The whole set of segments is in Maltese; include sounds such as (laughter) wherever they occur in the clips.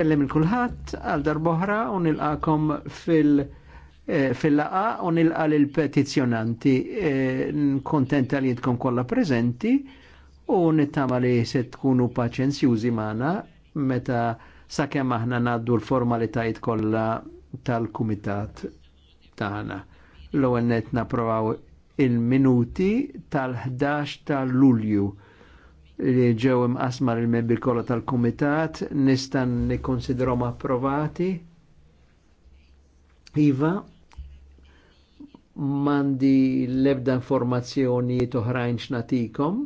Kellem il-kulħadd għal darboħra u nilqakom fil- eh, fil-laqa u nilqa l-petizjonanti. Eh, Kontenta li jitkom kolla prezenti u nittama li se tkunu paċenzjużi maħna meta sakemm aħna naddu l formalitajt kollha tal-kumitat tagħna. L-ewwel net naprovaw il-minuti tal-11 tal-Lulju. tal 11 tal lulju li ġew imqasmar il-membri kollha tal-kumitat nista' nikkonsidrahom approvati. Iva, mandi l-ebda informazzjoni toħrajn x'natikom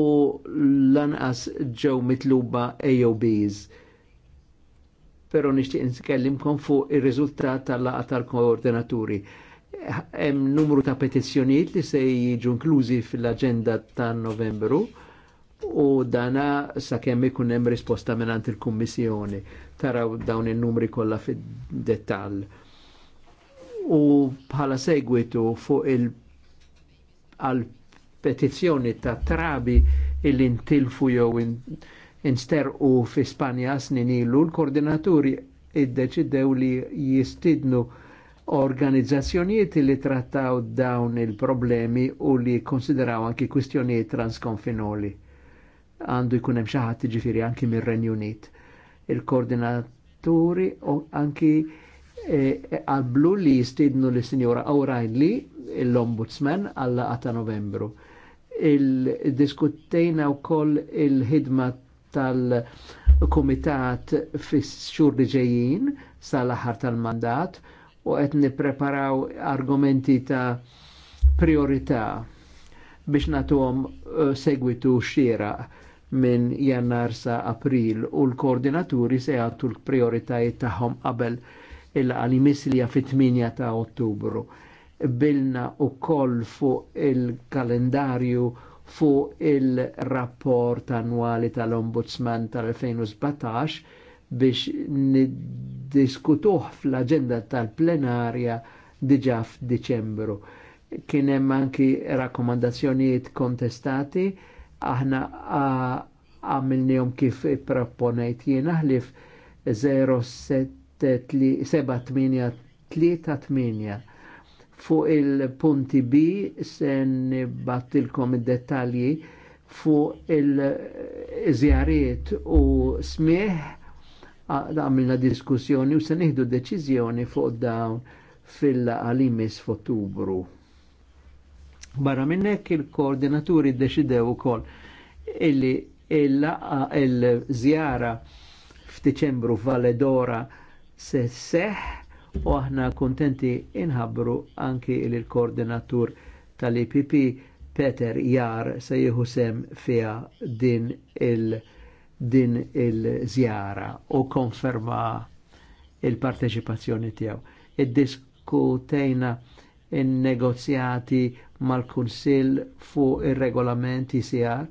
u lanqas ġew mitluba AOBs. Pero nixtieq nitkellimkom fuq ir-riżultat tal-laqa tal-koordinaturi. tal laqa tal koordinaturi tal tal koordinaturi hemm numru ta' petizzjonijiet li se jiġu inklużi fil-aġenda ta' Novembru u dana sakemm ikun hemm risposta minn il-Kummissjoni taraw dawn in-numri kollha fid-dettall. U bħala segwitu fuq il għal petizzjoni ta' trabi illi ntilfu jew insterqu fi Spanja snin ilu, l-koordinaturi iddeċidew li jistidnu organizzazzjonijiet li trattaw dawn il-problemi u li konsideraw anki kwistjonijiet transkonfinoli. Għandu jkun hemm xi ġifiri anki mir-Renju Unit. Il-koordinaturi u anki għablu e, e li jistidnu li sinjora Awrajn li l-Ombudsman għalla għata novembru. Il-diskuttejna u koll il-ħidma tal-komitat fis xur li ġejjin sal-aħħar tal-mandat u qed nippreparaw argumenti ta' priorità biex nagħtuhom eh, segwitu xiera minn jannar sa' april u l-koordinaturi se jgħattu l-prioritajiet tagħhom qabel il-għalimislija fit-8 ta' ottubru. Bilna u koll fuq il-kalendarju fuq il-rapport annwali tal-Ombudsman tal-2017 biex niddiskutuh fl-agenda tal-plenarja diġa f'Diċembru. Kien hemm anki rakkomandazzjonijiet kontestati, aħna għamilnihom kif proponejt jiena ħlif 07838 fuq il-punti B se nibattilkom id-dettalji fuq il-żjariet u smieħ għamilna diskussjoni u se nieħdu deċiżjoni fuq dawn fil-għalimis f'Ottubru. Barra minn hekk il-koordinaturi ddeċidew ukoll illi il-żjara f'Diċembru Valedora se seħ u aħna kontenti inħabru anki il-koordinatur tal-IPP Peter Jar se jieħu sem fija din il- din il-żjara u konferma il-parteċipazzjoni tiegħu. Iddiskutejna in-negozjati mal-Kunsill fuq ir-regolamenti e CR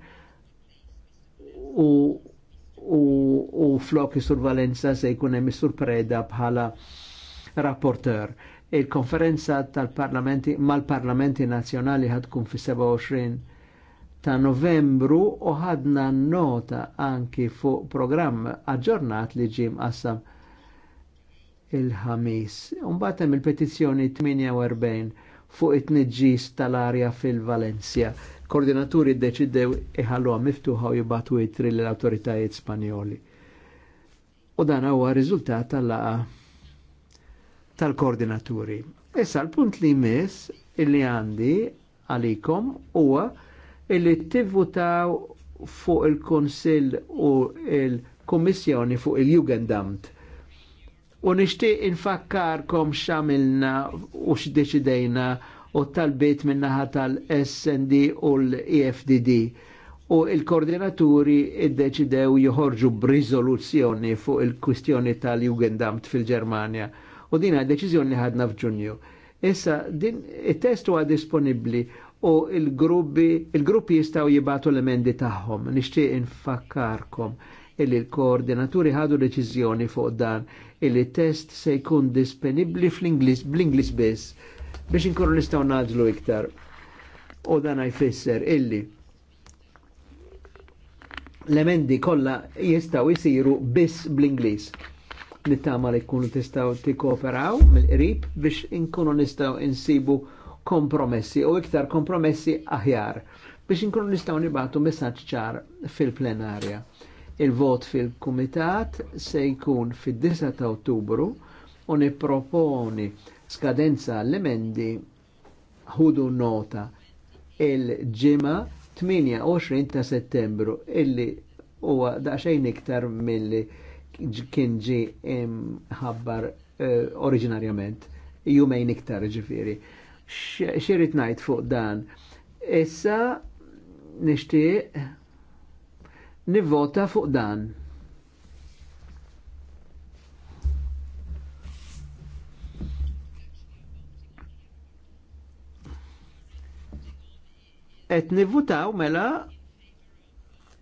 u u, u flok survalenza se jkun hemm surpreda bħala rapporteur. Il-konferenza tal-parlamenti mal-parlamenti nazzjonali ħad tkun fis-27 ta' novembru u ħadna nota anki fuq programm aġġornat li ġim qassam il-ħamis. Umbatem il-petizjoni 48 fuq it-nġis tal-arja fil-Valencia. Koordinaturi deċidew iħalluha miftuħa u jibatu itri l-autoritajiet Spanjoli. U dan huwa riżultat tal-laqa tal-koordinaturi. Issa l-punt li jmiss li għandi għalikom huwa illi tivvutaw fuq il-Konsil u il-Kommissjoni fuq il-Jugendamt. U nishtiq infakkarkom xamilna u x'deċidejna u talbiet minnaħa tal-SND u l-EFDD u il-koordinaturi id-deċidew joħorġu b'rizoluzzjoni fuq il-kwistjoni tal-Jugendamt fil-Germania. U din għad deċiżjoni ħadna f'Ġunju. Issa, din it-test għad disponibbli u il-gruppi jistaw jibatu l-emendi tagħhom. Nixtieq infakkarkom illi l-koordinaturi ħadu deċiżjoni fuq dan illi test se jkun disponibbli fl-Inglis bl-Inglis biss biex inkunu nistgħu naġlu iktar. U dan jfisser illi l-emendi kollha jistgħu jisiru biss bl-Inglis nittama li jkunu tistaw tikkooperaw mill-qrib biex inkunu nistaw insibu kompromessi u iktar kompromessi aħjar biex inkunu nistgħu nibgħatu messaġġ ċar fil-plenarja. Il-vot fil-kumitat se jkun fid-9 ta' Ottubru u nipproponi skadenza l-emendi ħudu nota il-ġimgħa 28 ta' settembru illi huwa daqsxejn iktar milli kien ġi ħabbar uh, eh, oriġinarjament jumejn iktar ġifieri xerit najt fuq dan. Issa nishtiq nivvota fuq dan. Et nivvutaw mela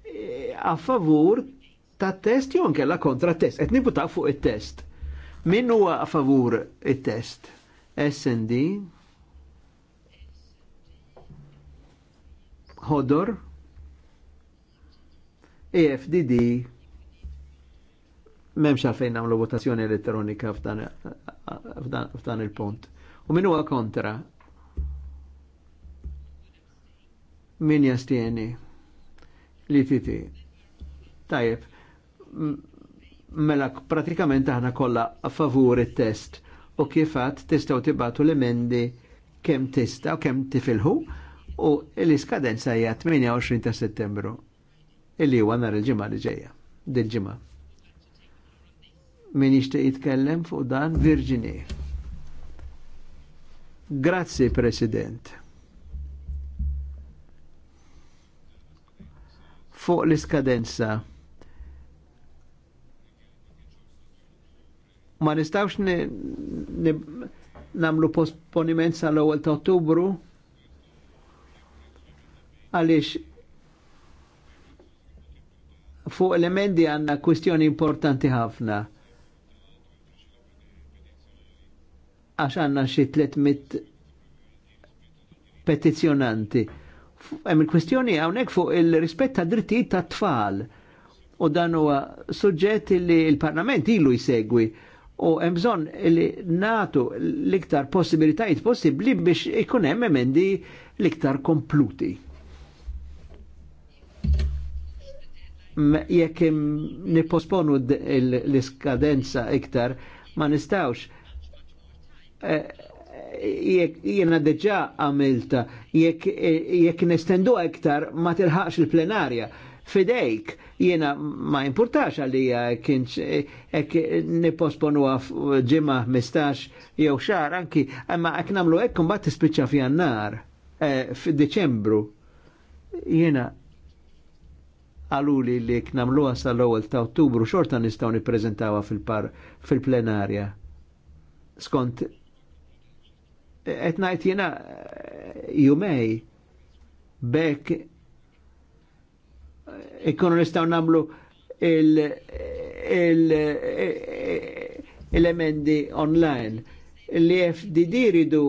eh, a favur ta' test jon kella kontra test. Et nivvutaw fuq il-test. Min huwa a favur il-test? SND. Hodor, EFDD, memx għalfejn għamlu votazzjoni elettronika f'dan il-punt. U minn huwa kontra? Min jastieni? Li titi. Tajjeb, mela pratikament aħna kollha a favur it-test u kifat testaw tibatu l-emendi kemm tista' u kemm tifilħu u l-iskadenza hija 28 ta' settembru illi huwa nhar il-ġimgħa li ġejja, din ġimgħa Min jixtieq jitkellem fuq dan Virginie. Grazzi President. Fuq l-iskadenza ma nistawx namlu posponiment sal-ewwel ta' Ottubru għaliex fuq l-emendi għanna kwistjoni importanti ħafna. Għax għanna xi 300 petizjonanti. Hemm il-kwistjoni hawnhekk fuq il-rispett ta' drittijiet ta' tfal u dan huwa suġġett li l-Parlament ilu jsegwi u hemm bżonn li natu l-iktar possibilitajiet possibbli biex ikun hemm emendi l-iktar kompluti. jekk nipposponu l-iskadenza iktar ma nistawx. Eh, jena deġa għamilta, eh, jekk nestendu iktar ma tilħaqx il-plenarja. Fidejk, jena ma importax għalija kienx ek eh, niposponu għaf ġimma 15 jew xar anki, ma ek namlu ekkum bat tispiċċa fjannar, f'Diċembru. Jena għaluli li knamluha sal-ewwel ta' Ottubru xorta nistgħu nippreżentawha fil-par fil-plenarja. Skont etnajt jena eh, jumej bekk eh, ikkunu nistgħu nagħmlu eh, il-emendi online. L-FDD ridu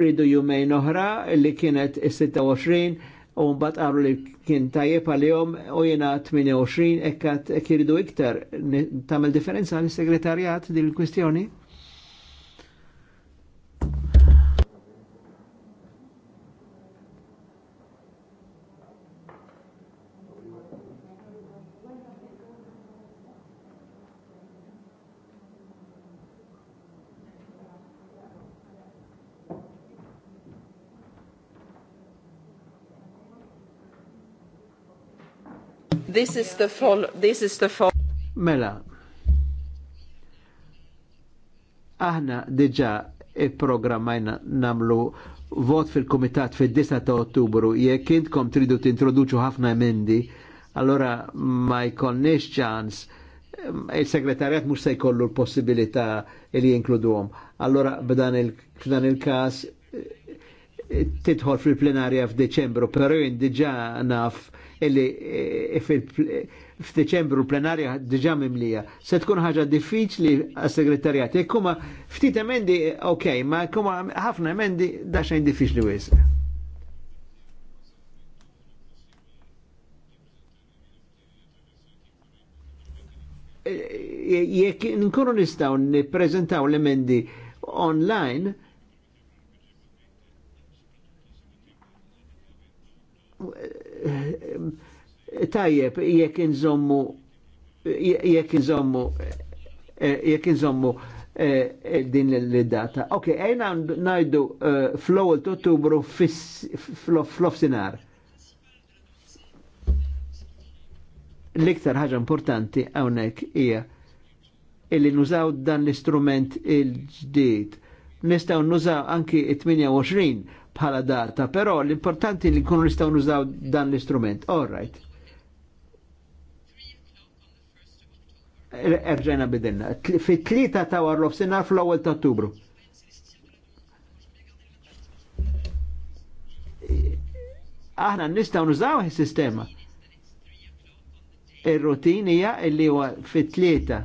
ridu jumejn oħra li kienet 26 u mbagħad qalu li kien tajjeb għalihom u jiena 28 ekkat kiridu iktar tagħmel differenza għall segretarjat din il-kwistjoni? this is the fall, this is the fall. Mela, aħna diġa i-programmajna namlu vot fil-komitat fil 10 ta' ottubru, jekk intkom tridu tintroduċu ħafna emendi, allora ma jkollniex ċans, eh, il-segretarjat mux se jkollu l-possibilità li jinkluduhom. Allora b'dan il-kas il eh, titħol fil-plenarja f'Deċembru, pero jien diġa naf illi eh, f'Deċembru plenarja diġa mimlija. Se tkun ħaġa diffiċli għas-segretarjat. Ikkuma ftit emendi, ok, ma kuma ħafna emendi daċħajn diffiċli wis. Eh, jekk nkunu nistaw niprezentaw l-emendi online, tajjeb jekk nżommu, jekk nżommu, eh, eh, din l-data. Ok, ejna najdu eh, flow l-tottubru fl-ofsinar. L-iktar ħaġa importanti hawnhekk hija illi nużaw dan l-istrument il-ġdid. Nistaw nużaw anki 28 bħala darta, però l-importanti li kunu nistaw nużaw dan l-istrument. All right. Erġajna bidenna. Fi tlieta ta' warlof sinna fl-ewwel ta' Ottubru. Aħna nistaw nużaw is-sistema. Il-rutinija hija li huwa fit-tlieta.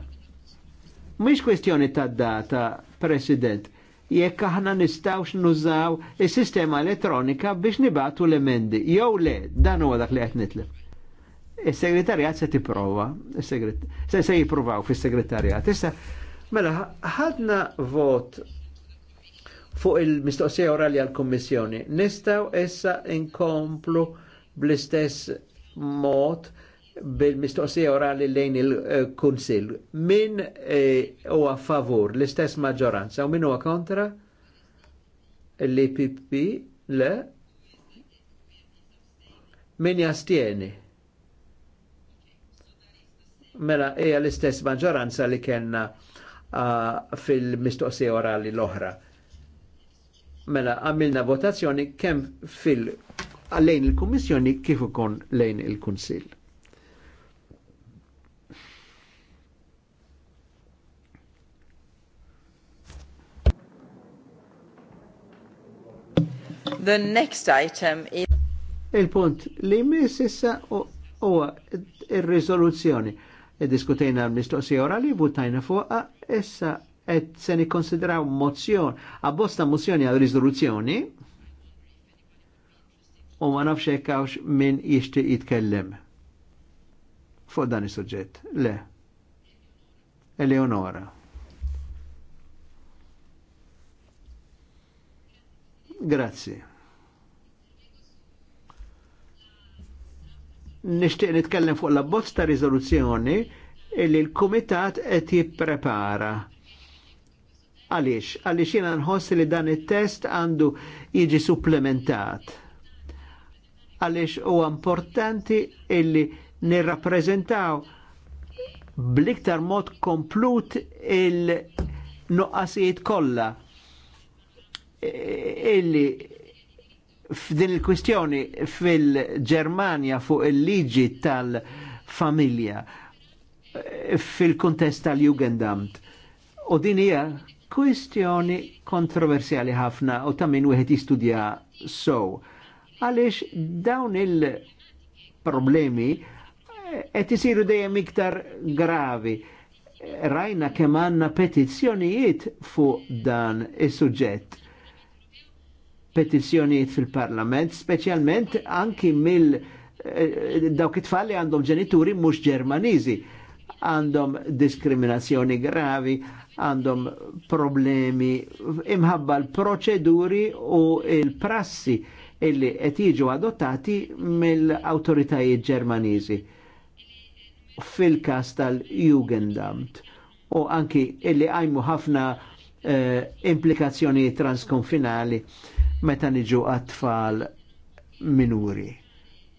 Mhix kwestjoni ta' data, President jekk aħna nistawx nużaw is-sistema elettronika biex nibatu l-emendi. Jew le, dan huwa dak li qed nitlef. Is-segretarjat se tipprova, se se jippruvaw fis-segretarjat. Issa, mela, ħadna vot fuq il-mistoqsija orali għal-Kommissjoni. Nistaw issa inkomplu bl-istess mod bil-mistoqsija orali lejn il-Kunsil. Min eh, huwa e, favur l-istess maġoranza u min huwa kontra l-IPP le min jastieni. Mela hija l-istess maġoranza li kena ah, fil-mistoqsija orali l-oħra. Mela għamilna votazzjoni kemm fil- għallejn il kommissjoni kif ukoll lejn il-Kunsil. The next item is... Il-punt li mis issa huwa ir-riżoluzzjoni. Diskutejna l-mistoqsija orali, votajna fuqa, issa qed se nikkonsidraw mozzjon, abbosta mozzjoni għal riżoluzzjoni u ma nafx hekk min jixtieq jitkellem fuq dan is-suġġett. Le. Eleonora. Grazie. nixtieq nitkellem fuq l-abbozz ta' riżoluzzjoni li l-Kumitat qed jipprepara. Għaliex, għaliex jiena nħoss li dan it-test għandu jiġi supplementat. Għaliex huwa importanti illi nirrappreżentaw bliktar mod komplut il-nuqqasijiet kollha illi f'din il-kwistjoni fil-Germania fuq il-liġi tal-familja eh, fil-kontest tal-Jugendamt. U din hija kwistjoni kontroversjali ħafna u ta' min wieħed jistudja sow. Għaliex dawn il-problemi eh, qed isiru dejjem iktar gravi. Rajna kemm għandna petizzjonijiet fuq dan is-suġġett petizzjonijiet fil-Parlament, specialment anki mill eh, dawk it-tfal għandhom ġenituri mux ġermanizi. għandhom diskriminazzjoni gravi, għandhom problemi imħabba l-proċeduri u l-prassi illi qed jiġu adottati mill-awtoritajiet Ġermaniżi fil-kas tal-Jugendamt u anki illi għajmu ħafna eh, implikazzjoni transkonfinali meta niġu għat-tfal minuri.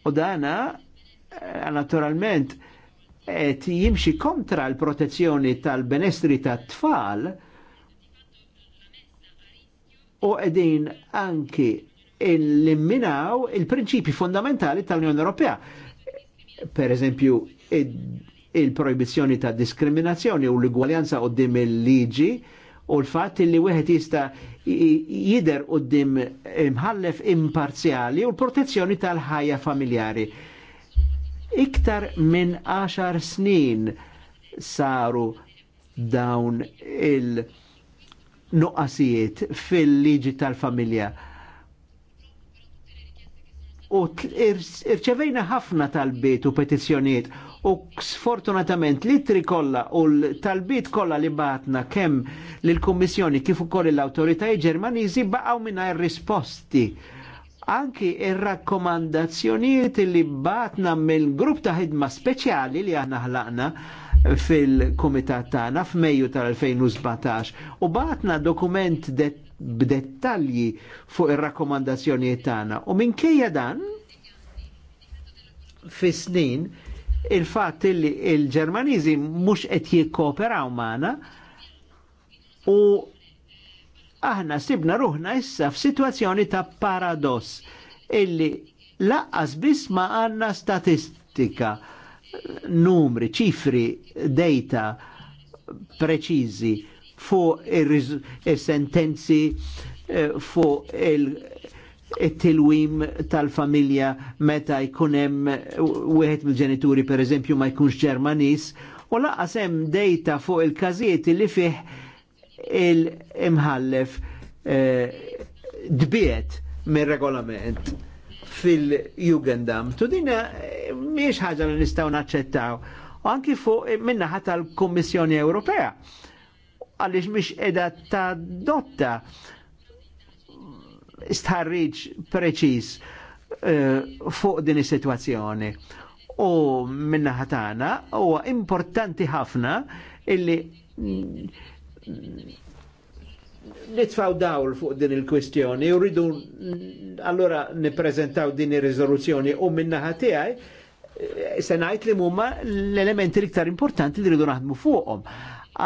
U dana, eh, naturalment, et jimxi kontra l-protezzjoni tal-benestri tat-tfal u edin anki il-limminaw il-prinċipi fondamentali tal-Unjoni Ewropea. Per eżempju, il-proibizjoni ta' diskriminazzjoni u l-igwaljanza u il il liġi u l-fatt li wieħed jista jider qudiem imħallef imparzjali u l-protezzjoni tal-ħajja familjari. Iktar minn 10 snin saru dawn il-nuqqasijiet fil-liġi tal-familja. U irċevejna ħafna tal-bit u petizzjoniet u sfortunatament li tri kolla u l-talbit kolla li batna kem l-Kommissjoni kif ukoll l-autoritajiet Ġermaniżi baqgħu mingħajr risposti anki il rakkomandazzjonijiet li batna mill-grupp ta' ħidma speċjali li aħna ħlaqna fil-Kumitat tagħna f'Mejju tal-2017 u batna dokument b'dettalji fuq ir-rakkomandazzjonijiet tagħna. U minkejja dan fis-snin il fat li il-Ġermaniżi mux qed jikkooperaw magħna u aħna sibna ruħna issa f'sitwazzjoni ta' paradoss illi laqqas biss ma għanna statistika, numri, ċifri, data preċizi fu il-sentenzi fu eh, il fuq il it tilwim tal-familja meta jkunem wieħed mill-ġenituri per eżempju ma jkunx Ġermanis u laqas hemm dejta fuq il-każijiet li fih il-imħallef eh, dbiet mir-regolament fil-Jugendam. Tu dina eh, miex ħaġa li nistgħu naċċettaw. Anki fuq eh, minnaħa tal-Kommissjoni Ewropea għalix mhix edha ta' dotta istħarriġ preċis eh, fuq din is-sitwazzjoni. U minna ħatana huwa importanti ħafna illi nitfaw dawl fuq din il-kwistjoni u rridu allora nipprezentaw din ir-riżoluzzjoni u minna ħatijaj eh, se ngħid li huma l-elementi l-iktar importanti li rridu naħdmu fuqhom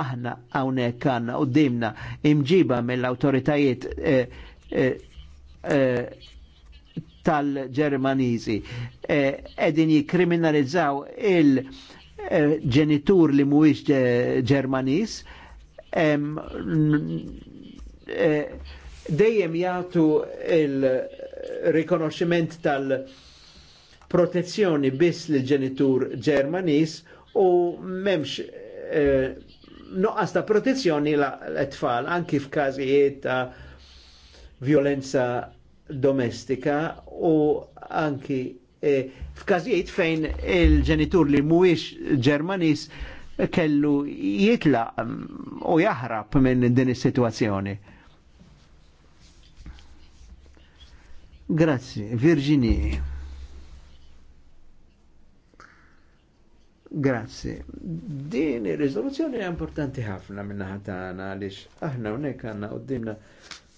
aħna hawnhekk għandna qudiemna imġiba mill-awtoritajiet eh, Eh, tal-Ġermaniżi. Eh, edin jikriminalizzaw il-ġenitur eh, li mhuwiex Ġermaniż dejjem jagħtu il-rikonoxximent tal-protezzjoni biss li ġenitur Ġermaniż u memx eh, ta' protezzjoni l etfal anki f'każijiet ta' violenza domestika u anki e, f'każijiet fejn il-ġenitur li mhuwiex Ġermanis kellu jitla mm, u jaħrab minn din is-sitwazzjoni. Grazzi, Virginie. Grazzi. Din ir-riżoluzzjoni importanti ħafna minn ħatana għaliex aħna hawnhekk għandna qudiemna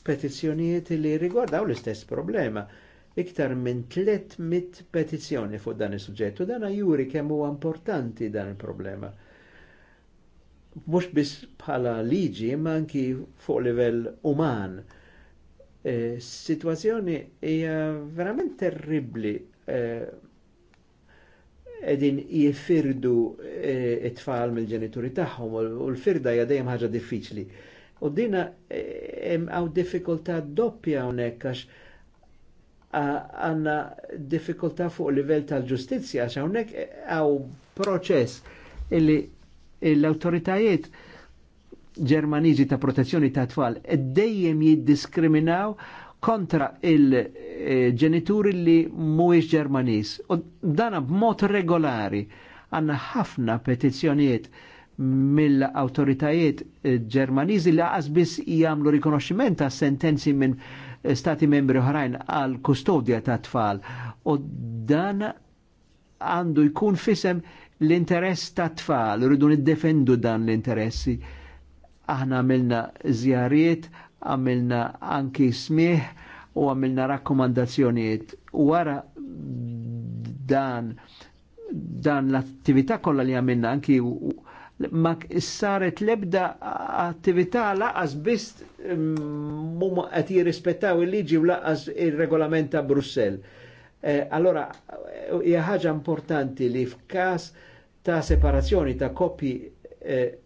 petizzjonijiet li rigwardaw l-istess problema. Iktar minn 300 petizzjoni fuq dan is-suġġett u dan juri kemm huwa importanti dan il-problema. Mhux biss bħala liġi imma anki fuq livell uman. E, Situazzjoni hija verament terribbli e, edin jifirdu e, it-tfal mill-ġenituri tagħhom u l-firda hija dejjem ħaġa diffiċli. U dina eh, għaw diffikultà doppja hawnhekk għax għanna diffikultà fuq livell tal-ġustizja, għax hawnhekk eh, għaw proċess illi l-autoritajiet ġermaniġi ta' protezzjoni ta' tfal dejjem jiddiskriminaw kontra il-ġenituri eh, li mhuwiex Ġermaniż. U dan b'mod regolari għandna ħafna petizzjonijiet mill-autoritajiet eh, ġermaniżi li għazbis jagħmlu rikonoxximent ta' sentenzi minn eh, stati membri oħrajn għal kustodja ta' tfal. U dan għandu jkun fisem l-interess ta' tfal, rridu niddefendu dan l-interessi. Aħna għamilna zjariet, għamilna anki smieħ u għamilna rakkomandazzjoniet. Wara dan dan l-attività kollha li għamilna anki ma saret lebda attività laqas biss mm, mumma qed jirrispettaw il-liġi u laqas il-regolament ta' Brussell. Eh, allora, eh, hija ħaġa importanti li f'każ ta' separazzjoni ta' koppi eh,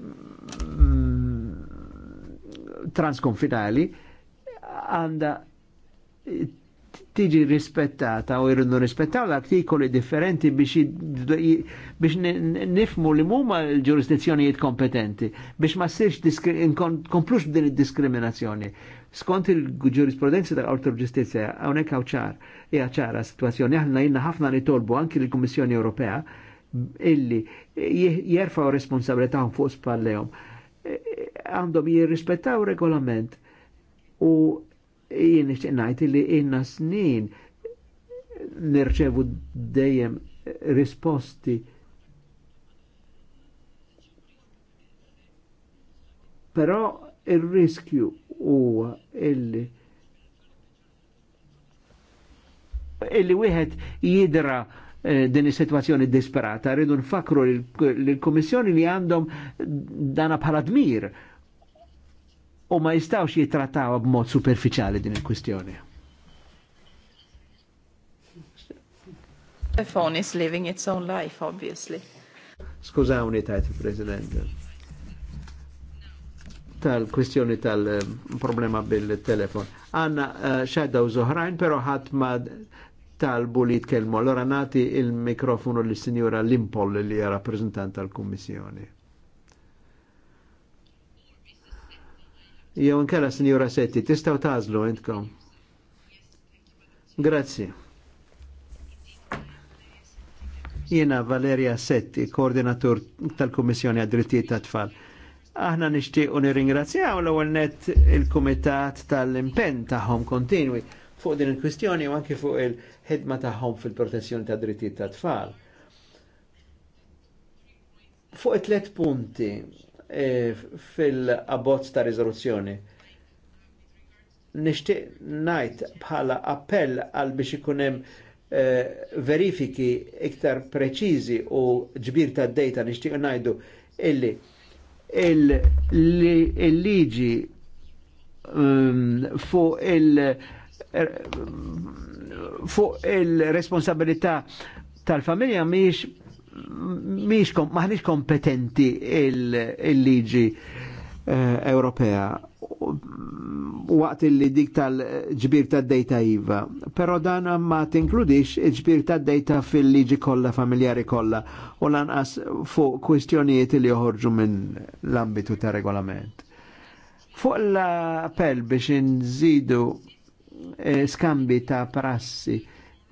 mm, transkonfinali għanda tiġi rispettata u jridu rispettaw l-artikoli differenti biex nifmu li mumma l-ġurisdizzjonijiet kompetenti biex ma s sirx komplux din il diskriminazzjoni Skont il ġurisprudenzi ta' qorti ġustizja għonek għawċar, ċar, hija situazzjoni għahna jilna ħafna li tolbu anki l-Kummissjoni Ewropea illi jerfaw responsabilitàhom fuq spallehom e- e- għandhom jirrispettaw regolament u jien ngħid li inna snin nirċevu dejjem risposti però il-riskju huwa illi illi wieħed jidra eh, din is-sitwazzjoni disperata, rridu nfakru l-Kummissjoni li għandhom dana bħala dmir u ma jistawx jitrataw b'mod superficiali din il-kwistjoni. The phone is living its own life, obviously. Skużawni tajt il-President. Tal-kwistjoni tal-problema eh, bil-telefon. Għanna uh, eh, u zoħrajn, pero ħat ma talbu li jitkelmu. Allora nati il-mikrofonu l signora Limpol li rappresentant tal-Kummissjoni. jew inkella Sinjura Setti, tistgħu tażlu intkom. Grazzi. Jiena Valeria Setti, koordinatur tal-Kummissjoni għad-Drittijiet tat-Tfal. Aħna nixtiequ nirringrazzjaw l-ewwel net il-Kumitat tal-impenn tagħhom kontinwi fuq din il-kwistjoni u anke fuq il-ħidma tagħhom fil-protezzjoni tad drittijiet tat-tfal. Fuq it-tlet punti E, fil-abbozz ta' rizoluzzjoni. Nixtieq ngħid bħala appell għal biex ikunem e, verifiki iktar preċiżi u ġbir ta' data nixtieq ngħidu illi il-liġi um, er, fuq il-responsabilità tal-familja miex miex kompetenti il-liġi eh, Ewropea waqt li dik tal-ġbir ta' dejta iva. Pero dan ma tinkludix il-ġbir tad dejta fil-liġi kollha familjari kollha u lanqas fuq kwistjonijiet li joħorġu minn l-ambitu ta' regolament. Fuq l-appell biex nżidu eh, skambi ta' prassi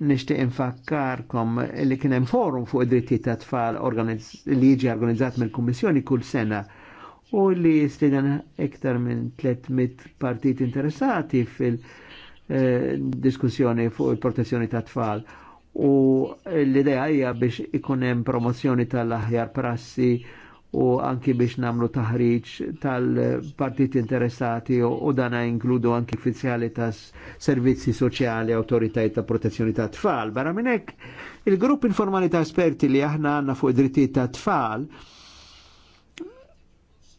nishtiq infakkarkom li kien hemm forum fuq id dritti ta' tfal li jiġi organizzat mill-Kummissjoni kull sena u li jistidan iktar minn 300 partit interessati fil-diskussjoni eh, fuq il-protezzjoni ta' tfal. U l-idea hija biex ikun hemm promozzjoni tal-aħjar prassi u anki biex namlu taħriġ tal partiti interessati u dana inkludu anki uffiziali ta' servizzi soċjali, autoritajiet ta' protezzjoni ta' tfal. Barra minnek, il-grupp informali ta' esperti li aħna għanna fuq drittijiet ta' tfal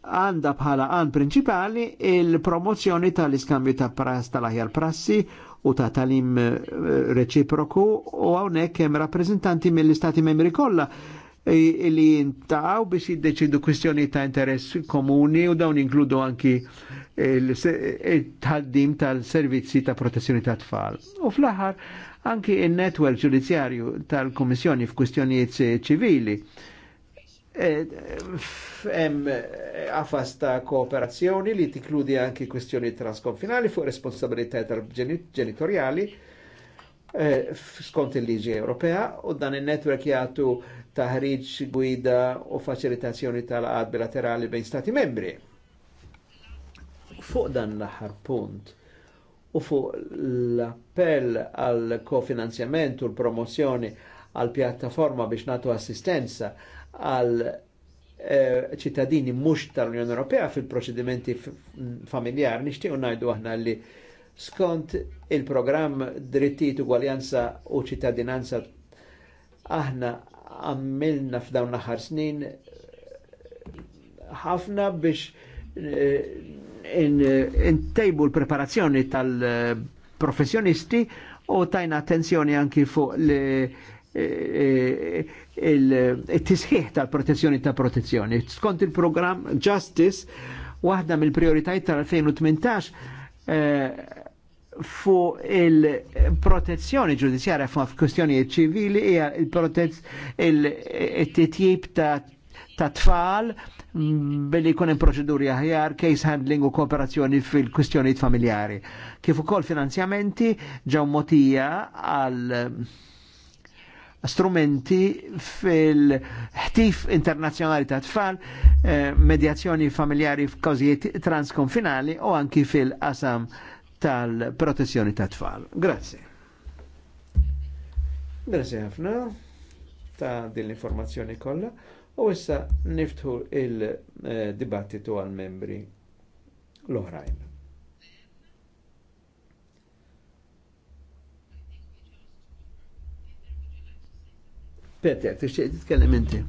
għanda bħala għan prinċipali il-promozzjoni tal-iskambju ta' pras tal-aħjar prassi u ta' talim eh, reċiproku u għawnek kem rappresentanti mill-istati membri kollha li jintaw biex jiddeċidu kwistjoni ta' interess komuni u dawn inkludu anki il-tħaddim tal-servizzi ta' protezzjoni ta' tfal. U fl-aħħar anki il-netwerk ġudizzjarju tal-Kommissjoni f'kwistjonijiet ċivili e, hemm għafas ta' kooperazzjoni li tikludi anki kwistjoni transkonfinali fuq responsabilità tal-ġenitorjali e, skont il-liġi Ewropea u dan il-netwerk jgħatu taħriġ gwida u faċilitazzjoni tal għad bilaterali bejn stati membri. Fuq dan l-aħħar punt u fuq l-appell għal kofinanzjament u l-promozzjoni għal pjattaforma biex natu assistenza għal eh, ċittadini mux mhux tal-Unjoni Ewropea fil-proċedimenti familjari nixtiequ ngħidu aħna li skont il-programm drittijiet ugwaljanza u ċittadinanza aħna għammilna f'dawn l-aħħar snin eh, ħafna biex eh, intejbu l-preparazzjoni tal-professjonisti u tajna attenzjoni anki fuq eh, il-tisħiħ tal-protezzjoni ta' protezzjoni. Skont il-programm Justice, waħda mill-prioritajiet tal-2018 fuq il-protezzjoni ġudizzjarja fuq kustjoni ċivili hija il-titjib ta' ta' tfal mm, billi jkun hemm proċeduri aħjar, case handling u kooperazzjoni fil-kwistjonijiet familjari. Kif ukoll finanzjamenti ġew motija għal eh, strumenti fil-ħtif internazzjonali ta' tfal, eh, medjazzjoni familjari f'każijiet transkonfinali u anki fil-qasam tal-protezzjoni ta' tfal. Grazie. Grazie ħafna ta' din l-informazzjoni kollha u issa niftħu il-dibattitu għal membri l-oħrajn. Peter, tixtieq titkellem inti.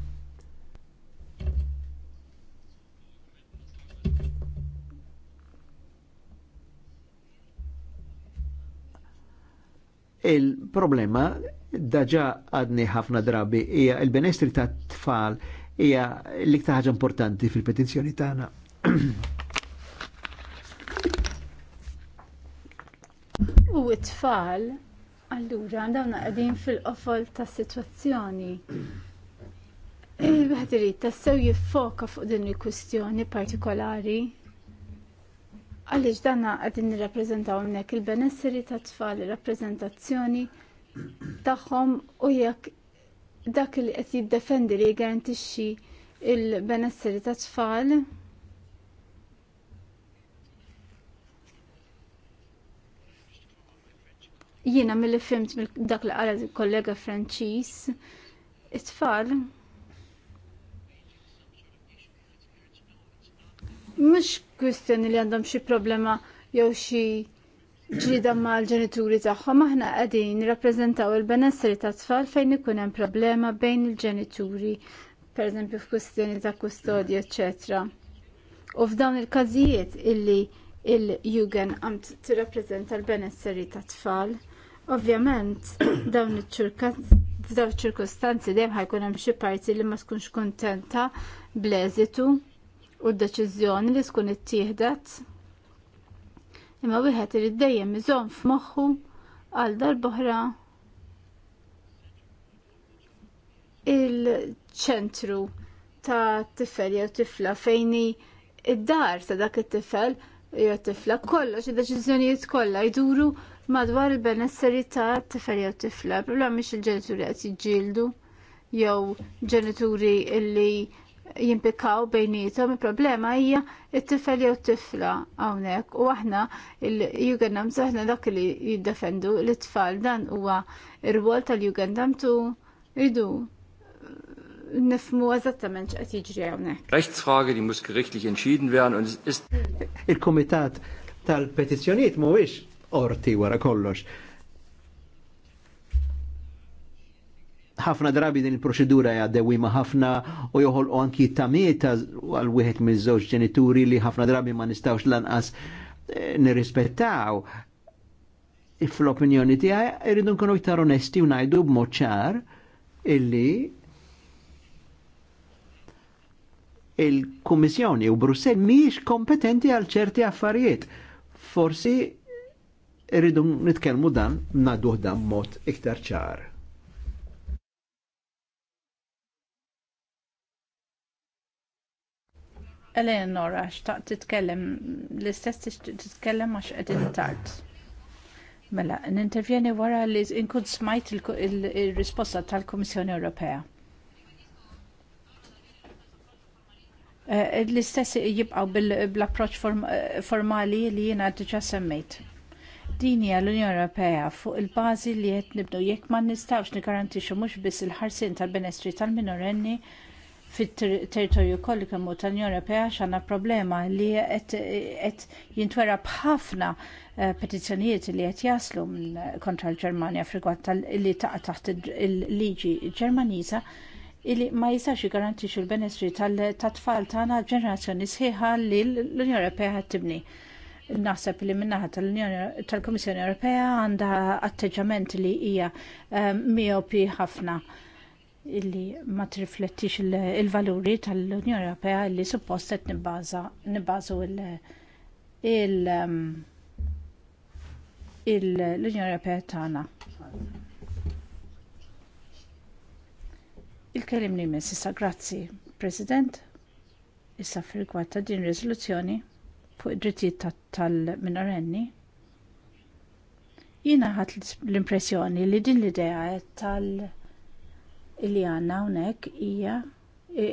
Il-problema daġa għadni ħafna drabi hija il-benestri ta' tfal hija l-iktar ħaġa importanti fil-petizzjoni tagħna. U t-tfal, allura, dawn qegħdin fil-qofol ta' situazzjoni. il bħadri irid tassew jiffoka fuq din il-kwistjoni partikolari għaliex danna għadin nirrappreżentaw hawnhekk il-benesseri ta' tfal, il-rappreżentazzjoni tagħhom u jekk dak li qed jiddefendi li jgarantixxi il-benesseri ta' tfal. Jiena mill fimt mill dak li qalet il-kollega Franċis, it-tfal mhux kwistjoni li għandhom xi problema jew xi ġrida mal-ġenituri tagħhom aħna qegħdin nirrappreżentaw il-benesseri ta' tfal fejn ikun hemm problema bejn il-ġenituri, pereżempju f'kwistjoni ta' kustodja, eċetera. U f'dawn il-każijiet illi il-Jugend għamt tirrappreżenta l-benesseri ta' tfal, ovvjament (coughs) dawn iċ-ċirkostanzi dejjem ħajkun hemm xi parti li ma tkunx kuntenta bl-eżitu u d-deċiżjoni li tkun ittieħdet. Imma wieħed irid dejjem iżomm f'moħħu għal darb'oħra il-ċentru ta' tifel jew tifla fejni id-dar ta' dak it-tifel jew tifla kollox id-deċiżjonijiet kollha jduru madwar il-benesseri ta' tifel jew tifla, problema mhix il-ġenituri qed jiġġieldu jew ġenituri illi jimpikaw bejnietom, il-problema hija it-tifel jew tifla hawnhekk u aħna il-Jugendam saħna dak li jiddefendu l-tfal dan huwa ir-rwol tal-Jugendam tu idu nifmu eżattament x'qed jiġri hawnhekk. Rechtsfrage li mus gerichtlich entschieden werden u ist il-Kumitat tal-Petizzjonijiet mhuwiex orti wara kollox ħafna drabi din il-proċedura ma ħafna u joħol u anki tamieta għal wieħed miż żewġ ġenituri li ħafna drabi ma nistawx lanqas eh, nirrispettaw. Fl-opinjoni tiegħi irridu nkunu iktar onesti u ngħidu b'mod ċar illi il-Kummissjoni u Brussel mhijiex kompetenti għal ċerti affarijiet. Forsi irridu nitkellmu dan ngħadduh dan mod iktar ċar. għax xtaq titkellem, l-istess titkellem għax qegħdin tard. Mela, nintervjeni wara li inkun smajt il-risposta tal-Kummissjoni Ewropea. Eh, l-istess jibqaw bl-approċ eh, formali li jina diġà semmejt. Din hija l-Unjoni Ewropea fuq il-bażi li qed nibdu jekk ma nistgħux nigarantixxu mhux biss il-ħarsien tal-benestri tal-minorenni tal benestri tal tal benestri tal minorenni fit-territorju kollu kemm tal-Unjoni Ewropea x'għandna problema li qed jintwera b'ħafna eh, petizzjonijiet li qed jaslu kontra l-Ġermanja frigwat li taqa' taħt il-liġi Ġermaniża illi ma jistax jgarantix il-benessri tat-tfal tagħna ġenerazzjoni sħiħa li l-Unjoni Ewropea qed tibni. Naħseb li minnaħa tal-Unjoni tal-Kummissjoni Ewropea għandha atteġġament li hija eh, miopi ħafna illi ma triflettix il-valuri il valuri tal unjoni Ewropea illi suppost qed nibbażu um, l-Unjoni Ewropea tagħna. Il-kelim li jmiss issa grazzi, President, issa frigwat ta' din riżoluzzjoni fuq id-drittijiet tal-minorenni. Jiena ħadt l-impressjoni li din l-idea tal- li għandna hawnhekk hija e,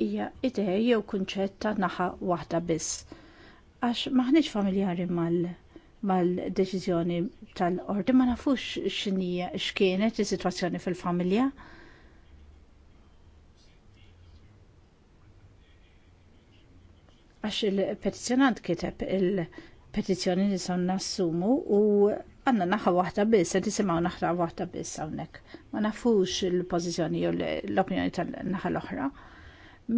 hija idea jew kunċett ta' naħa waħda biss. Għax maħniġ familjari mal- mal-deċiżjoni tal-ordi ma nafux x'inhija x'kienet is-sitwazzjoni fil-familja. Għax il-petizjonant kiteb il-petizjoni li sa' nassumu u għanna naħa wahda biss, għed nisimaw naħra wahda biss għawnek. Ma nafux il-pozizjoni u l-opinjoni tal-naħa l-oħra.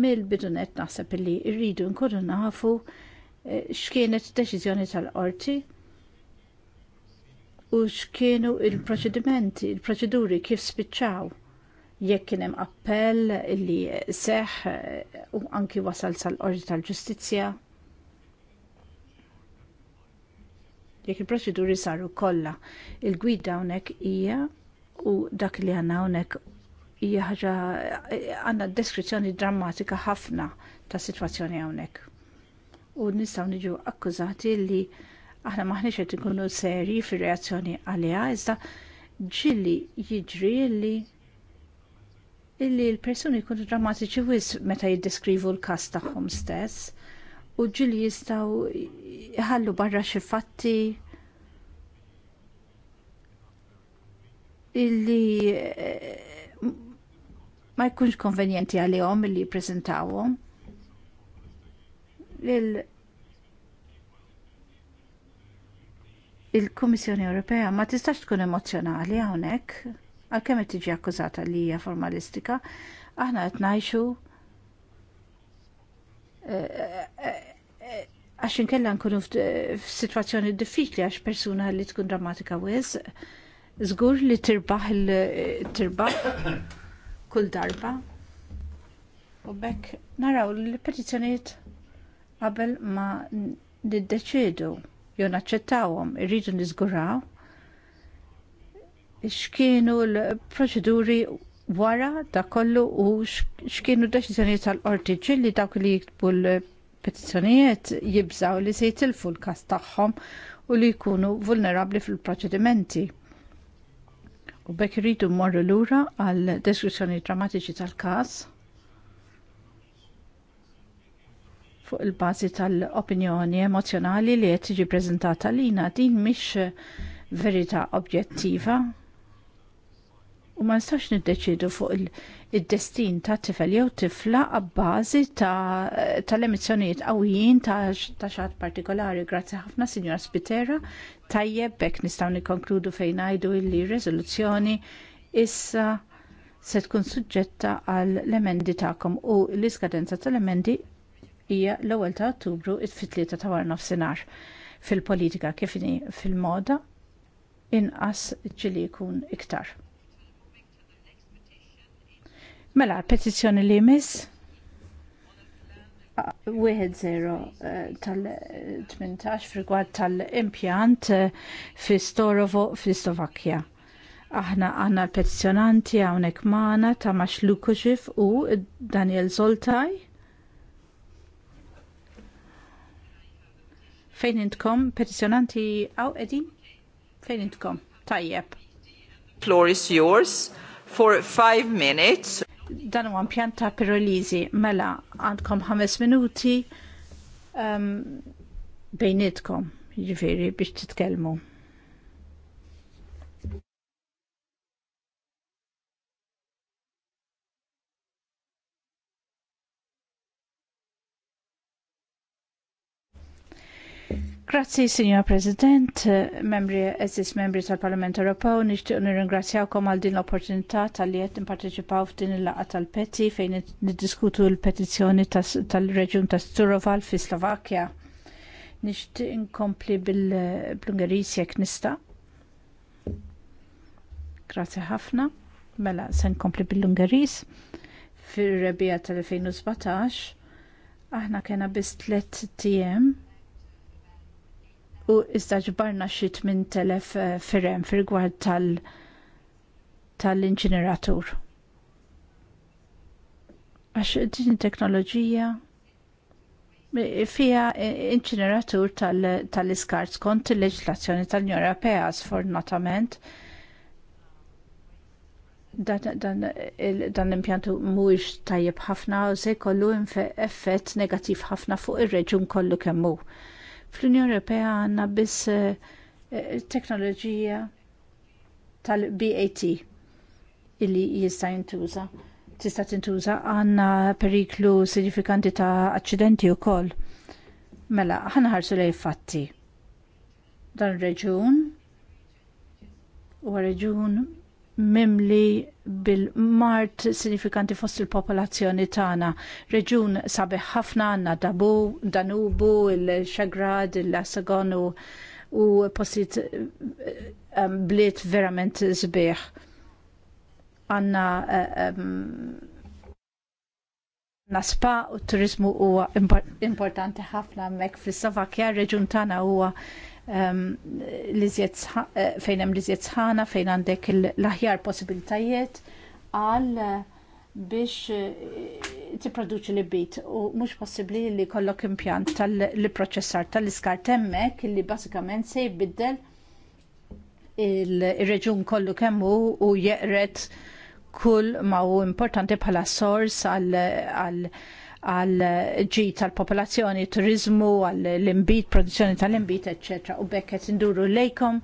Mill-bidunet naħseb li rridu nkunu nafu eh, xkienet deċizjoni tal-qorti u xkienu il-proċedimenti, il-proċeduri kif spiċċaw jekk kien hemm appell li seħ eh, u anki wasal sal-qorti tal-ġustizzja jekk il-proċeduri saru kollha. Il-gwida hawnhekk hija u dak li għandna hawnhekk hija ħaġa għandna deskrizzjoni drammatika ħafna ta' sitwazzjoni hawnhekk. U nistgħu niġu akkużati li aħna maħniex qed ikunu serji fir-reazzjoni għaliha iżda ġilli jiġri li illi l-persuni jkunu drammatiċi wis meta jiddeskrivu l każ tagħhom stess u ġili jistaw jħallu barra xi fatti illi eh, ma jkunx konvenjenti għalihom illi jippreżentawhom. Il il-Kummissjoni Ewropea ma tistax tkun emozjonali hawnhekk għalkemm qed tiġi akkużata li hija formalistika, aħna qed ngħixu għax inkella nkunu f'sitwazzjoni diffiċli għax persuna li tkun drammatika wis, żgur li tirbaħ il-tirbaħ kull darba. U bekk naraw l petizjoniet qabel ma niddeċedu jew naċċettawhom irridu niżguraw kienu l-proċeduri wara da kollu u x'kienu deċiżjonijiet tal-qorti li dawk li jiktbu l-petizzjonijiet jibżaw li se jitilfu l-każ tagħhom u li jkunu vulnerabbli fil-proċedimenti. U bekk irridu mmorru lura għal deskrizzjoni drammatiċi tal-każ fuq il-bażi tal-opinjoni emozjonali li qed tiġi preżentata lina din mhix verità objettiva u ma nistax niddeċidu fuq il-destin ta' tifel jew tifla għabbażi tal emizzjonijiet qawwijin ta' xaħat partikolari. Grazzi ħafna, Signor Spitera. Tajjeb, bekk nistaw nikonkludu fejn għajdu illi rezoluzzjoni issa se tkun suġġetta għal l-emendi tagħkom u l-iskadenza tal-emendi hija l-ewwel ta' Ottubru it-fitlieta ta' warna nofsinhar fil-politika kif fil-moda inqas ġili jkun iktar. Mela, petizjoni li jmiss? Wieħed zero eh, tal-18 frigwad tal-impjant eh, fi Storovo fi Slovakkja. Aħna għanna l-petizjonanti għawnek maħna ta' Max Lukoġif u Daniel Zoltaj. Fejn intkom? Petizjonanti għaw edin? Fejn intkom? Tajjeb. Floor is yours for five minutes dan huwa impjant ta' pirolizi mela għandkom ħames minuti um, bejnietkom jiġifieri biex titkellmu. Grazzi, Signor President, membri, eżis membri tal-Parlament Ewropew, nixtieq nirringrazzjawkom għal din l-opportunità tal-li qed nipparteċipaw f'din il-laqgħa tal-Peti fejn niddiskutu l-petizzjoni tal-Reġjun ta' Sturoval fi Slovakkja. Nixtieq inkompli bil-Ungerijs jekk nista'. Grazzi ħafna. Mela, se nkompli bil-Ungerijs fir-rebija tal-2017. Aħna kena biss tliet tiem u iżda ġbarna xi minn telef eh, firem fil-gwad tal-inġeneratur. Għax din teknoloġija fija eh, inċineratur tal-iskart skont il-leġislazzjoni tal-Unjoni Ewropea sfortunatament dan l-impjantu mhuwiex tajjeb ħafna u se jkollu effett negattiv ħafna fuq ir-reġun kollu kemm hu Fl-Unjoni Ewropea għandna biss eh, eh, teknoloġija tal-BAT illi jista' jintuża. Tista' tintuża għandna periklu sinifikanti ta' aċċidenti wkoll. Mela, ħarsu lej fatti. Dan reġun huwa reġun mimli bil-mart sinifikanti fost il-popolazzjoni tagħna. Reġun sabiħ ħafna għandna Dabu, Danubu, il-Xagrad, il lasagon u posit um, eh, bliet verament sbieħ. Għanna um, eh, naspa u turizmu huwa importanti ħafna mek fis-Savakja reġun tagħna huwa Eh, fejn hemm liżjed sħana, fejn għandek l-aħjar possibilitajiet għal eh, biex eh, tipproduċi li bit u mhux possibbli li kollok impjant tal-proċessar tal-iskar temmek li basikament se jbiddel il-reġun kollu kemmu u jeqret kull ma u importanti bħala sors għal għal ġi tal-popolazzjoni, turizmu, għall imbit produzzjoni tal-imbit, ecc. U bekket induru lejkom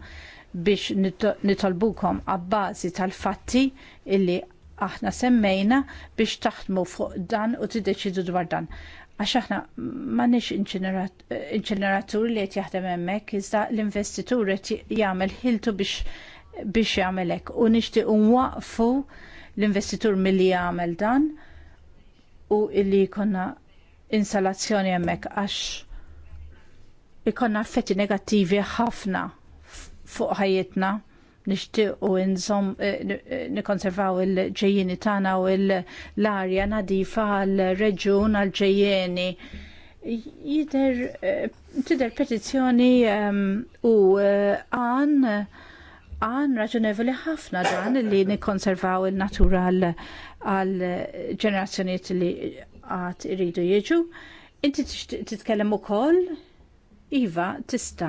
biex nitolbukom għabbażi tal-fatti illi aħna semmejna biex taħdmu fuq dan u tiddeċidu dwar dan. Għax aħna m'għandniex inċeneratur li qed jaħdem hemmhekk iżda l-investitur qed jagħmel ħiltu biex biex jagħmel u nixtiequ nwaqfu l-investitur milli jagħmel dan u illi jkollna installazzjoni hemmhekk għax ikonna effetti negattivi ħafna fuq ħajjitna nixtiequ inżom eh, eh, nikkonservaw il-ġejjini tagħna u l-arja nadifa għal-reġjun għal-ġejjeni. Jider, eh, tider petizzjoni ehm, u għan għan raġunevoli ħafna dan li nikkonservaw il-natura għal ġenerazzjoniet li għat iridu jieġu. Inti titkellem u koll, Iva, tista.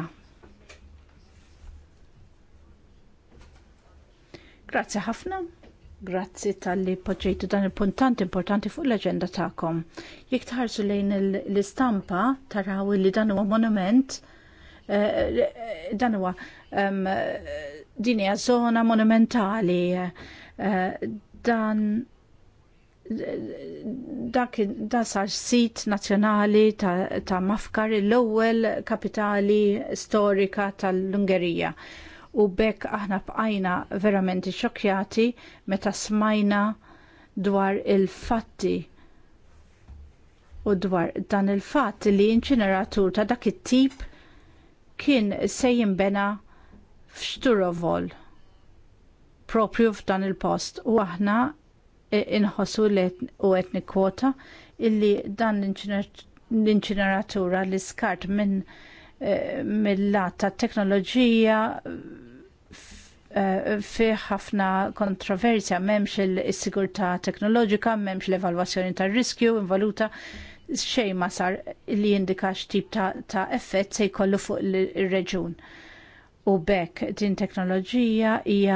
Grazzi ħafna. Grazzi tal-li poġġejtu dan il-puntant importanti fuq l-agenda ta'kom. Jek tħarsu lejn l-istampa taraw li dan huwa monument, eh, eh, dan huwa ehm, din hija żona monumentali eh, dan dak da sar sit nazzjonali ta', ta Mafkar l-ewwel kapitali storika tal-Ungerija. U bekk aħna bqajna verament xokjati meta smajna dwar il-fatti u dwar dan il-fatt li inċineratur ta' dak it-tip kien se bena f'Xturovol propju f'dan il-post u aħna inħossu u etni kwota illi dan l-inċineratura li skart minn eh, mill-lat ta' teknoloġija eh, fi ħafna kontroversja memx il-sigurta teknoloġika, memx l-evalwazzjoni tar riskju involuta xej ma sar li jindika x'tip ta', effett se jkollu fuq il-reġun. il reġun il U bekk din teknoloġija hija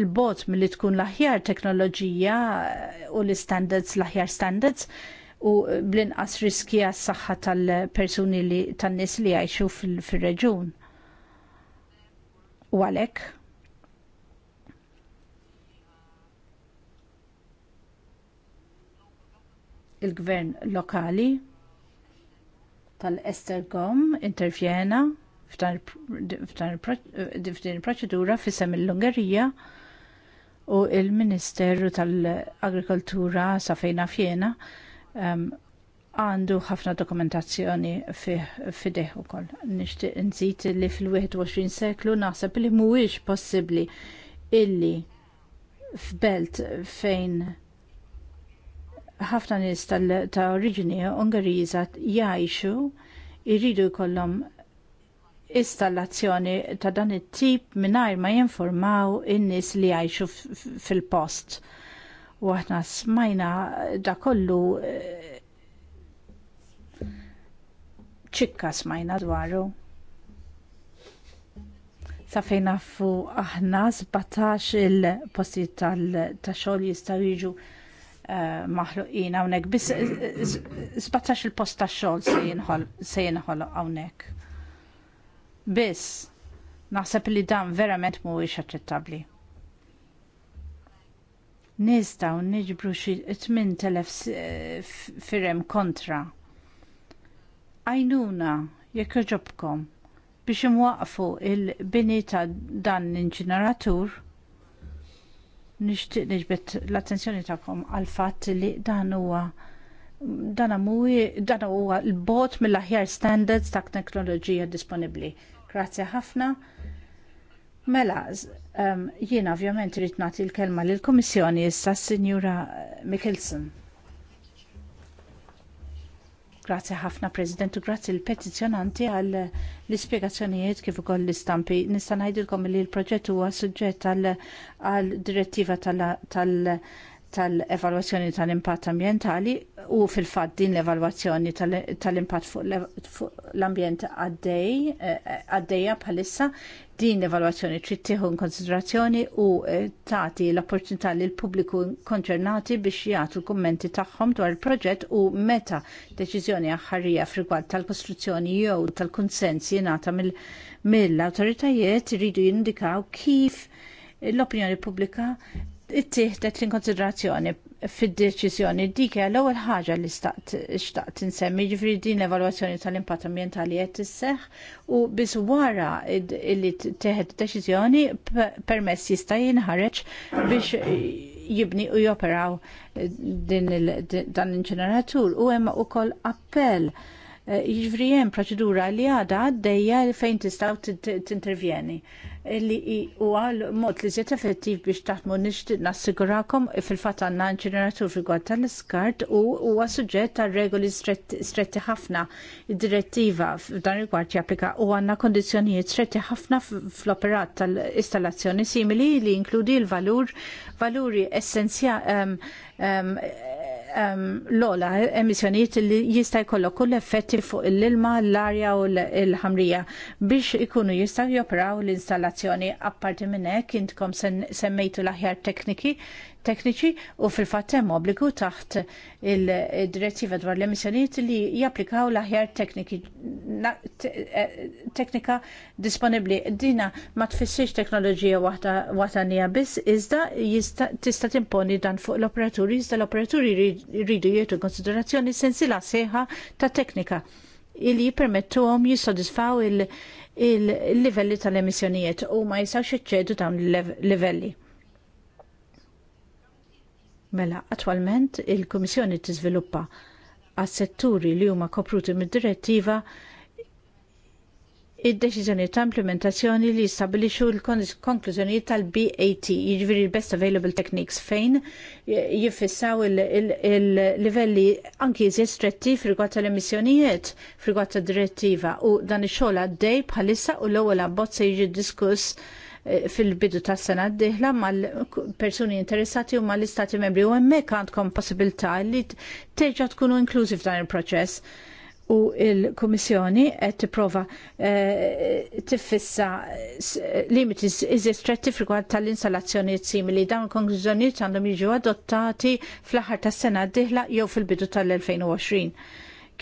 il-bot milli tkun l-aħjar teknoloġija eh, u l-standards l-aħjar standards u bl-inqas riskja għas saħħa tal-persuni li tan-nies li jgħixu fil-reġun. U għalhekk il-gvern lokali tal-Estergom intervjena f'din il-proċedura fisem il-Ungerija u l ministeru tal-Agrikoltura sa fejna fjena għandu ħafna dokumentazzjoni u ukoll. Nixtieq nżid li fil-21 seklu naħseb li mhuwiex possibbli illi f'belt fejn ħafna nies ta' oriġini Ungeriża jgħixu jridu jkollhom installazzjoni ta' dan it-tip mingħajr ma jinformaw in-nies li jgħixu fil-post. U aħna smajna da kollu eh, ċikka smajna dwaru sa fejn nafu aħna 17 il posti tal-xogħol jistgħu jiġu eh, maħluqin hawnhekk biss 17 eh, il-post tax-xogħol se jinħol hawnhekk biss. Naħseb li dan verament mhuwiex aċċettabbli. Nistgħu niġbru xi 8000 firem kontra. Għajnuna jekk joġobkom biex imwaqfu il-bini ta' dan l-inġeneratur nixtieq niġbed l-attenzjoni tagħkom għal fatt li dan huwa dan huwa l-bot mill-aħjar standards ta' teknoloġija disponibbli. Grazzi ħafna. Mela, um, jiena ovvjament rrit nagħti l-kelma lill kummissjoni issa s-Sinjura Mikkelsen. Grazzi ħafna President u grazzi l-petizjonanti għal l ispjegazzjonijiet kif ukoll l-istampi. Nista' ngħidilkom li l-proġett huwa suġġett għal direttiva tal-, tal, tal tal-evalwazzjoni tal-impatt ambjentali u fil-fatt din l-evalwazzjoni tal-impatt fuq l-ambjent eh, għaddejja bħalissa din l-evalwazzjoni trid tieħu konsiderazzjoni u eh, tagħti l-opportunità lil pubbliku konċernati biex jagħtu l-kummenti tagħhom dwar il-proġett u meta deċiżjoni aħħarija f'rigward tal-kostruzzjoni jew tal-kunsens jingħata mill-awtoritajiet iridu jindikaw kif l-opinjoni pubblika ittieħdet l-inkonsiderazzjoni fid-deċiżjoni dik hija l-ewwel ħaġa li xtaqt insemmi ġifri din l-evalwazzjoni tal-impatt ambjentali qed isseħħ u biss wara li teħed deċiżjoni permess jista' jinħareġ biex jibni u joperaw eh, dan l-inċineratur u hemm ukoll appell Eh, jiġri hemm proċedura li għadha għaddejja fejn tistgħu tintervjeni li huwa mod li żiet effettiv biex taħdmu nixtieq nassigurakom fil-fatt għandna ġeneratur rigward tal-iskart u huwa suġġett ta' regoli stretti ħafna. Id-direttiva f'dan rigward japplika u għandna kondizzjonijiet stretti ħafna fl-operat tal-installazzjoni simili li jinkludi l-valur valuri essenzjali ehm, ehm, l-ola emissjonijiet li jista' jkollok kull effetti fuq l-ilma, l-arja u l-ħamrija biex ikunu jista' joperaw l-installazzjoni apparti minn hekk intkom semmejtu l-aħjar tekniki tekniċi u fil-fatt hemm obbligu taħt il-direttiva dwar l emissjoniet li japplikaw l-aħjar eh, teknika disponibbli. Dina ma tfissirx teknoloġija nija biss iżda tista' timponi dan fuq l-operaturi iżda l-operaturi jridu jietu konsiderazzjoni sensila seħa ta' teknika il jipermettu għom jissodisfaw il-livelli il tal emissjonijiet u ma jisaw iċċedu dawn il-livelli. Mela, attualment il-Kummissjoni tiżviluppa għas-setturi li huma kopruti mid-direttiva id-deċiżjoni ta' implementazzjoni li jistabilixu l-konklużjonijiet tal-BAT, jiġri l-Best Available Techniques fejn jiffissaw il-livelli anki iżjed stretti frigwat tal-emissjonijiet frigwat tad-direttiva u dan ix-xogħol għaddej bħalissa u l-ewwel abbozz se jiġi diskuss fil-bidu tas sena d-dihla mal-persuni interessati u mal-istati membri u emmek għandkom possibilità li terġa tkunu inklużi f'dan il-proċess u il-Komissjoni qed tipprova eh, tiffissa eh, limiti iżi stretti frigwant tal-installazzjonijiet simili dawn il-konklużjonijiet għandhom jiġu adottati fl-aħħar tas-sena d dihla jew fil-bidu tal-2020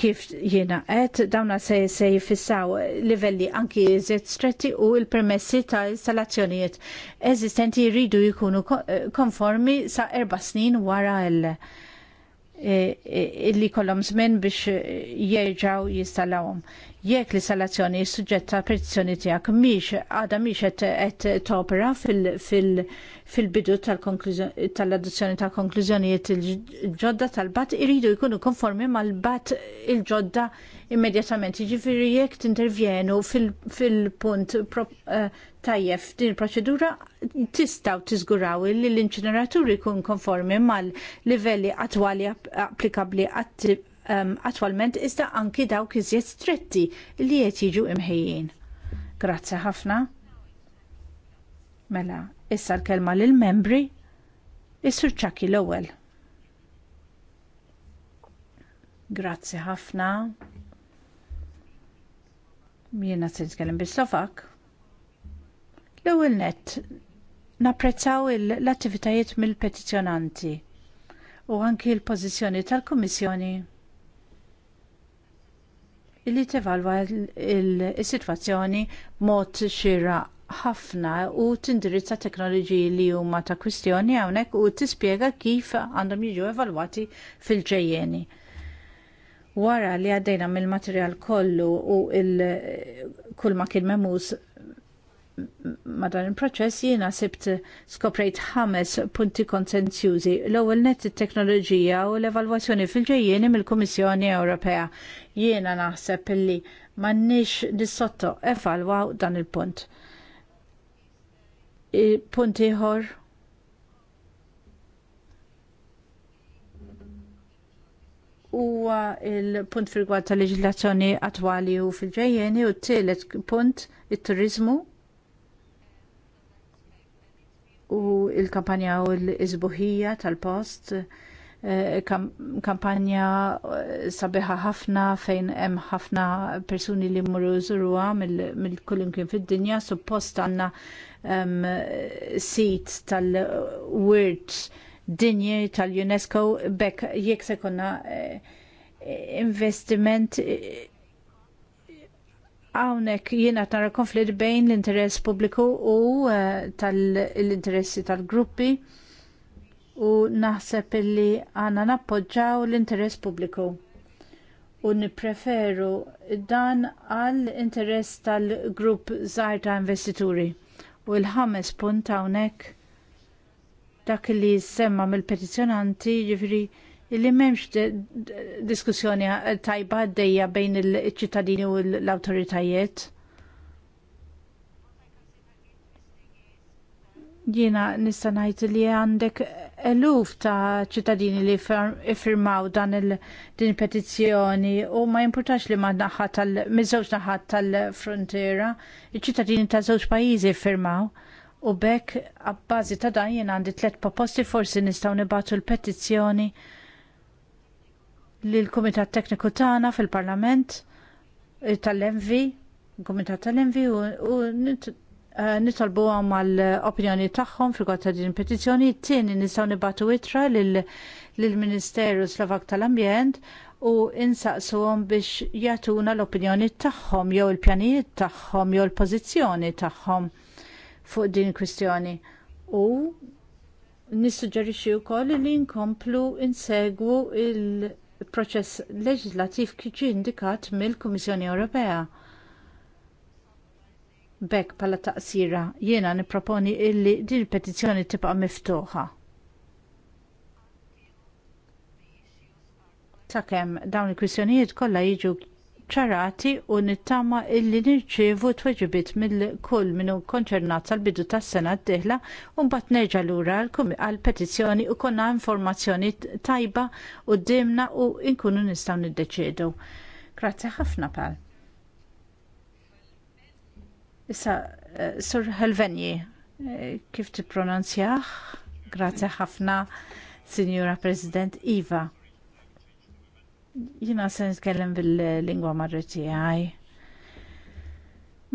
kif jiena għed dawna se se jifissaw livelli anki iżjed stretti u l-permessi ta' installazzjonijiet eżistenti jridu jkunu konformi sa' erba' snin wara l- eh, eh, illi kollom żmien biex jerġgħu jistallawhom jekk l-installazzjoni suġġetta tal petizzjoni tiegħek miex għadha miex qed topera fil-bidu tal-adozzjoni tal konklużjonijiet il-ġodda tal-bat iridu jkunu konformi mal-bat il-ġodda immedjatament. Jiġifieri jekk tintervjenu fil-punt eh, tajjeb din il-proċedura tistaw tiżguraw li l-inċineratur jkun konformi mal-livelli attwali applikabli għat um, attwalment iżda anki dawk iżjed stretti li qed jiġu imħejjin. Grazzi ħafna. Mela, issa l-kelma lill membri is-sur ċaki l-ewwel. Grazzi ħafna. Jiena se nitkellem bis-Slovak. L-ewwel nett napprezzaw l-attivitajiet mill-petizzjonanti u anki l-pożizzjoni tal-Kummissjoni illi tevalwa il-situazzjoni mod xira ħafna u tindirizza teknoloġiji li huma ta' kwistjoni hawnhekk u tispjega kif għandhom jiġu evalwati fil-ġejjeni. Wara li għaddejna mill-materjal kollu u kull ma kien memus madan il-proċess jiena sibt skoprejt ħames punti konsenzjużi. L-ewwel net it-teknoloġija u l-evalwazzjoni fil ġejjeni mill-Kummissjoni Ewropea. Jiena naħseb illi m'għandniex nissotto evalwaw dan il-punt. Il Punt ieħor huwa il-punt fil-gwad tal-leġislazzjoni attwali u fil-ġejjeni u t-tielet punt it-turizmu u il-kampanja u l-izbuħija tal-post Eh, kampanja eh, sabiħa ħafna fejn hemm ħafna persuni li mmorru żuruha mill-kullimkien fid-dinja suppost għandna um, sit tal-Wirt Dinji tal-UNESCO bekk jekk se konna eh, investiment għawnek jiena nara konflitt bejn l-interess pubbliku u tal-interessi tal-gruppi. tal interessi tal gruppi u naħseb illi għandna nappoġġaw l-interess pubbliku u nippreferu dan għall interess tal-grupp żgħar ta' investituri. U l-ħames punt hawnhekk dak li semma mill-petizzjonanti jiġifieri li m'hemmx diskussjoni tajba għaddejja bejn il-ċittadini u l-awtoritajiet Jiena nista' ngħid li għandek eluf ta' ċittadini li iffirmaw dan il-din petizzjoni u ma jimpurtax li ma naħat tal miżewġ naħat tal-frontiera, iċ-ċittadini ta' żewġ pajjiżi iffirmaw. U bekk abbażi ta' dan jien għandi tliet proposti forsi nistgħu nibatu l-petizzjoni lill kumitat Tekniku tagħna fil-Parlament tal-Envi, Kumitat tal-Envi u Eh, nitalbu għam għal-opinjoni tagħhom fi ta' din petizzjoni, tieni nistgħu nibatu itra lill-Ministeru Slovak tal-Ambjent u insaqsuhom biex jagħtuna l-opinjoni tagħhom jew il-pjanijiet tagħhom jew il pożizzjoni tagħhom fuq din kwistjoni. U nissuġġerixxi wkoll li nkomplu insegwu il-proċess leġislattiv kiġi indikat mill-Kummissjoni Ewropea Bekk pala taqsira jiena niproponi illi din il-petizzjoni tibqa' miftuħa. Sakemm dawn il kwissjonijiet kollha jiġu ċarati u nittama illi nirċievu tweġibiet mill-kull minnu konċernat tal bidu tas-sena d-dieħla u mbagħad nerġa' lura għall-petizzjoni u konna informazzjoni tajba u u nkunu nistgħu niddeċiedu. Grazzi ħafna pal. Issa, eh, Sur Helvenji, eh, kif pronunzjaħ? Grazie ħafna, Signora President Iva. Jina se nitkellem bil-lingwa marriti għaj.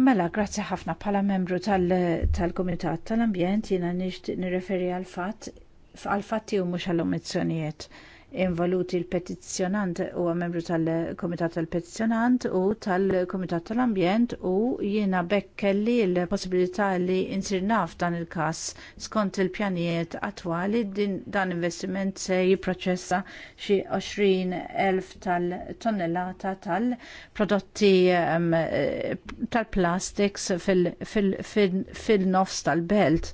Mela, grazzi ħafna pala membru tal-Komitat tal komitat tal ambjent jina nixtieq nirreferi għal fatt għal fatti u mhux għall omizzjonijiet involuti l-petizzjonant huwa membru tal-Kumitat tal-Petizzjonant u tal-Kumitat tal-Ambjent u jiena bekk kelli l-possibilità li insir naf dan il-każ skont il-pjanijiet attwali dan investiment se jipproċessa xi 20,000 tal-tonnellata tal-prodotti ehm, eh, tal-plastics fil-nofs tal-belt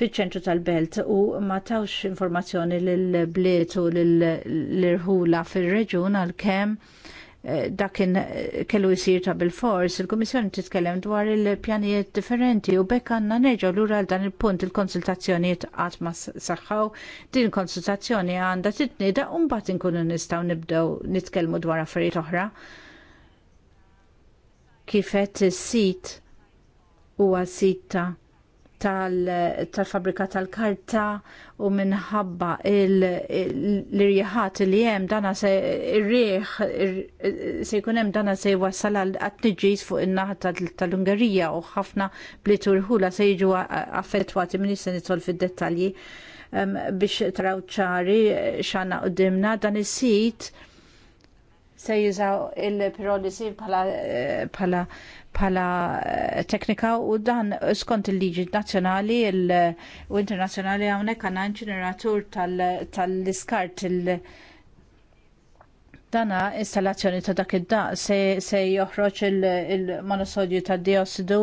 fiċ-ċentru tal-belt u ma tawx informazzjoni lill-bliet u lill-irħula fir-reġun għalkemm eh, dakin eh, kellu jisir ta' bil-fors, il-Komissjoni titkellem dwar il-pjanijiet differenti u bekk għanna neġo l għal dan il-punt il-konsultazzjoniet għat ma saħħaw, din konsultazzjoni għanda da' un bat inkunu nistaw nibdew nitkellmu dwar affarijiet oħra. Kifet is-sit huwa sit ta' tal-fabrika tal-karta u minħabba l-irjeħat li hemm dana se rieħ se jkun hemm dana se jwassal għat tniġġis fuq in-naħa tal-Ungerija u ħafna blitur ħula se jiġu affettwati minn se nitol fid-dettalji biex traw ċari xana dimna dan is-sit se jizaw il-pirolisi bħala eh, bħala eh, teknika u dan skont il-liġi nazzjonali u internazzjonali hawnhekk għandna inġeneratur tal-iskart il- dana installazzjoni ta' dak id-daq se, se joħroġ il-monosodju tad diossidu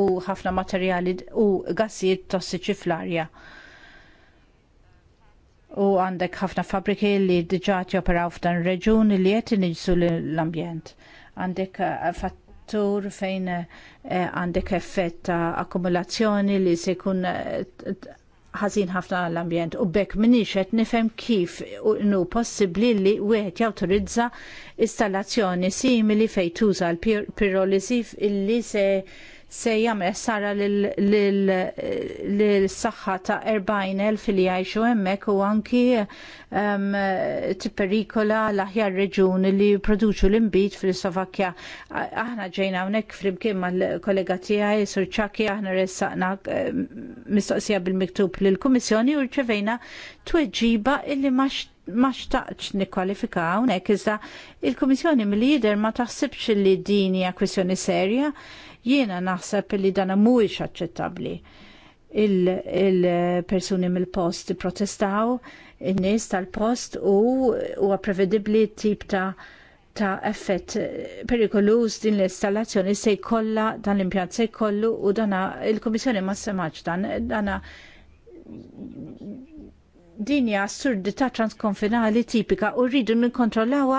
u ħafna materjali u gassijiet tossiċi fl-arja u għandek ħafna fabriki li diġa joperaw f'dan reġun li qed iniġsu l-ambjent. Għandek eh, settur fejn eh, għandek effett ta' akkumulazzjoni li se jkun eh, ħażin ħafna l-ambjent u bekk minix qed nifhem kif nu possibbli li wieħed jawtorizza installazzjoni simili fejn tuża l-pirolisi illi se se jagħmel sara lill-saħħa ta' 40,000 li jgħixu hemmhekk u anki um, tipperikola l-aħjar reġjun li jipproduċu l-imbit fil-Slovakkja. Aħna ġejna hawnhekk flimkien mal-kollega tiegħi Sur ċakki, aħna ressaqna ehm, mistoqsija bil-miktub lill-Kummissjoni u rċevejna tweġiba illi ma ma xtaqx nikkwalifika hawnhekk iżda il-Kummissjoni mill-lider ma taħsibx li din hija kwistjoni serja Jiena naħseb li dan mhuwiex aċċettabbli il-persuni il mill-post protestaw, in-nies tal-post u huwa prevedibbli tip ta' ta' effett perikoluż din l-installazzjoni se jkollha dan l-impjant se jkollu u dana il-Kummissjoni ma semax dan dana dinja assurdità transkonfinali tipika u rridu nikkontrollawha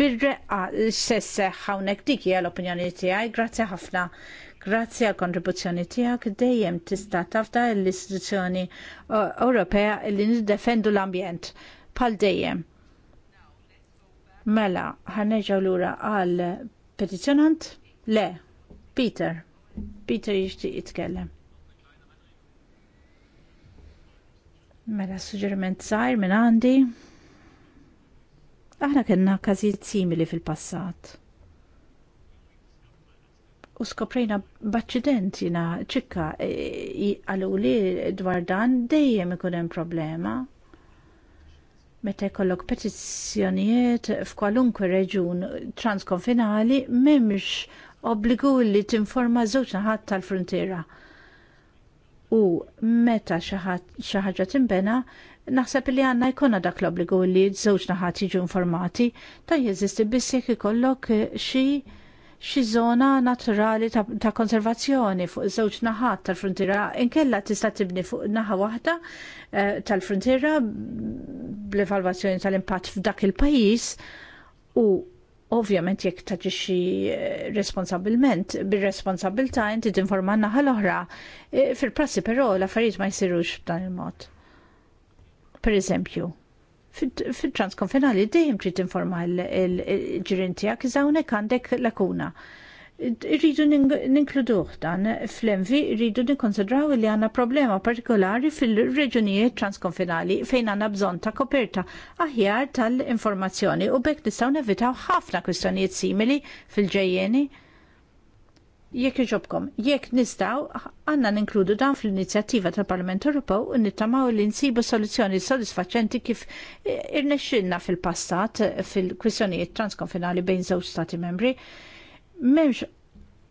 bir-reqqa s-sesseħ hawnhekk dik hija l-opinjoni tiegħi. Grazzi ħafna. Grazzi għal kontribuzzjoni tiegħek dejjem tista' tafda l-istituzzjoni uh, Ewropea li niddefendu l-ambjent bħal dejjem. Mela, ħanerġgħu lura għal petizzjonant? Le, Peter. Peter jixtieq jitkellem. Mela suġġeriment żgħir minn għandi. Aħna kellna każijiet simili fil-passat u skoprejna b'aċċident jina ċikka e, għalu li dwar dan dejjem ikun hemm problema. Meta jkollok petizzjonijiet f'kwalunkwe reġun transkonfinali m'hemmx obbligu li tinforma żewġ naħat tal-frontiera u meta xi ħaġa timbena naħseb li għandna jkollna dak l-obbligu li żewġ naħat jiġu informati ta' jeżisti biss jekk ikollok xi xi żona naturali ta', ta konservazzjoni fuq żewġ naħat tal-frontiera inkella tista' tibni fuq naħa waħda eh, tal-frontiera bl-evalwazzjoni tal-impatt f'dak il-pajjiż u Ovvjament jekk xi eh, responsabilment, bir-responsabilta inti tinformanna ħal-oħra. Eh, fil-prassi però l-affarijiet ma jsirux f'dan il-mod. Per eżempju, fil-transkonfinali dejjem trid tinforma l-ġirien tiegħek iżda hawnhekk għandek lakuna irridu ninkluduh dan fl-envi, irridu nikkonsidraw li għanna problema partikolari fil-reġunijiet transkonfinali fejn għanna bżon ta' koperta aħjar tal-informazzjoni u bekk nistaw nevitaw ħafna kwistjonijiet simili fil-ġejjeni. Jekk iġobkom, jekk nistaw, għanna ninkludu dan fl-inizjattiva tal-Parlament Ewropew u nittamaw li nsibu soluzzjoni sodisfaċenti kif irnexxilna fil-passat fil-kwistjonijiet transkonfinali bejn żewġ stati membri memx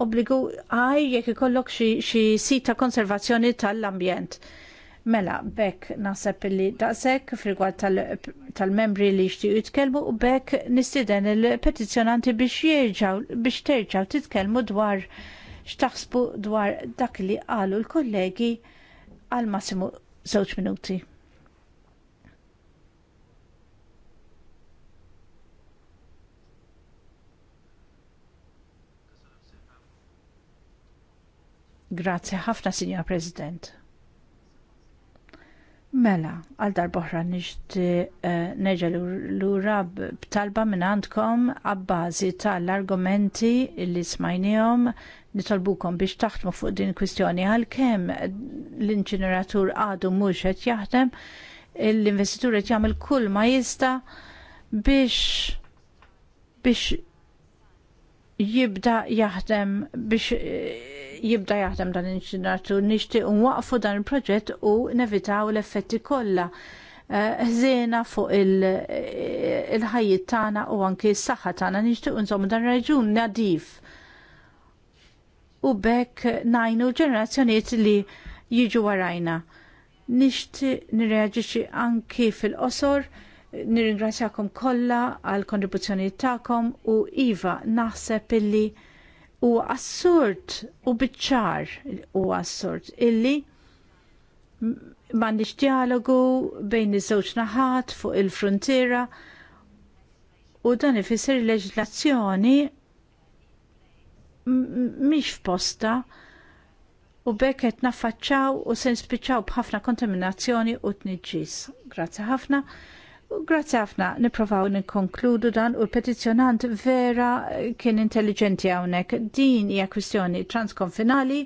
obbligu għaj jekk ikollok xi sit ta' konservazzjoni tal-ambjent. Mela, bekk nasab li daqsek frigwad tal-membri li jixtiju jitkellmu u bekk nistiden il-petizjonanti biex jirġaw, biex terġaw titkellmu dwar xtaħsbu dwar dak li qalu l-kollegi għal massimu żewġ minuti. Grazzi ħafna, Sinjor President. Mela, għal darboħra nixti uh, neġa l-ura b'talba minn għandkom għabbażi tal-argumenti li smajnijom nitolbukom biex taħtmu fuq din kwistjoni għal kem l-inċineratur għadu mux qed jaħdem l-investitur qed jagħmel kull ma jista biex biex jibda jaħdem biex eh, jibda jaħdem dan l nixti nixtieq waqfu dan il-proġett u nevitaw l-effetti kollha Zena eh, fuq eh, il-ħajjiet tagħna u anke s-saħħa tagħna nixtieq nżommu dan raġun nadif. U bekk najnu ġenerazzjonijiet li jiġu warajna. Nixtieq nirreaġixxi anki fil-qosor Nirringrazzjakom kollha għal kontribuzzjoni tagħkom u Iva naħseb illi u assurd u biċċar u assurd illi mandiċ dialogu bejn iż-żewġ naħat fuq il-frontiera u dan ifisser leġislazzjoni mhix f'posta u bekk qed naffaċċaw u sen nispiċċaw b'ħafna kontaminazzjoni u tniġġis. Grazzi ħafna. Grazzi ħafna, niprofaw nikkonkludu dan u l-petizjonant vera kien intelligenti hawnhekk. Din hija kwistjoni transkonfinali,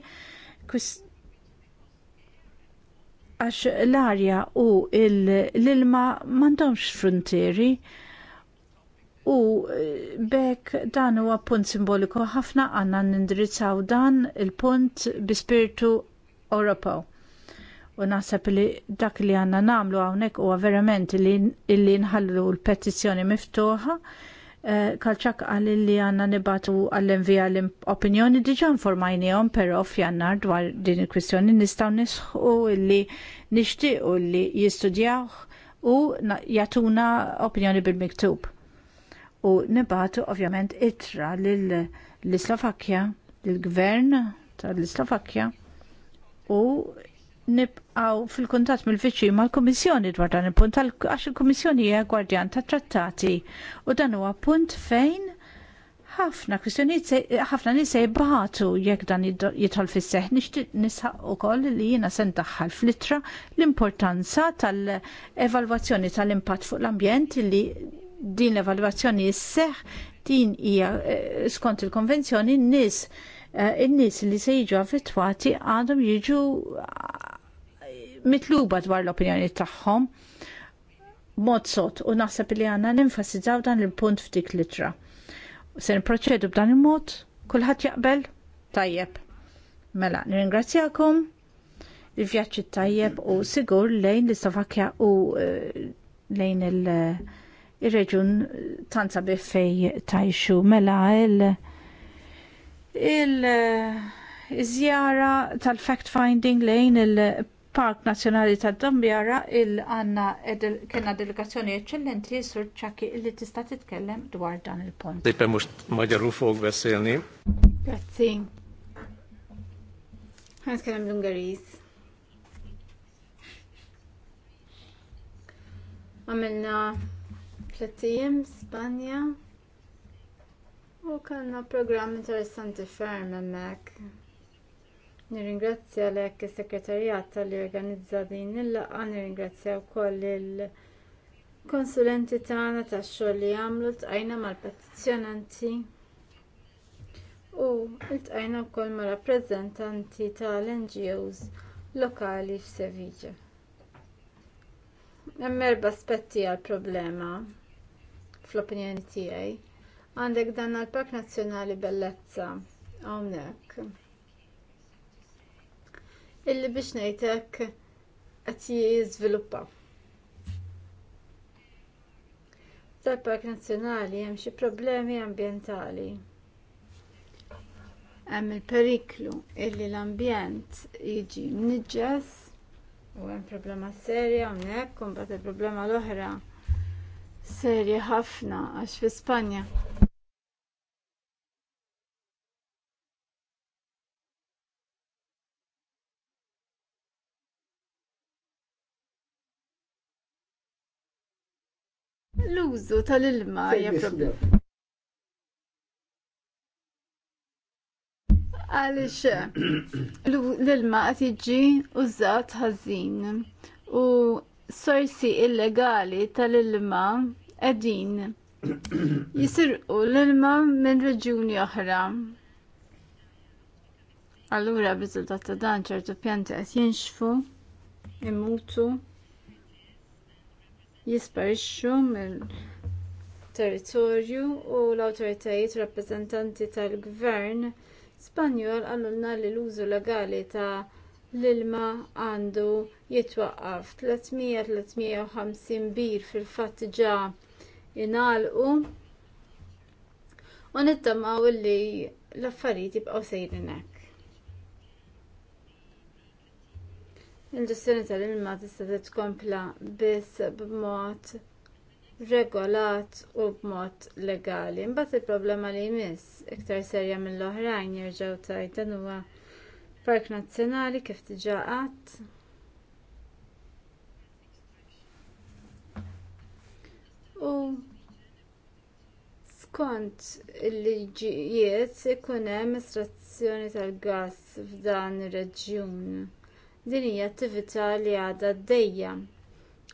għax l-arja u l-ilma m'għandhomx frontieri u e, bekk dan huwa punt simboliku ħafna għandna nindirizzaw dan il-punt bi spiritu Ewropew u naħseb li dak li għandna nagħmlu hawnhekk huwa verament li nħallu l-petizzjoni miftuħa. Eh, Kalċak għal li għandna nibatu għall-envija l-opinjoni diġà informajnijom, pero f'jannar dwar din il-kwistjoni nistgħu nisħu li nixtiequ li jistudjawh u jagħtuna opinjoni bil-miktub. U nibatu ovvjament itra lill slovakja lill gvern tal slovakja u nibqaw fil-kuntat mill-viċin mal-Kummissjoni dwar dan il-punt għax il-Kummissjoni hija gwardjan ta' trattati u dan huwa punt fejn ħafna kwistjonijiet ħafna nies se jibgħatu jekk dan jidħol fis-seħħ nixtieq nisħaq ukoll li jiena se ndaħħal flittra l-importanza tal-evalwazzjoni tal-impatt fuq l-ambjent li din l-evalwazzjoni s-seħħ din hija eh, skont il-konvenzjoni n-nies in-nies eh, li se jiġu affettwati għadhom jiġu mitluba dwar l-opinjoni tagħhom mod sot u naħseb li għandna ninfasizzaw dan il-punt f'dik litra. Se nipproċedu b'dan il-mod, kulħadd jaqbel? Tajjeb. Mela, nirringrazzjakom il-vjaċċi tajjeb u sigur lejn l istavakja u eh, lejn il-reġun eh, tanza biffej tajxu. Mela, il- il- eh, tal-fact finding lejn il- Park Nazzjonali tad Dambjara il għanna kena delegazzjoni eccellenti sur ċaki li tista' titkellem dwar dan il-pont. Dejpem mux maġarru fuq bessilni. Grazzi. Għan kellem l-Ungariż. Għamilna tlettijiem Spanja u kellna programm interessanti ferm hemmhekk Nirringrazzja lek is-Sekretarjat tal-li organizza din il laqgħa nirringrazzja wkoll il-konsulenti tagħna tax-xogħol li għamlu tqajna mal-petizzjonanti u ltqajna wkoll ma' rappreżentanti tal-NGOs lokali f'Sevilla. Hemm erba' aspetti għall problema fl-opinjoni tiegħi. Għandek dan għall-Park Nazzjonali Bellezza hawnhekk illi biex nejtek qed jiżviluppa. Tal-Park Nazzjonali hemm xi problemi ambjentali. Hemm il-periklu illi l-ambjent jiġi mniġġas u hemm problema serja hawnhekk u mbagħad il-problema l-oħra serja ħafna għax fi Spanja L-użu tal-ilma hija problema. Għaliex l-ilma qed jiġi użat ħażin u sorsi illegali tal-ilma qegħdin jisirqu l-ilma minn reġuni oħra. Allura b'riżultat ta' dan ċertu pjanti qed jinxfu, imutu jisparixxu mill-territorju u l-awtoritajiet rappreżentanti tal-gvern Spanjol għallulna li l-użu legali ta' l-ilma għandu jitwaqqaf 300-350 bir fil-fatt ġa inalqu u nittamaw li l-affarijiet jibqgħu sejrin hekk. il-ġestjoni tal-ilma tista' tkompla biss b'mod regolat u b'mod legali. Imbagħad il-problema li jmiss iktar serja mill-oħrajn jerġgħu tajt dan huwa Park Nazzjonali kif diġà qatt. U skont il-liġijiet ikun hemm estrazzjoni tal-gass f'dan ir-reġjun. Din hija attività li għadha għaddejja.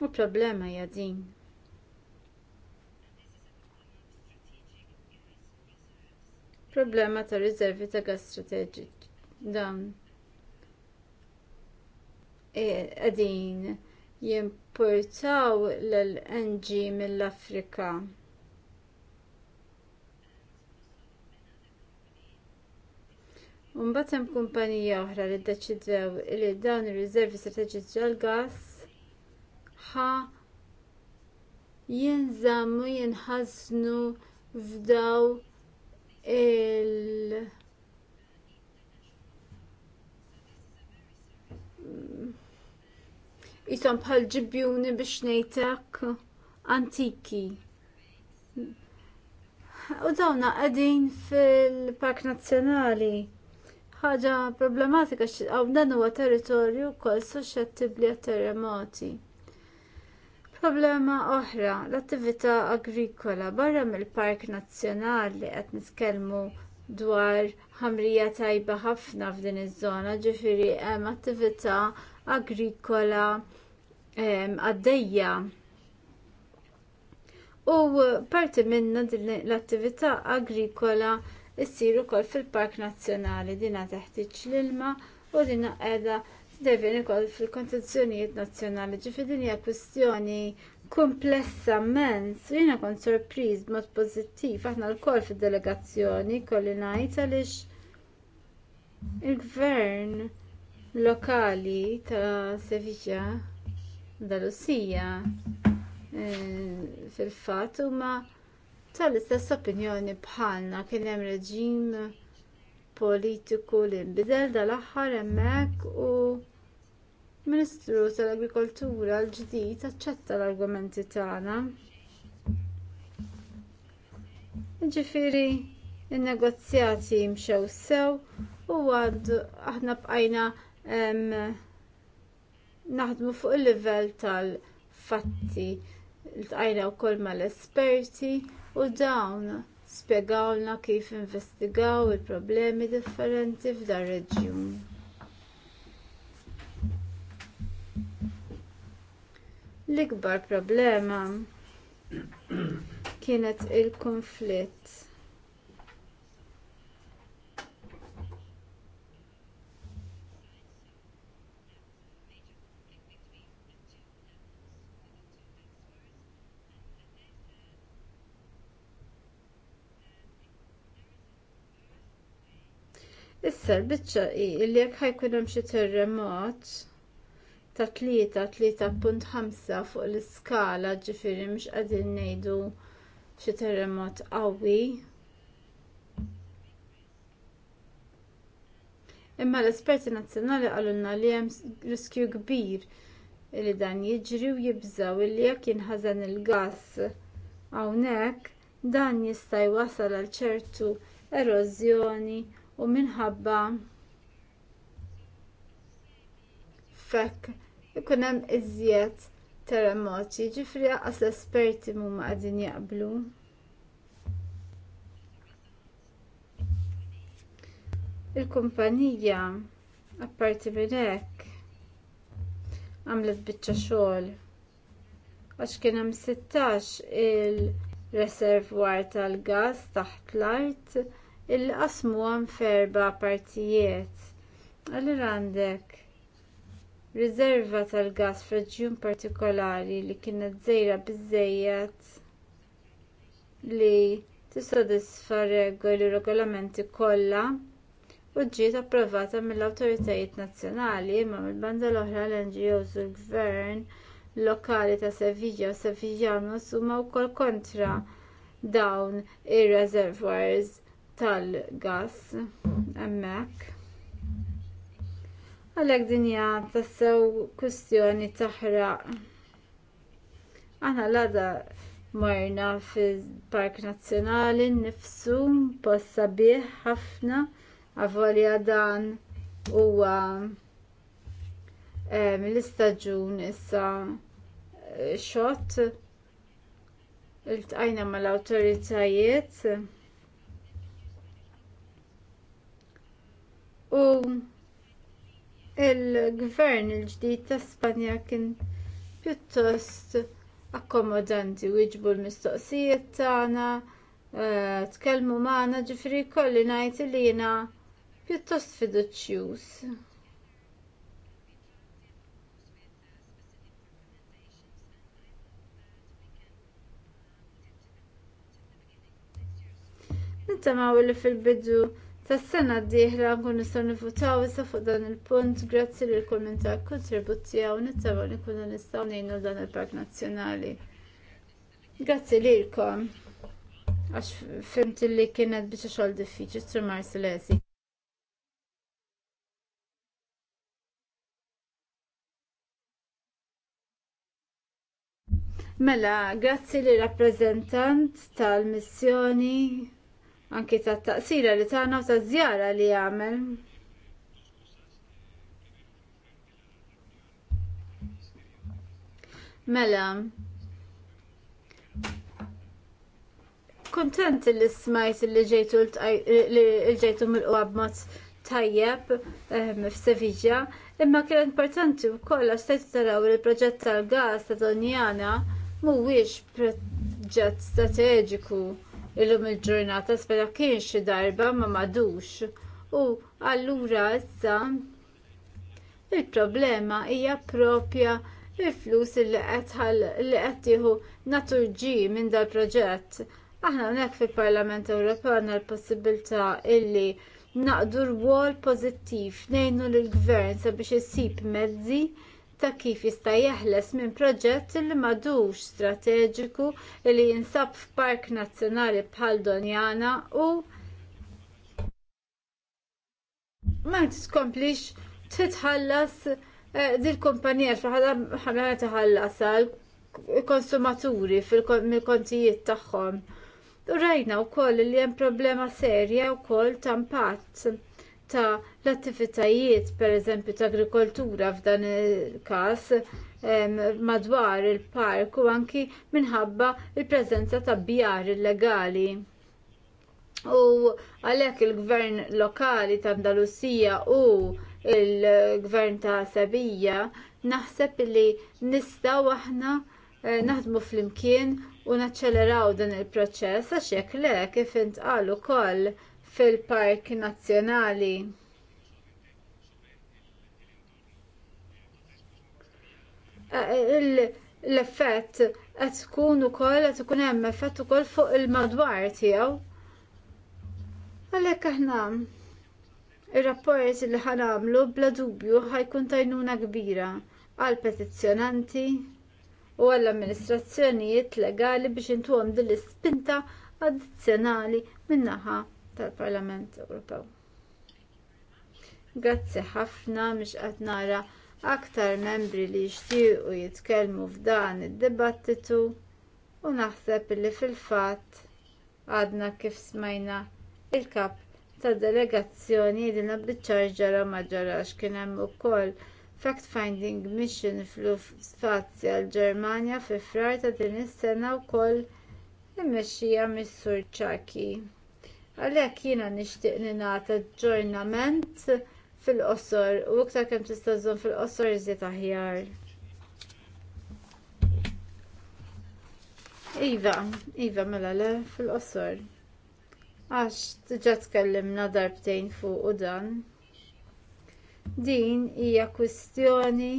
U problema hija din. Problema ta' riservi ta' gas strateġik. Dan qegħdin jimportaw l ng mill-Afrika. Mbagħad hemm kumpanija oħra li ddeċidew li dawn ir-riservi strateġiċi għall-gass ħa jinżammu jinħassnu f'daw il jisom bħal ġibjuni biex ngħidlek antiki. U dawna qegħdin fil-Park Nazzjonali ħaġa problematika għaw dan huwa territorju wkoll suċċettibbli għat terremoti. Problema oħra, l-attività agrikola barra mill-Park Nazzjonali qed niskellmu dwar ħamrija tajba ħafna f'din iż-żona, ġifieri hemm attività agrikola għaddejja. U parti minna din l-attività agrikola issir ukoll fil-Park Nazzjonali dina teħtieġ l-ilma u dina qiegħda Devin ukoll fil-kontenzjonijiet nazzjonali ġifi din hija kwistjoni komplessa mens, jiena kont sorpriż b'mod pożittiv aħna lkoll fid-delegazzjoni kolli ngħid għaliex il-gvern lokali ta' Sevilla Dalusija eh, fil-fatt huma tal-istess opinjoni bħalna kien hemm reġim politiku li nbidel dal-aħħar hemmhekk u Ministru tal-Agrikoltura l-ġdid aċċetta l-argumenti tagħna. Jiġifieri n negozjati mxew sew u għad aħna bqajna naħdmu fuq il-livell tal-fatti l-tqajna wkoll mal-esperti u dawn spjegawlna kif investigaw il-problemi differenti f'dar reġjun. L-ikbar problema kienet il-konflitt Is-servizza hi li jekk ħajkun hemm xi terremot ta' 3-3.5 fuq l-iskala ġifieri mhux qegħdin ngħidu xi terremot qawwi. Imma l-esperti nazzjonali qalulna li hemm riskju kbir li dan jiġri u jibżaw li jekk jinħażen il-gass hawnhekk dan jista' jwassal għal ċertu erożjoni u minħabba fekk ikun hemm iżjed terremoti, ġifri għas l-esperti mumma għadin jaqblu. Il-kumpanija, apparti minn hekk, għamlet biċċa xogħol għax kien hemm 16 il-reservwar tal-gas taħt l-art il-qasmu għam ferba partijiet. Allura għandek riserva tal gass f'raġjun partikolari li kienet żgħira biżżejjed li tissodisfa regoli regolamenti kollha u ġiet approvata mill-awtoritajiet nazzjonali imma mill-banda l-oħra l-NGOs u l-gvern lokali ta' Sevilla u Sevillanos huma wkoll kontra dawn ir-reservoirs tal-gas hemmhekk. Għalhekk din hija tassew kwistjoni taħraq. Aħna lada marna fil-Park Nazzjonali nnifsu post sabiħ ħafna avolja dan huwa eh, l istaġun issa xott eh, il mal-awtoritajiet u il-gvern il-ġdid ta' Spanja kien pjuttost akkomodanti u jġbu l-mistoqsijiet tagħna, e, tkellmu magħna ġifri kolli ngħid li jiena pjuttost fiduċjuż. Nittamaw li fil-bidu Tas-sena d-dieħla nkun nistgħu nivvutaw issa fuq dan il-punt grazzi lil kull minn ta' kontribut tiegħu nittama li nkunu nistgħu ngħinu dan il-Park Nazzjonali. Grazzi lilkom għax fimt li kienet biex xogħol diffiċli sur Marsilesi. Mela, grazzi li rappresentant tal-missjoni anki ta' taqsira li tagħna u ta' żjara li għamel. Mela, kontent li smajt li ġejtu l ġejtu mill-qwab tajjeb ehm, f'Sevilla, imma kien importanti wkoll kolla stajt taraw li proġett tal-gas ta' Donjana mhuwiex proġett strateġiku illum il-ġurnata spera kien xi darba ma madux. U allura issa il-problema hija propja il-flus li qed jieħu naturġi minn dal proġett. Aħna hawnhekk fil-Parlament Ewropew għandna l-possibilità illi naqdu rwol pożittiv ngħinu lill gvern sabiex isib mezzi ta' kif jista' jeħles minn proġett li m'għadux strateġiku li jinsab f'park nazzjonali bħal Donjana u ma tkomplix titħallas eh, dil kumpanija fl-ħamela tħallas għal konsumaturi fil-kontijiet tagħhom. U rajna wkoll li hemm problema serja wkoll ta' impatt ta' l-attivitajiet pereżempju ta' agrikoltura f'dan il-każ madwar il-park u anki minħabba l preżenza ta' bjar illegali. U għalhekk il-gvern lokali ta' Andalusija u l gvern ta' Sabija naħseb li nistgħu aħna eh, naħdmu flimkien u naċċeleraw dan il-proċess għax jekk le kif intqal ukoll fil-Park Nazzjonali. Eh, l-effett qed tkun ukoll qed ikun hemm effett ukoll fuq il-madwar tiegħu. Għalhekk aħna ir-rapport li ħanamlu bla dubju ħajkun tajnuna kbira għall petizzjonanti u għall amministrazzjonijiet legali biex intuhom din l-ispinta addizzjonali min-naħa tal-Parlament Ewropew. Grazzi ħafna mhix qed nara aktar membri li jixtiequ jitkellmu f'dan id-dibattitu u naħseb li fil-fatt għadna kif smajna il-kap tad delegazzjoni li nabbiċċar ġara ma ġarax kien hemm ukoll fact-finding mission fl-Sfazja l-Ġermanja fi frar ta' din is-sena wkoll immexxija mis-Sur Ċaki. Għalhekk jiena nixtieq li nagħta aġġornament fil-qosor u iktar kemm tista' żżomm fil-qosor iżjed aħjar. Iva, iva mela le fil-qosor. Għax diġà tkellimna darbtejn fuq u dan. Din hija kwistjoni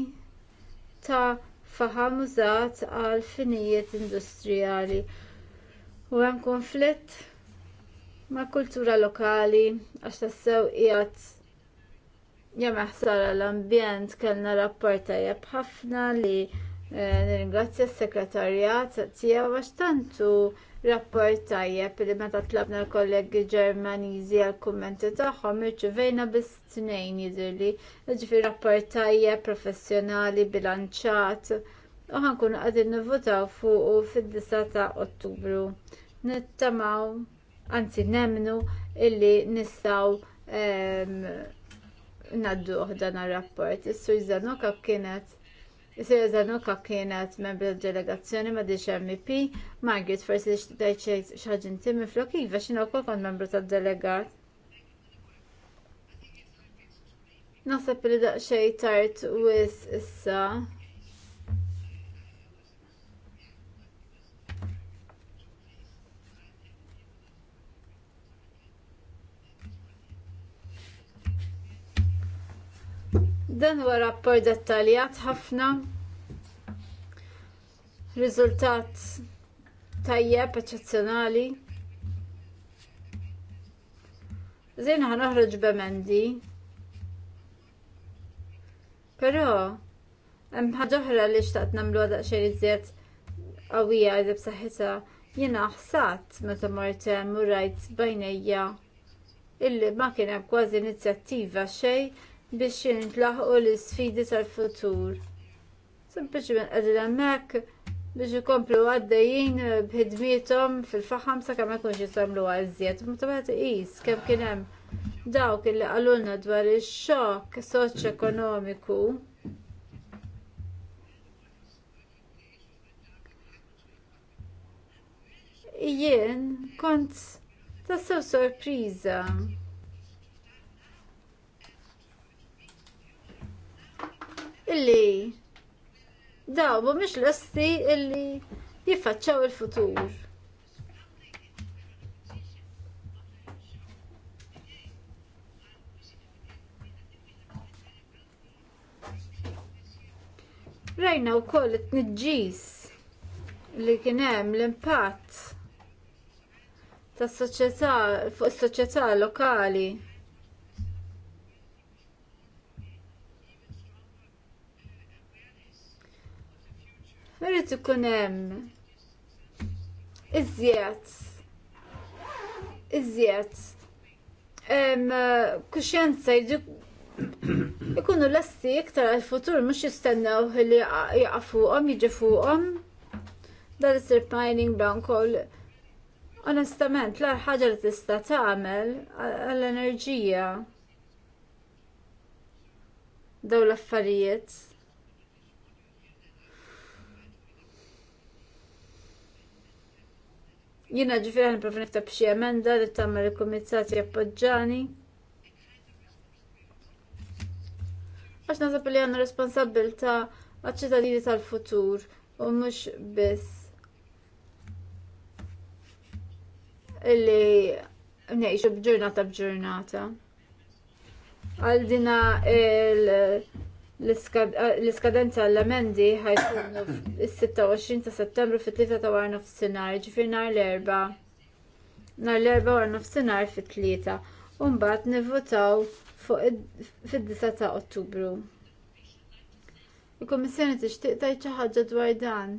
ta' faham użat għal finijiet industrijali u hemm konflitt ma' kultura lokali għax tassew qiegħed jagħmel ħsara l-ambjent kellna rapport tajjeb ħafna li eh, nirringrazzja s-sekretarjat tiegħu għax tantu rapport tajjeb li meta tlabna l-kollegi Ġermaniżi għal kummenti tagħhom irċivejna biss tnejn jidhirli, jiġifieri rapport tajjeb professjonali bilanċat u ħankun qegħdin nivvotaw fuq fid-9 ta' Ottubru. Nittamaw anzi nemnu illi nistaw naddu dan rapport Is-sur Zanoka kienet Is-sur Zanoka kienet membru delegazzjoni ma' diċ MP, Margaret forsi li xaġin timmi flok, iva xinoka kon membru tad delegat. Naħseb li daqxej tart wis issa. Dan huwa rapport dettaljat ħafna. Riżultat tajjeb eċċezzjonali. Zejn noħroġ b'emendi. Però hemm ħaġa oħra li xtaqt nagħmlu daqsxejn iżjed qawwija iżjed b'saħħitha jiena ħsat meta mort hemm u rajt bajnejja illi ma kien hemm kważi inizjattiva xejn biex jintlaħqu l isfidi tal-futur. Sempliċiment qegħdin hemmhekk biex ikomplu għaddejjin b'ħidmietom fil-faħam sa kemm jkunx jisamlu għal Meta wieħed iqis kemm kien hemm dawk illi qalulna dwar ix-xokk soċ-ekonomiku jien kont tassew sorpriża illi daw mhumiex l-osti illi jiffaċċaw il-futur. Rajna u koll it-nġis li kienem l-impatt ta' soċieta fuq soċieta lokali. Irrid ikun hemm iżjed iżjed kuxjenza (coughs) ikunu lesti iktar għal-futur mhux jistennew li fuqhom jiġi fuqhom. Dan isir pining blankol. Onestament, l ħaġa li tista' tagħmel għall-enerġija daw l-affarijiet. Jina ġifiri għan profi niktab xie emenda li tamme li komitzati jappoġġani. Għax nazab li għanna responsabilta għal-ċittadini tal-futur u mux biss illi neħxu bġurnata bġurnata. Għal il- Eh, l-iskadenza l-emendi ħajkunu f-26 ta' settembru fit-3 ta' warna f-sinar, ġifir nar l-erba. Nar l-erba warna f-sinar fit-3. Umbat nivvotaw fit-9 ta' ottubru. Il-Komissjoni tixtieq tgħid xi ħaġa dwar dan.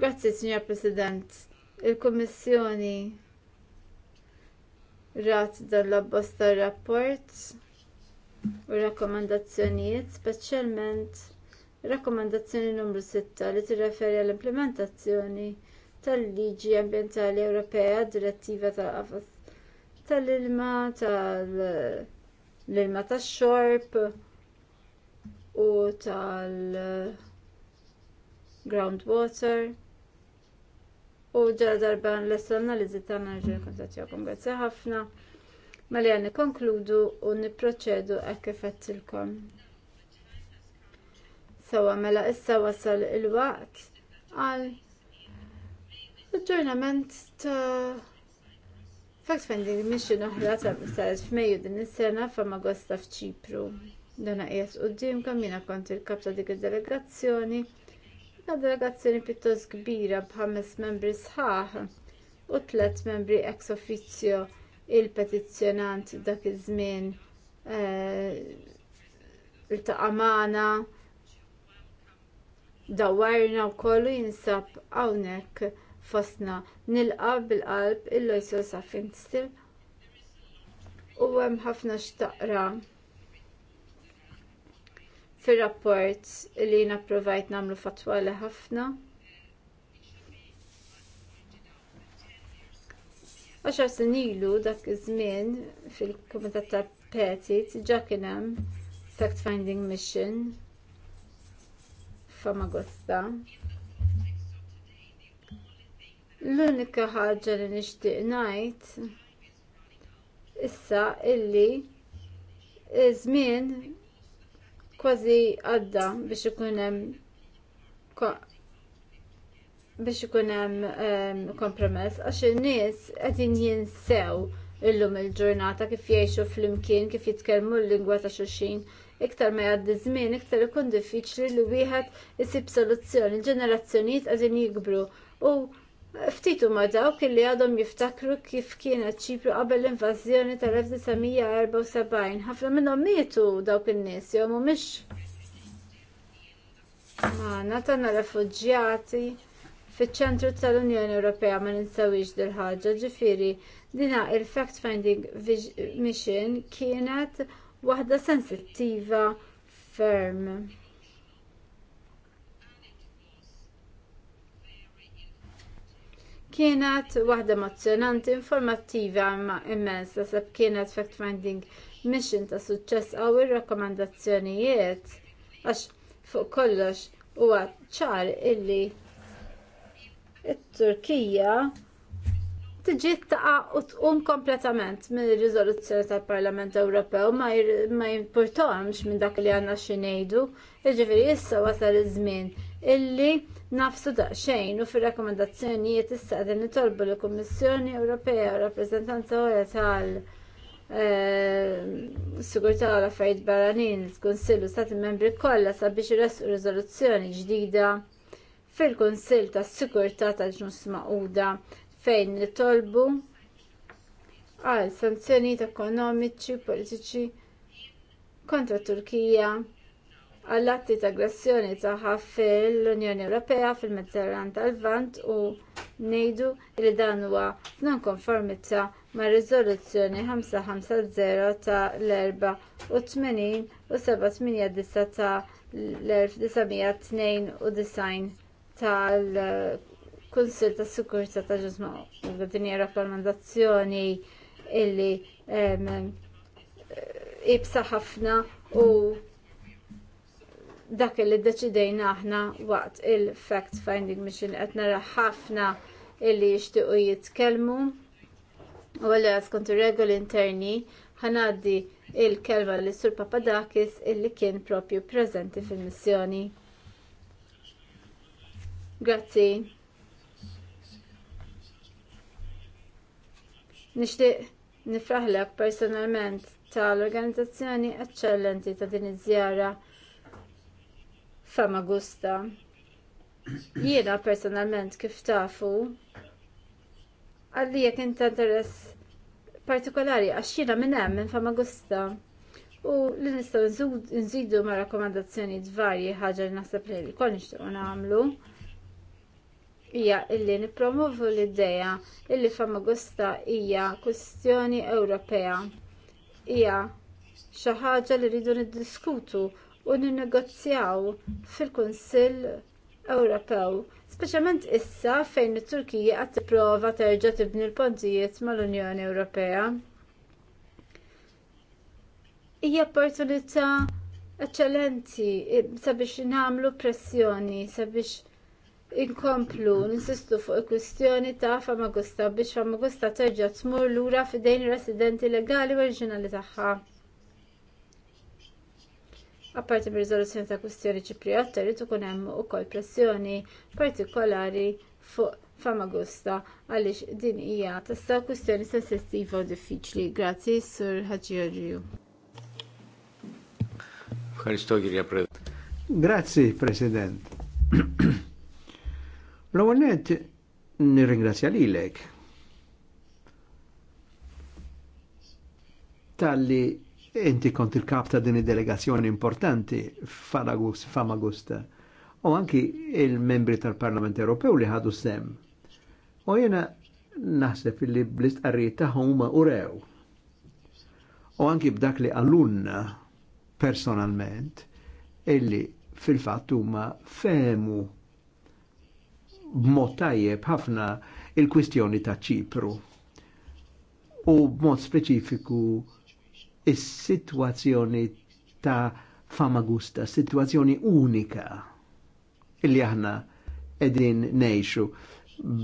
Grazzi, Signor President. Il-Kommissjoni rat dal-abbozz rapport u rakkomandazzjonijiet, speċjalment rakkomandazzjoni numru 6 li tirreferi għall-implementazzjoni tal-Liġi Ambjentali Ewropea Direttiva tal-Qafas tal-ilma tal-ilma tax-xorb u tal-groundwater u ġara darba l analiżi tan nerġgħu nikkontattjawkom. Grazzi ħafna. Mela nikkonkludu u nipproċedu hekk kif qedtilkom. Sewa mela issa wasal il-waqt għal aġġornament ta' Fact finding Mission noħra ta' saret f'Mejju din is-sena f'Amagosta f'Ċipru. Dan qiegħed qudiemkom jiena kont il-kap ta' dik id-delegazzjoni. Kena delegazzjoni pjuttost kbira b'ħames membri sħaħ u tlet membri ex officio il-petizzjonant dak iż-żmien eh, il-taqamana dawarna u kollu jinsab hawnhekk fostna nilqa bil-qalb il-lojsu safin u hemm ħafna xtaqra fir-rapport li napprovajt nagħmlu fatwa li ħafna. Għaxar sin ilu dak iż-żmien fil-Kumitat ta' Petit ġa kien hemm fact finding mission f'Amagosta. L-unika ħaġa li nixtieq ngħid issa illi iż-żmien kważi għadda biex ikun hemm biex ikun hemm ehm, kompromess għax in-nies qegħdin jinsew illum il-ġurnata kif jgħixu flimkien kif jitkellmu l-lingwa ta' xulxin. Iktar ma jgħaddi żmien, iktar ikun diffiċli li wieħed isib soluzzjoni. l ġenerazzjonijiet qegħdin jikbru u ftitu ma dawk li għadhom jiftakru kif kienet ċipru qabel l-invażjoni tal-1974. Ħafna minnhom mietu dawk in-nies jew mhumiex Għana tagħna refuġjati fiċ-ċentru tal-Unjoni Ewropea ma ninsawix dil ħaġa ġifieri dina il-fact finding mission kienet waħda sensittiva ferm. Kienet waħda mozzjonanti informattiva imma immens sab kienet fact-finding mission ta' suċċess għaw ir-rakkomandazzjonijiet għax fuq kollox huwa ċar illi it-Turkija tiġi taqa u tqum kompletament minn ir riżoluzzjoni tal-Parlament Ewropew ma jimpurtomx minn dak li għandna xi ngħidu. Jiġifieri issa wasal iż-żmien illi nafsu daqsxejn u fir-rakkomandazzjonijiet issa qegħdin nitolbu lill kummissjoni Ewropea u rappreżentanza ora tal eh, sigurtà u affarijiet barranin il-Kunsill u Stati membri kollha sabiex irresqu riżoluzzjoni ġdida fil-Kunsill tas-Sigurtà ta' ġnus Magħquda fejn nitolbu għal sanzjonijiet ekonomiċi politiċi kontra Turkija għall-atti ta' aggressjoni tagħha fil-Unjoni Ewropea fil-Mediterran tal-Vant u ngħidu li dan huwa non konformità mar riżoluzzjoni 550 ta' l-4 u 80 ta' l-1992 tal-Kunsil tas Sikurtà ta' Ġusma u dinja rakkomandazzjoni illi jibsa ħafna u dak li ddeċidejna aħna waqt il-fact finding mission qed nara ħafna illi jixtiequ jitkellmu u għalli skont ir-regoli interni ħanaddi il-kelma li sur Papadakis illi kien propju preżenti fil-missjoni. Grazzi. Nixtieq nifraħlek personalment tal-organizzazzjoni eċċellenti ta' din iż-żjara Famagusta. Jiena personalment kif tafu għalli jek inta interess partikolari għax jiena minn hemm minn Famagusta u li nistgħu nżidu ma' rakkomandazzjoni varji ħaġa li naħseb li kol nixtiequ nagħmlu Ija illi nipromovu l-idea illi Famagusta hija kwistjoni Ewropea hija xi ħaġa li rridu niddiskutu u ninnegozjaw fil-Kunsill Ewropew, speċjalment issa fejn it-Turkija qed tipprova terġa' tibni l-pontijiet mal-Unjoni Ewropea. Hija opportunità eċċellenti sabiex nagħmlu pressjoni sabiex inkomplu ninsistu fuq il-kwistjoni ta' Famagusta biex Famagusta terġa' tmur lura f'idejn ir residenti legali oriġinali tagħha. Apparti mir riżoluzzjoni ta' kwistjoni Ċipriot, irid ikun hemm ukoll pressjoni partikolari fuq Famagusta għaliex din hija tista' kwistjoni sensittiva u diffiċli. Grazzi, Sur Ħaġġiorġiju. Grazzi, President. L-għonet (clears throat) nirringrazzja lilek tal-li inti kont il-kap ta' din id-delegazzjoni importanti f'Famagusta u anki il-membri tal-Parlament Ewropew li ħadu sem. U jena naħseb li bl-istqarrijiet tagħhom huma urew. U anki b'dak li għallunna personalment illi fil-fatt huma femu b'mod tajjeb ħafna il-kwistjoni ta' Ċipru. U b'mod speċifiku is-sitwazzjoni ta' Famagusta, sitwazzjoni unika illi aħna edin nejxu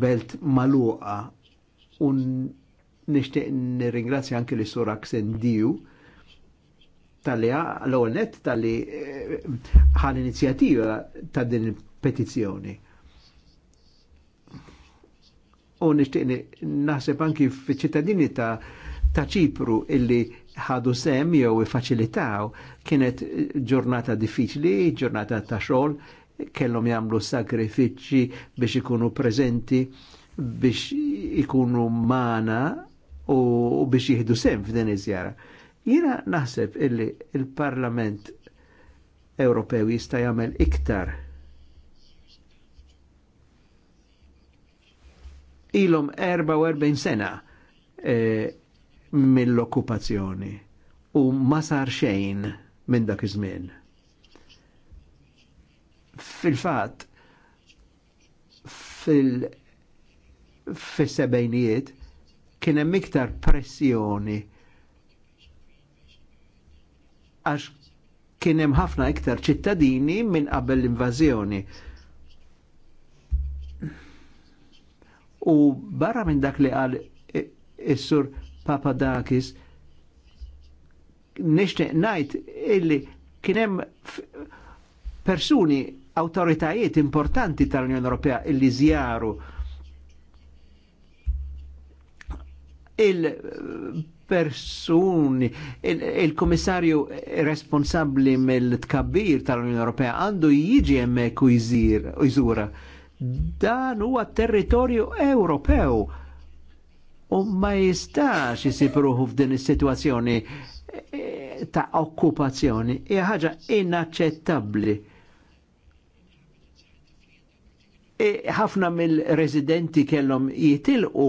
belt maluqa un nishtiq nirringrazzja anke li sura Ksendiju tal-li għal onet tal-li għal eh, inizjativa ta' din petizjoni. U nishtiq naħseb anki fi ċittadini ta' ta' ċipru illi ħadu sem jew ifaċilitaw kienet ġurnata diffiċli, ġurnata ta' xogħol, kellhom jagħmlu sakrifiċċi biex ikunu preżenti, biex ikunu mana u biex jihdu sem f'din iż-żjara. Jiena naħseb illi il-Parlament Ewropew jista' jagħmel iktar ilhom 44 sena eh, mill-okkupazzjoni u ma sar xejn minn dak iż-żmien. Fil-fatt fil fatt fil fis kien hemm iktar pressjoni għax kien hemm ħafna iktar ċittadini minn qabel l-invażjoni. U barra minn dak li qal is-sur e Papadakis nishtiq najt illi kienem persuni autoritajiet importanti tal-Unjoni Ewropea illi zjaru il-persuni, il-komissarju il responsabli mill-tkabbir tal-Unjoni Ewropea għandu jiġi hemmhekk u jżura. Dan huwa territorju Ewropew u ma jistax jisib ruħu f'din is-sitwazzjoni eh, ta' okkupazzjoni. Hija ħaġa inaċċettabbli. E, ħafna mill-residenti kellhom jitilqu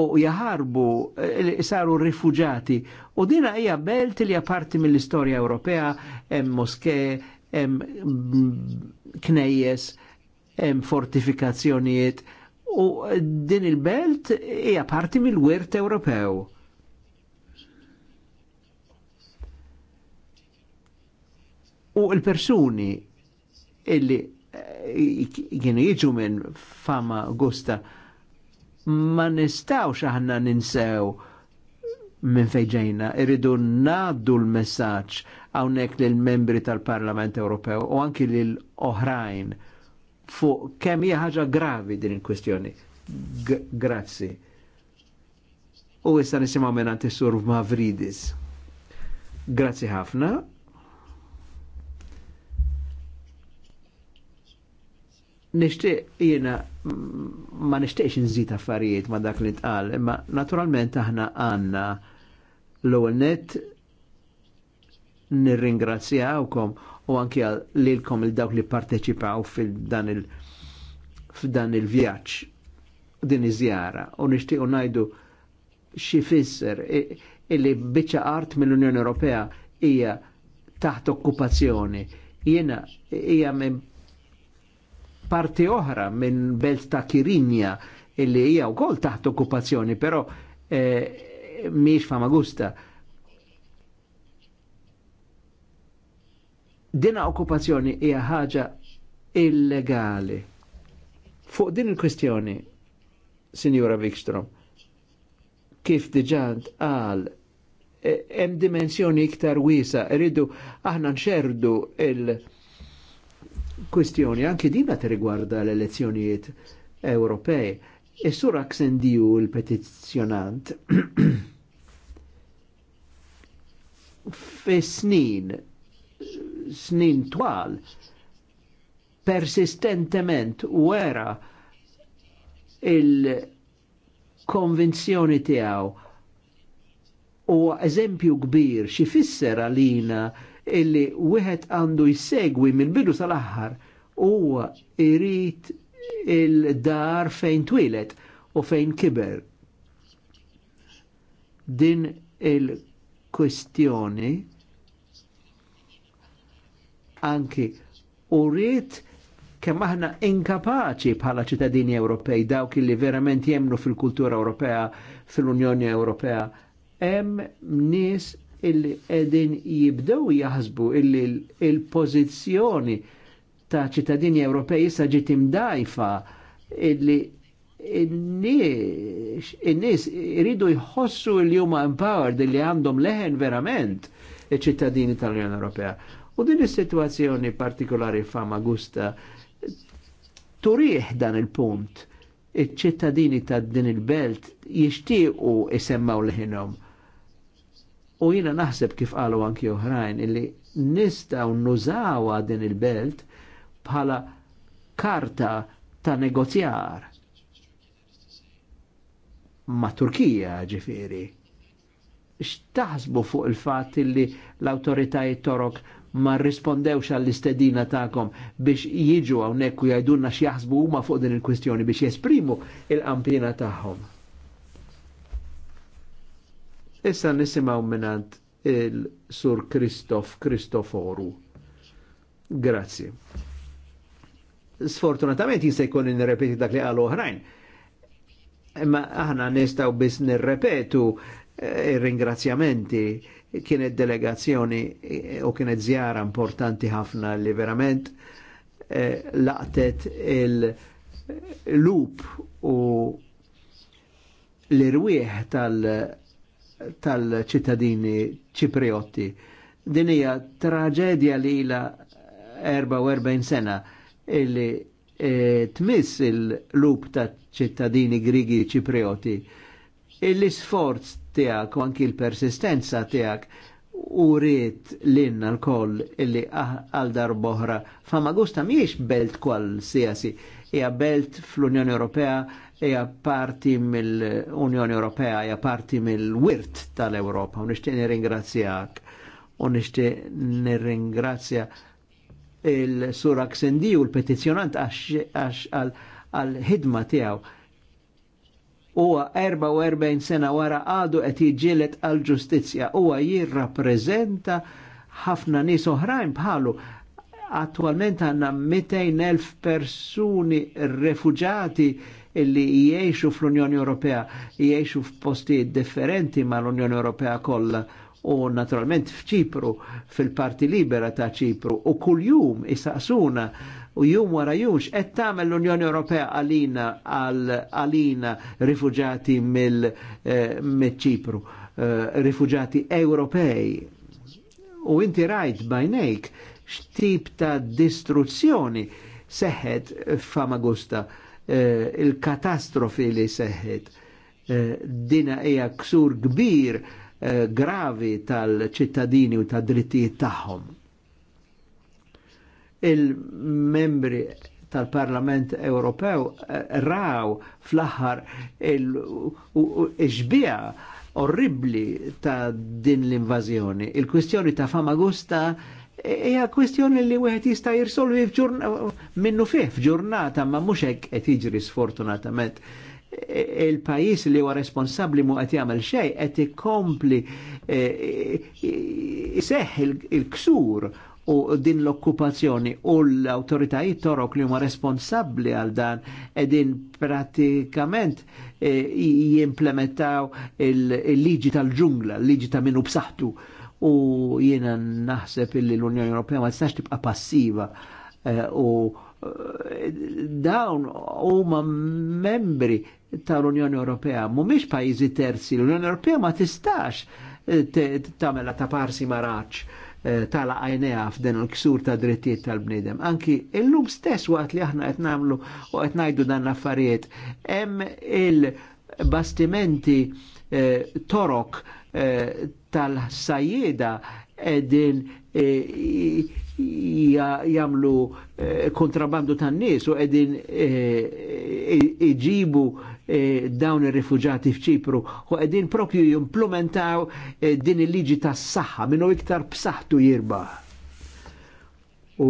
u jaharbu eh, saru rifugjati u dina hija belt li parti mill-istorja Ewropea hemm moske hemm knejjes hemm fortifikazzjonijiet u din il-belt hija parti mill-wirt Ewropew. U l-persuni illi eh, kienu jiġu minn fama gusta ma nistawx aħna ninsew minn fejġejna, irridu naddu l messaċ hawnhekk lill membri tal-Parlament Ewropew u anki -l oħrajn fuq kemm hija ħaġa gravi din il-kwestjoni. Grazzi. U issa nisimgħu minn antisur Mavridis. Grazzi ħafna. Nishtiq jiena mm, ma nishtiqx nżid affarijiet ma dak li tqal, imma naturalment aħna għandna l-ewwel nett nirringrazzjawkom u anki lilkom il-dawk li parteċipaw fil-dan il- f'dan il-vjaġġ din iż-żjara u nixtiequ ngħidu xi fisser illi biċċa art mill-Unjoni Ewropea hija taħt okkupazzjoni. Jiena hija minn parti oħra minn belt ta' Kirinja illi hija wkoll taħt okkupazzjoni, però eh, miex fama gusta. Eh, Dina okkupazzjoni hija ħaġa illegali. Fuq din il-kwestjoni, Sinjura Wikstrom, kif diġant għal e, hemm dimensjoni iktar wiesa, rridu aħna nxerdu il-kwistjoni, anki dina tirigwarda l-elezzjonijiet Ewropej. Is-sur e aksendiju sendiju l-petizzjonant (clears throat) fis snin snin twal persistentement wera il-konvinzjoni tiegħu u eżempju kbir xi fisser għalina illi wieħed għandu jsegwi minn bidu sal aħħar huwa irid il-dar fejn twilet u fejn kiber. Din il-kwestjoni anki u kemm aħna inkapaċi bħala ċittadini Ewropej dawk li verament jemnu fil-kultura Ewropea, fil-Unjoni Ewropea, hemm nies illi qegħdin jibdew jaħsbu illi il-pożizzjoni ta' ċittadini Ewropej issa ġiet imdajfa illi in-nies iridu jħossu li huma empowered li għandhom leħen verament iċ-ċittadini tal-Unjoni Ewropea. U din is-sitwazzjoni partikolari fama gusta turih dan il-punt iċ-ċittadini ta' din il-belt jixtiequ isemmaw leħinhom. U jina naħseb kif qalu anki oħrajn illi nistaw nużawa din il-belt bħala karta ta' negozjar ma' Turkija ġifiri. X'taħsbu fuq il fat illi l-autoritajiet torok ma rrispondewx għall-istedina ta'kom biex jiġu hawnhekk u jgħidulna x'jaħsbu huma fuq din il-kwistjoni biex jesprimu il-qampina tagħhom. Issa nisimaw minant il-Sur Kristof Kristoforu. Grazzi. Sfortunatament jista' jkun nirrepeti dak li għalu oħrajn. Imma aħna nistaw biss nirrepetu eh, ir-ringrazzjamenti. Eh, kienet delegazzjoni eh, u kienet zjara importanti ħafna li verament eh, laqtet il-lup u l-irwieħ tal-ċittadini tal ċipriotti. Din hija traġedja li ila 44 sena illi eh, tmiss il-lup ta' ċittadini grigi ċiprioti l-isforz tijak u anki l-persistenza tijak u rrit l-inna l-koll illi għaldar boħra Fama gusta miex belt kwal sijasi, ija belt fl-Unjoni Ewropea, ija parti mill-Unjoni Ewropea, ija parti mill-wirt tal-Ewropa. U nishtiq nirringrazzjak, u nishtiq nirringrazzja il-surak sendi u l-petizjonant għal ħidma tijaw huwa 44 sena wara għadu qed jiġġieled għal ġustizzja huwa jirrappreżenta ħafna nies oħrajn bħalu. Attualment għandna 200,000 persuni refuġati illi jiexu fl-Unjoni Ewropea, jiexu f'posti differenti ma l-Unjoni Ewropea kollha u naturalment f'Ċipru, fil-Parti Libera ta' Ċipru, u kuljum isaqsuna u jum wara jumx qed tagħmel l-Unjoni Ewropea għalina għalina rifuġati mill-Ċipru, eh, eh, rifuġati Ewropej. U inti rajt bajnejk x'tip ta' distruzzjoni seħet f'Famagusta eh, il-katastrofi li seħħet. Dina hija ksur kbir gravi tal-ċittadini u tad drittijiet tagħhom il-membri tal-Parlament Ewropew eh, raw fl-aħħar il-ġbija orribli ta' din l-invażjoni. Il-kwistjoni ta' Famagusta eh, hija kwistjoni li wieħed jista' jirsolvi minnu fih f'ġurnata ma mhux hekk qed jiġri sfortunatament eh, il-pajis li huwa responsabbli mu qed jagħmel xejn qed ikompli seħħ il-ksur u din l-okkupazzjoni u l-autoritajiet torok li huma responsabbli għal dan edin pratikament e, jimplementaw il-liġi tal-ġungla, il-liġi ta' minnu b'saħħtu u jiena naħseb illi l-Unjoni Ewropea ma tistax tibqa' passiva e, u e, dawn huma membri tal-Unjoni Ewropea, mhumiex pajjiżi terzi, l-Unjoni Ewropea ma tistax tagħmel ta' parsi maraġġ. Eh, tala għajnea f'den il-ksur ta' drittijiet tal-bnidem. Anki l-lum stess waqt li aħna qed nagħmlu u qed ngħidu dan l-affarijiet, hemm il-bastimenti eh, torok eh, tal-sajjeda edin jamlu kontrabandu tan nies u edin iġibu E, dawn ir-rifuġati f'Ċipru u qegħdin propju jimplementaw e, din il-liġi tas-saħħa minnu iktar b'saħħtu jirba. U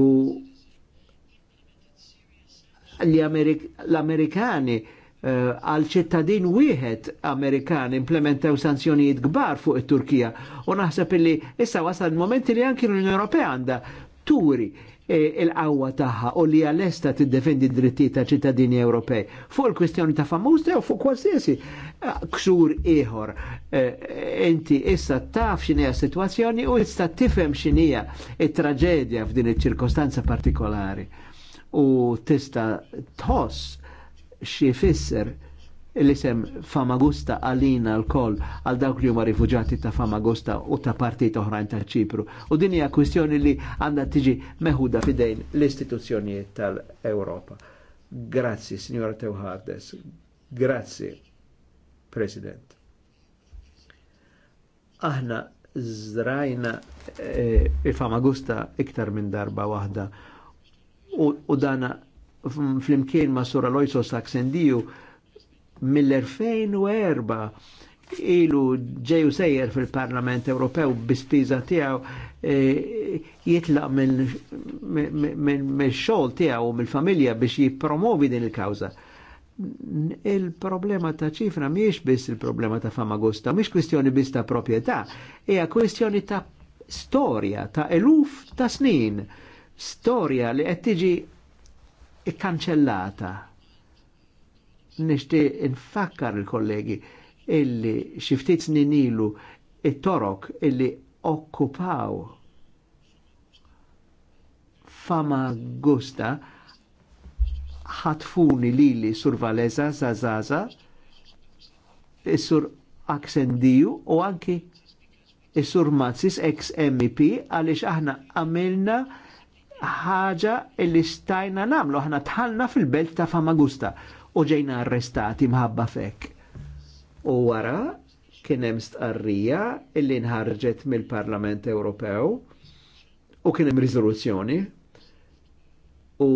l-Amerikani e, għal ċittadin wieħed Amerikan implementaw sanzjonijiet kbar fuq it-Turkija u naħseb illi issa wasal il momenti li anki l-Unjoni Ewropea għandha turi E, il-qawwa tagħha u li għalesta tiddefendi d-drittijiet ta' ċittadini Ewropej. Fuq il-kwistjoni ta' famuż u fuq qualsiasi eh, ksur ieħor. Eh, inti issa taf x'inhi situazzjoni u issa tifhem x'inhi it-traġedja f'din iċ-ċirkostanza partikolari u tista' tħoss xi fisser l-isem Famagusta għalina l-koll għal dawk li huma rifuġati ta' Famagusta u ta' partit oħrajn ta' ċipru. U din hija kwistjoni li għandha tiġi meħuda fidejn l-istituzzjonijiet tal-Ewropa. Grazzi, Signora Tewħardes. Grazzi, President. Aħna zrajna e eh, famagusta iktar minn darba waħda u, u dana fl-imkien ma' Sura Lojso Saksendiju mill-2004 ilu ġeju sejjer fil-Parlament Ewropew bispiża tiegħu e, jitlaq mill-xogħol tiegħu u mill-familja biex jippromovi din il-kawża. Il-problema ta' ċifra miex biss il-problema ta' Famagusta, miex kwistjoni biss ta' proprjetà, hija kwistjoni ta' storja ta' eluf ta' snin, storja li qed tiġi ikkanċellata nishti infakkar il-kollegi illi xiftit ninilu ilu it-torok illi okkupaw fama gusta ħatfuni lili survaleza zazaza sur Aksendiju u anki sur Mazzis ex MEP għaliex aħna għamilna ħaġa illi stajna namlu, aħna tħalna fil-belt ta' Famagusta u ġejna arrestati mħabba fek. U wara kien hemm stqarrija illi nħarġet mill-Parlament Ewropew u kien hemm u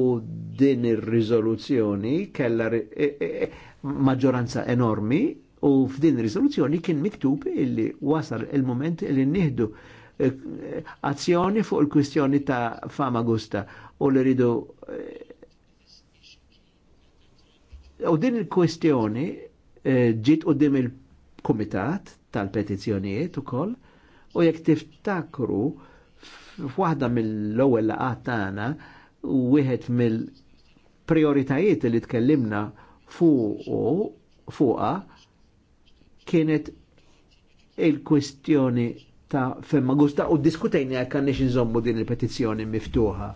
din ir-riżoluzzjoni kellha e- e- e- maġġoranza enormi u f'din ir-riżoluzzjoni kien miktub illi wasal il-moment illi nieħdu azzjoni fuq il-kwistjoni ta' gusta u li rridu U din il-kwestjoni eh, ġiet u dim il-komitat tal-petizjonijiet u koll, u jek tiftakru f'waħda mill-ewwel laqgħat tagħna wieħed mill prijoritajiet li tkellimna fuq fuqha kienet il-kwestjoni ta' femma gusta u diskutejni għal għannix nżommu din il-petizjoni miftuħa.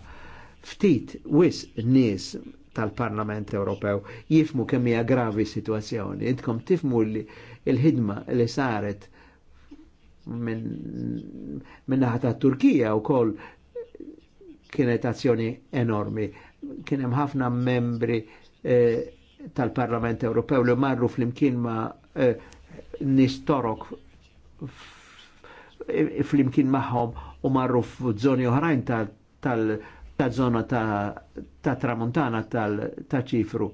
Ftit, wis, nis tal-Parlament Ewropew jifmu kemm hija gravi situazzjoni. Intkom tifmu li l-ħidma li saret minn naħa naħa turkija u koll kienet azzjoni enormi. Kien hemm ħafna membri eh, tal-Parlament Ewropew li marru flimkien ma eh, nistorok flimkien magħhom u marru f'żoni oħrajn tal-, tal ta' zona ta', ta tramontana tal ta' ċifru.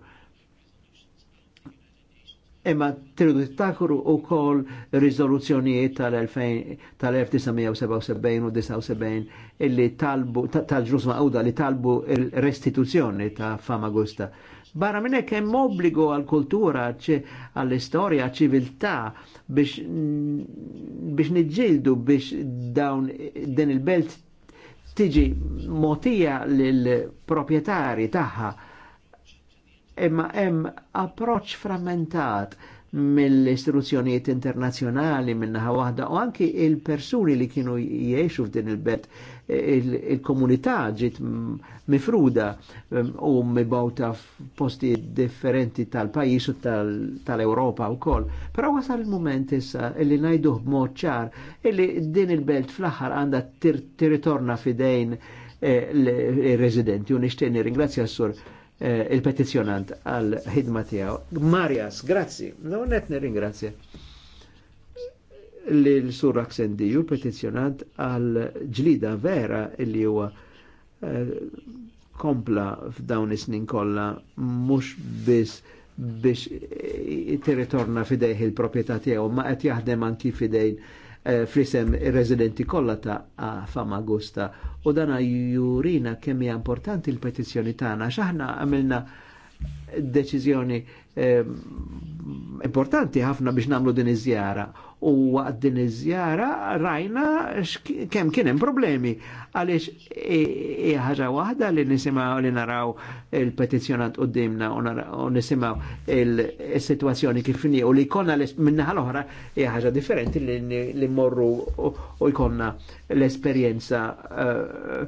Imma tridu tittakru u kol rizoluzzjonijiet tal-1977 tal u 79 illi talbu, tal ta maqda li talbu il-restituzzjoni ta' Famagusta. Barra minn hekk hemm obbligo għal kultura għall-istorja ċiviltà biex biex niġġieldu biex dawn din il-belt tiġi motija lill-propietari tagħha imma hemm approċċ frammentat mill-istituzzjonijiet internazzjonali minnaħa waħda u anki il-persuni li kienu jiexu f'din il-belt il-komunità ġiet mifruda u mibawta f'posti differenti tal-pajis u tal-Europa u koll. Pero wasal il-moment issa illi najdu b'mod ċar illi din il-belt fl-aħħar għanda tirritorna fidejn eh, il-residenti u nishtieni ringrazzja s-sur Eh, il-petizjonant għal ħidma tiegħu. Marjas, grazzi, no għonet nirringrazzja li l-sur Aksendiju, petizjonant għal ġlida vera li huwa eh, kompla f'dawn is-snin kollha mhux biss biex territorna fidejh il-proprjetà tiegħu ma qed jaħdem anki fidejn Eh, frisem residenti kollha ta' Famagusta u dana jurina kemm hija importanti l-petizzjoni tagħna x'aħna għamilna deċiżjoni eh, importanti ħafna biex namlu din iż-żjara U din iż-żjara rajna kemm kien hemm problemi għaliex hija ħaġa waħda li nisimgħu li naraw il-petizzjonant qudiemna u nisimgħu il-sitwazzjoni kif u li jkollna minnaħa l-oħra hija ħaġa differenti li mmorru u jkollna l-esperjenza eh,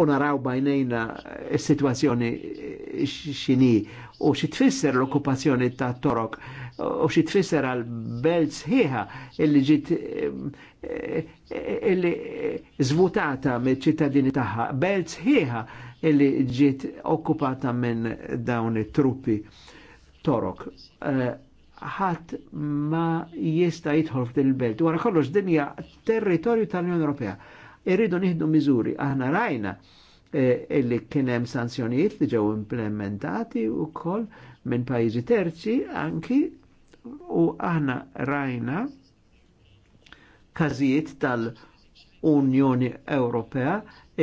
u naraw bajnejna s-situazzjoni xini u xi tfisser l-okkupazzjoni ta' torok u xi tfisser għal belt sħiħa illi ġiet eh, illi eh, zvutata mill-ċittadini tagħha, belt sħiħa illi ġiet okkupata minn dawn it-truppi torok. Eh, ħadd ma jista' jidħol f'din il-belt. Wara kollox dinja territorju tal-Unjoni Ewropea. Irridu nieħdu miżuri. Aħna rajna illi kien hemm sanzjonijiet li ġew implementati wkoll minn pajjiżi terzi anki u aħna rajna kazijiet tal-Unjoni Ewropea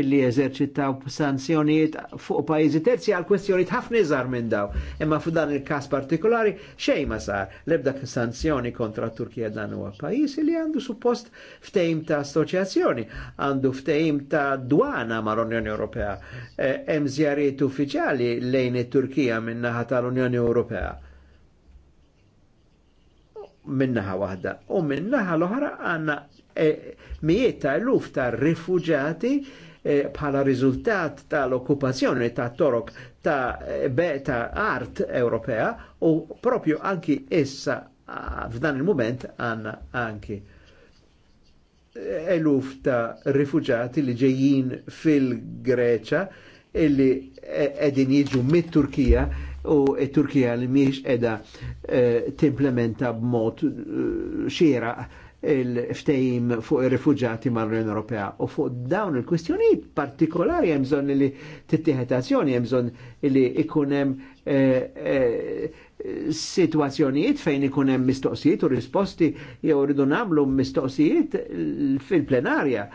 illi eżerċitaw sanzjonijiet fuq pajjiżi terzi għal kwestjonijiet ħafna iżgħar minn daw. Imma fuq dan il-każ partikolari xejn ma sar l-ebda sanzjoni kontra Turkija dan huwa pajjiż li għandu suppost ftehim ta' assoċjazzjoni, għandu ftehim ta' dwana mal-Unjoni Ewropea. Eh, hemm żjarijiet uffiċjali lejn it-Turkija min-naħa tal-Unjoni Ewropea minnaħa waħda. U minnaħa l-oħra għanna e, mijiet ta' eluf ta' rifugġati e, bħala rizultat ta' l okkupazzjoni ta' torok ta' beta art Ewropea u propju anki issa f'dan il-moment għanna anki eluf ta' rifugġati li ġejjin fil-Greċa illi e, edin jiġu mit-Turkija u Turkija li miex edha eh, timplementa b'mod eh, xiera il-ftejim fuq ir-rifuġati mal-Unjoni Ewropea. U fuq dawn il-kwistjonijiet partikolari hemm bżonn li tittieħed azzjoni, hemm bżonn li ikun hemm eh, situazzjonijiet fejn ikun hemm mistoqsijiet u risposti jew rridu nagħmlu mistoqsijiet fil-plenarja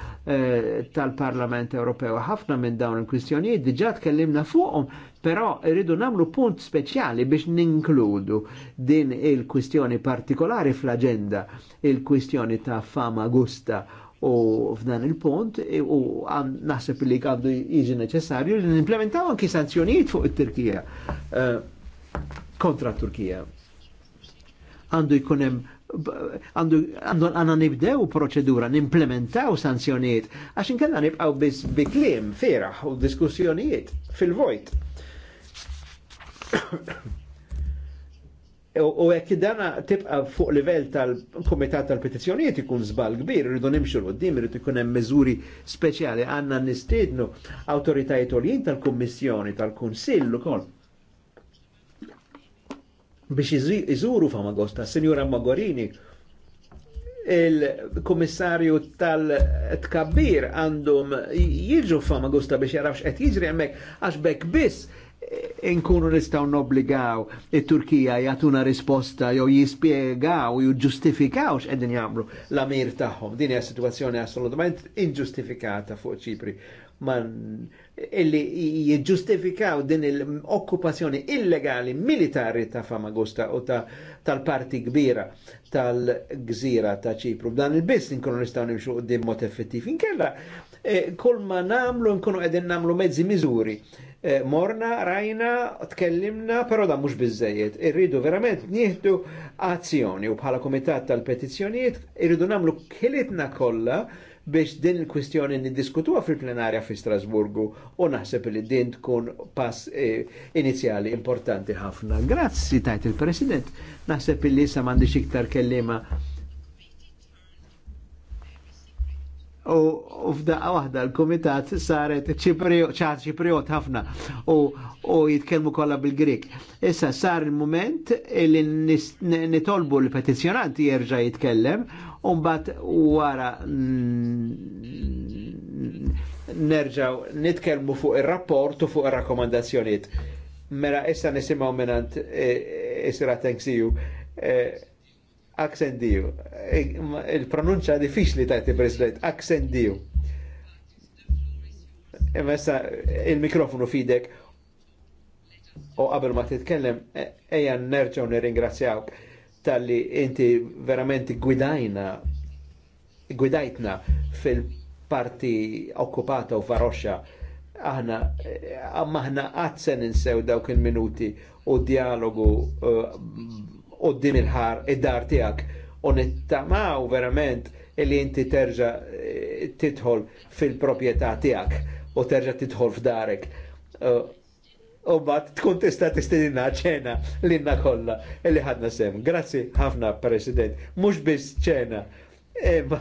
tal-Parlament Ewropew. Ħafna minn dawn il-kwistjonijiet diġà tkellimna fuqhom Però rridu namlu punt speċjali biex ninkludu din il-kwistjoni partikolari fl-agenda, il-kwistjoni ta' fama gusta u f'dan il-punt e, u naħseb li għandu jiġi neċessarju li nimplementaw anki sanzjonijiet fuq il turkija e, kontra Turkija. Għandu jkunem għandu għandu għanna nibdew proċedura, nimplementaw sanzjonijiet, għax inkella nibqaw biss biklim, feraħ u diskussjonijiet fil-vojt. U hekk dana tibqa fuq livell tal-Kumitat tal-Petizzjonijiet ikun żball kbir, irridu nimxu l qudiem irridu ikun hemm miżuri speċjali għandna nistiednu awtoritajiet għoljin tal-Kummissjoni tal-Kunsill ukoll biex iżuru Magosta, Sinjura Magorini, il kummissarju tal-tkabbir għandhom jiġu Magosta biex jarafx qed jiġri hemmhekk għax bekk biss inkunu nistaw nobligaw il-Turkija jgħatuna risposta jew jispiegaw jew ġustifikaw x'qegħdin jagħmlu l-amir tagħhom. Din hija sitwazzjoni assolutament inġustifikata fuq Ċipri. Man illi jiġġustifikaw din l-okkupazzjoni illegali militari ta' Famagusta u ta' tal-parti kbira tal-gżira ta' Ċipru. Dan il-biss inkunu nistgħu nimxu qudiem mod effettiv. Inkella eh, kull ma nagħmlu nkunu qegħdin nagħmlu mezzi miżuri Eh, morna, rajna, tkellimna, pero da mux bizzejiet. Irridu verament njihdu azzjoni u bħala komitat tal-petizzjonijiet irridu namlu kilitna kollha biex din il-kwistjoni niddiskutuha fil-plenarja fi Strasburgu u naħseb li din tkun pass eh, inizjali importanti ħafna. Grazzi tajt il-President, naħseb li sa mandi xiktar kellima u f'daqqa waħda l-komitat saret ċaħat ċipriot ħafna u jitkelmu kolla bil-Grik. Issa sar il-moment li nitolbu l-petizjonanti jerġa jitkellem un bat wara nerġaw nitkelmu fuq il-rapport u fuq il-rakkomandazzjoniet. Mela issa nisimaw minant eh, eh, isra thanks eh, Aksendiju. E, Il-pronunċa diffiċli tajt il-bracelet, aksendiju. Imessa e il-mikrofonu fidek u qabel ma titkellem, eja e nerġaw nirringrazzjawk tal-li inti verament gwidajna, gwidajtna fil-parti okkupata u faroxxa aħna atsen għadsen sew dawk il-minuti u dialogu uh, din il-ħar id-dar tijak U nittamaw verament li inti terġa eh, titħol fil propieta tiegħek u terġa titħol f'darek. Eh, u bat tkun tista tistedinna ċena l-inna kolla li ħadna sem. Grazzi ħafna, President. Mux biss ċena. Imma,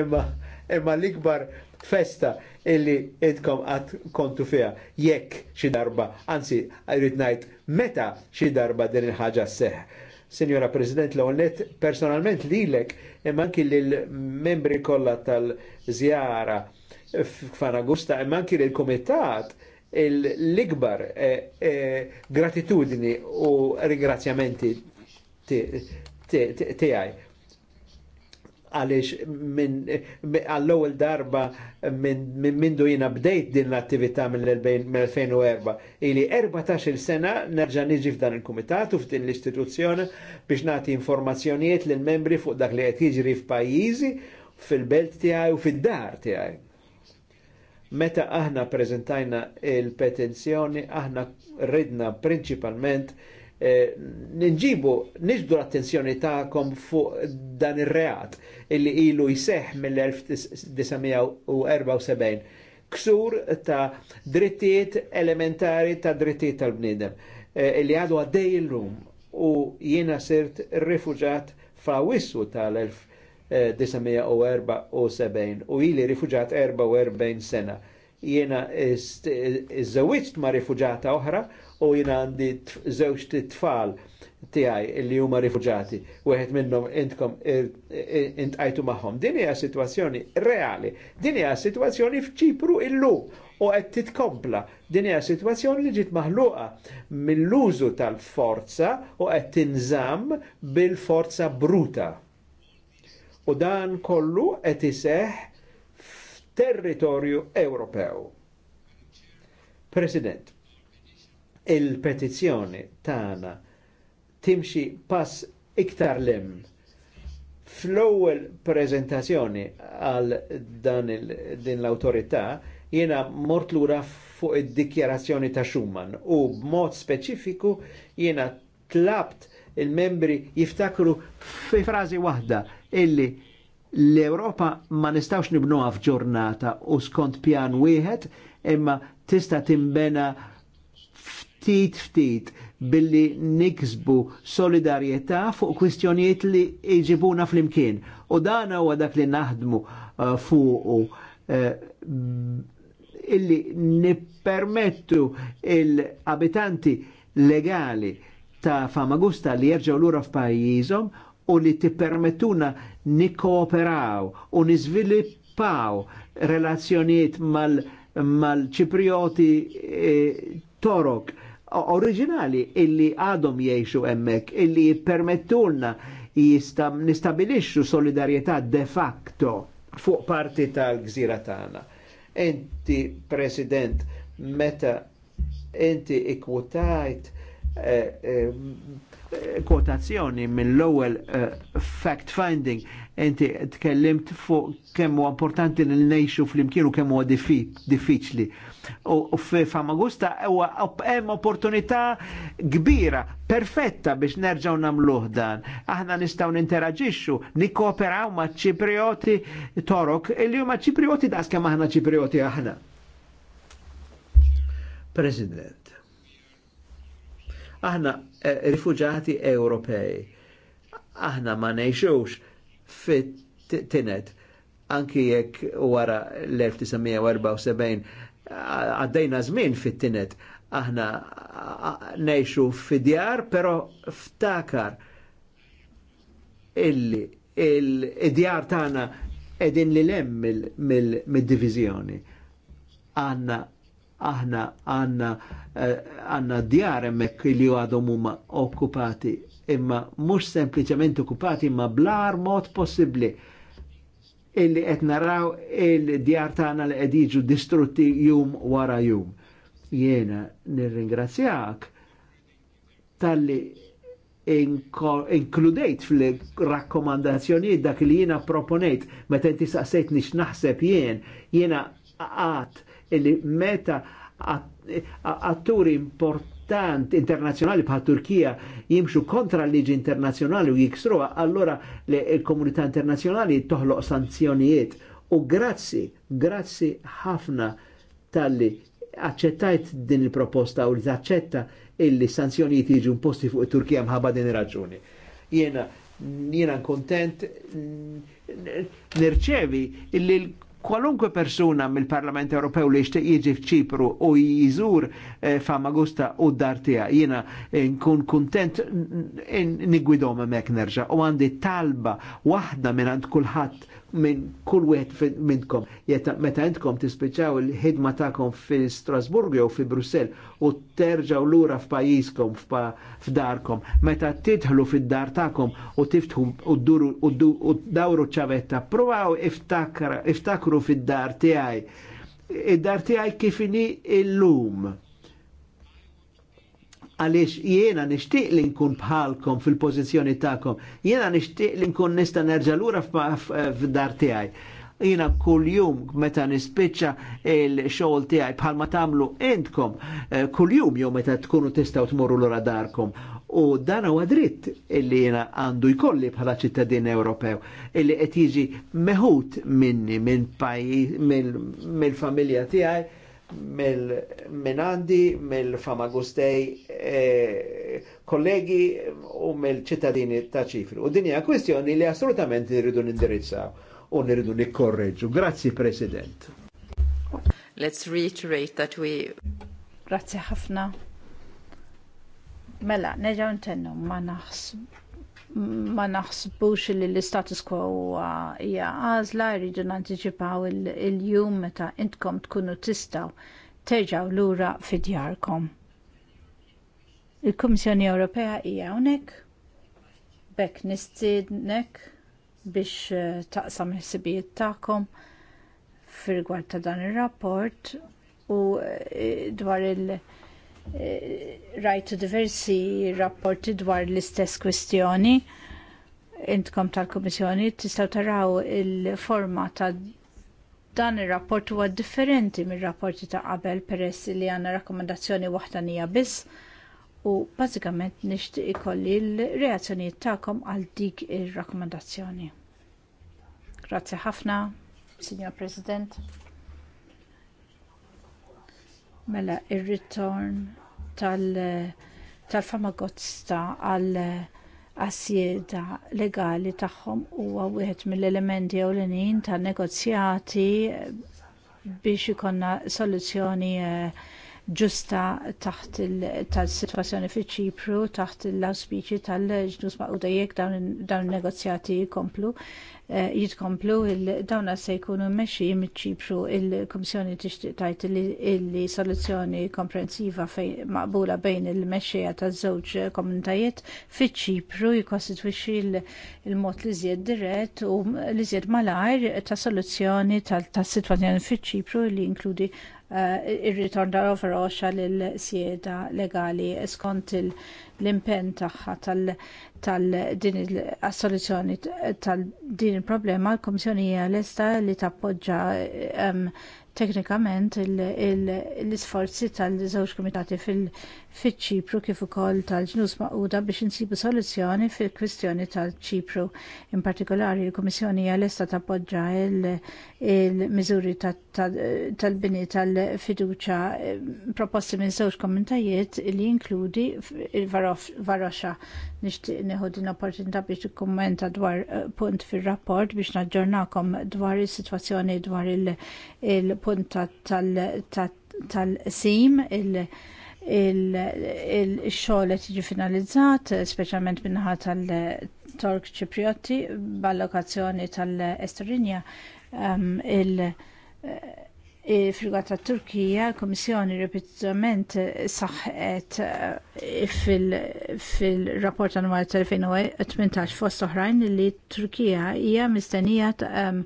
imma, imma l-ikbar festa illi idkom għat kontu fija jekk xi darba, anzi rrid ngħid meta xi darba din il-ħaġa seħ. Signora President l Lawnet, personalment lilek imma anki l membri kollha tal-żjara f'Fanagusta imma anki lill-Kumitat l-ikbar eh, eh, gratitudini u ringrazzjamenti tiegħi għaliex minn għall-ewwel darba minn mindu jiena bdejt din l-attività mill-2004 ili 14-il sena nerġa' niġi f'dan il-kumitat u f'din l-istituzzjoni biex nagħti informazzjonijiet lil membri fuq dak li qed jiġri f'pajjiżi fil-belt tiegħi u fid-dar tiegħi. Meta aħna preżentajna il-petenzjoni aħna ridna prinċipalment Eh, ninġibu niġdu l-attenzjoni ta'kom fuq dan ir-reat illi ilu jseħ mill-1974 ksur ta' drittijiet elementari ta' drittijiet tal-bnidem eh, illi għadu għaddej il-lum u jiena sirt rifuġat fa' wissu tal-1974 u ili rifuġat 44 sena. Jiena iż-żewġt ma' rifuġata oħra u jina għandi żewġ tfal tiegħi li huma rifugġati u għed minnom intkom intqajtu magħhom. Din hija situazzjoni reali, din hija situazzjoni f'ċipru illu u qed titkompla. Din hija situazzjoni li ġiet maħluqa mill-użu tal-forza u qed tinżamm bil-forza bruta. U dan kollu qed iseħħ f'territorju Ewropew. President, il-petizzjoni tagħna timxi pass iktar lim. Fl-ewwel prezentazzjoni għal dan din l-awtorità jiena mort lura fuq id-dikjarazzjoni ta' Schumann u b'mod speċifiku jiena tlabt il-membri jiftakru fi frażi waħda illi l-Europa ma nistawx nibnuha f'ġurnata u skont pjan wieħed imma tista' timbena ftit ftit billi niksbu solidarieta fuq kwistjonijiet li iġibuna fl-imkien. U dana huwa dak li naħdmu uh, fuq uh, illi nippermettu il-abitanti legali ta' Famagusta li l lura f'pajjiżhom u li tippermettuna nikkooperaw u niżviluppaw relazzjonijiet mal-Ċiprioti mal eh, e, Torok oriġinali illi għadhom jgħixu hemmhekk, illi jippermettulna nistabilixxu solidarjetà de facto fuq parti tal-gżira tagħna. Enti, President, meta enti ikwotajt eh, eh, kwotazzjoni minn l-ewwel eh, fact finding, enti tkellimt fuq kemm huwa importanti li ngħixu flimkien u kemm huwa diffiċli. Diffi u f'Famagusta huwa hemm opportunità kbira, perfetta biex nerġgħu nagħmluh dan. Aħna nistgħu ninteraġixxu, nikkooperaw ma' Ċiprioti Torok, illi huma Ċiprioti das kemm aħna Ċiprioti aħna. President, aħna eh, rifuġati Ewropej, aħna ma nejxux fit-tinet anki jekk wara l-1974 għaddejna żmien fit-tinet aħna nejxu djar pero ftakar illi il-djar tagħna edin li lem mil divizjoni Għanna aħna għanna eh, għanna djar emmek li għadhom huma okkupati imma mhux sempliċement okkupati imma blar mod possibbli illi qed naraw il-djar tagħna li qed jiġu distrutti jum wara jum. Jiena nirringrazzjak talli inkludejt fil-rakkomandazzjonijiet dak li jiena proponejt meta inti saqsejtni nix naħseb jien, jiena għat illi meta atturi import tant internazjonali bħal Turkija jimxu kontra l-liġi internazjonali u jiksruha, allora l-komunità internazjonali toħloq sanzjonijiet. U grazzi, grazzi ħafna tal-li accettajt din il-proposta u li taċċetta illi sanzjonijiet jiġu imposti fuq it-Turkija mħabba din raġuni Jena, jena kontent nirċevi illi kwalunkwe persuna mill-Parlament Ewropew li jixtieq jiġi f'Ċipru u fama f'Amagusta u d-dar tiegħek jiena nkun kuntent nigwidhom hemmhekk nerġa' u għandi talba waħda minn għand kulħadd minn kull wieħed minnkom. Jeta meta intkom tispiċċaw il-ħidma tagħkom fil Strasburg jew fi Brussell u terġgħu lura f'pajjiżkom f'darkom, meta tidħlu fid-dar tagħkom u tiftħu u dawru ċavetta, provaw iftakru fid-dar tiegħi. Id-dar tiegħi kifini illum għaliex jiena nixtieq li nkun bħalkom fil-pożizzjoni tagħkom. Jiena nixtieq li nkun nista' nerġa' lura f'dar tiegħi. Jiena kuljum meta nispiċċa il-xogħol tiegħi bħalma tagħmlu eh, kull-jum jew meta tkunu tmurru tmorru lura darkom. U dan huwa dritt illi jiena għandu jkolli bħala ċittadin Ewropew illi qed jiġi meħud minni minn pajjiż mill-familja tiegħi mill menandi, mill-Famagustej, eh, kollegi u mill-ċittadini ta' ċifru. U dinja kwestjoni li assolutament nirridu nindirizzaw u nirridu nikorreġu. Grazzi, President. Let's reiterate that we. Grazzi ħafna. Mela, neġaw ntennu, ma naħsbu ma naħsbux li l-status quo hija għażla jridu nanticipaw il-jum meta intkom tkunu tistaw terġaw lura fid-djarkom. Il-Kummissjoni Ewropea hija hawnhekk bekk nistiednek biex eh, taqsam il ħsibijiet tagħkom fir ta' dan ir-rapport u eh, dwar il- rajtu diversi rapporti dwar l-istess kwistjoni intkom tal-Komissjoni tistaw taraw il-forma ta' dan ir-rapport huwa differenti mir-rapporti ta' qabel peress li għandna rakkomandazzjoni waħda nija biss u bażikament nixtieq ikolli l-reazzjonijiet tagħkom għal dik ir-rakkomandazzjoni. Grazzi ħafna, Signor President mela ir-ritorn tal-famagozza tal għal-assjeda legali tagħhom huwa wieħed mill-elementi ewlenin tan-negozjati biex ikonna soluzzjoni eh, ġusta taħt il-situazzjoni fi ċipru, taħt l-auspiċi tal-ġnus maquda jek dawn in negozjati jkomplu Eh, jitkomplu dawna se jkunu meċi mit il-Komissjoni tixtieq tajt li soluzzjoni komprensiva maqbula bejn il-mexxejja taż-żewġ komunitajiet fiċ-ċipru jikkostitwixxi il-mod li zjed dirett u li zjed malajr ta' soluzzjoni tas-sitwazzjoni fiċ-ċipru li inkludi eh, il ritorn ta' Roveroxa lill-sieda legali skont il- l-impenn tagħha tal-din il-assoluzzjoni tal-din il-problema, l-Komissjoni hija lesta li tappoġġa ehm, teknikament l-isforzi tal-żewġ kumitati fil- fiċ-Ċipru kif ukoll tal-ġnus maquda biex insibu soluzzjoni fil-kwistjoni tal-Ċipru. In partikolari, l-Kummissjoni hija lesta tappoġġa il-miżuri tal-bini tal-fiduċa eh, proposti minn żewġ kommentajiet li jinkludi il-varoxa. Nixtieq nieħu din l-opportunità biex tikkummenta dwar eh, punt fir-rapport biex naġġornakom dwar is-sitwazzjoni dwar il-punt tal-sim il, il, il, il, il, il, il, il, il-xogħol qed jiġi finalizzat, speċjalment minnaħa tal-Tork Ċipriotti b'allokazzjoni tal-Esterinja um, il- eh, Frigata tat Turkija, Komissjoni ripetitament saħħet eh, fil-rapport annwali tal-2018 fost oħrajn li Turkija hija mistennija um,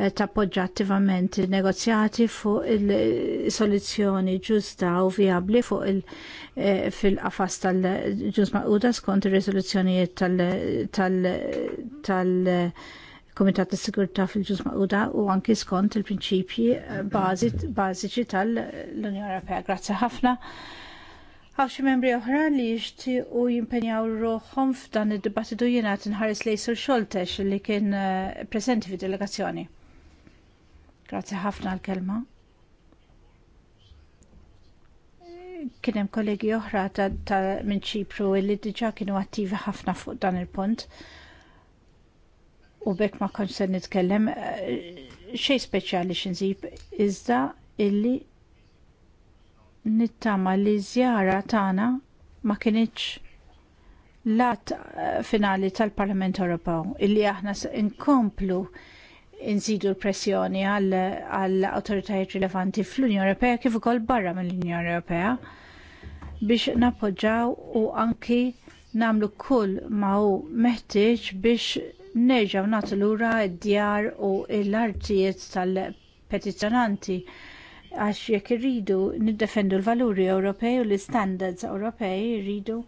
Eh, tappoġġa attivament negozjati fuq il-soluzzjoni ġusta u viabli fuq il- eh, fil-qafas tal ġus maquda skont ir-riżoluzzjonijiet tal- Komitat ta' Sigurtà fil ġus maquda u anki skont il-prinċipji eh, bażiċi tal-Unjoni Ewropea. Grazzi ħafna għaw xi membri oħra li jixti u jimpenjaw ruħom f'dan id-dibattitu jiena tinħares lejsur xoltex li kien presenti fid-delegazzjoni. Grazzi ħafna l-kelma. Kien hemm kollegi oħra ta', ta minn Ċipru li diġà kienu attivi ħafna fuq dan il-punt. U bekk ma konx se nitkellem eh, xej speċjali x'inżib iżda illi nittama li żjara tagħna ma kienieċ lat eh, finali tal-Parlament Ewropew illi aħna inkomplu inżidu l-pressjoni għall awtoritajiet rilevanti fl-Unjoni Ewropea kif ukoll barra mill-Unjoni Ewropea biex nappoġġaw u anki nagħmlu kull ma hu meħtieġ biex nerġgħu nagħtu lura d-djar u l-artijiet tal-petizzjonanti għax jekk irridu niddefendu l-valuri Ewropej u l-istandards Ewropej irridu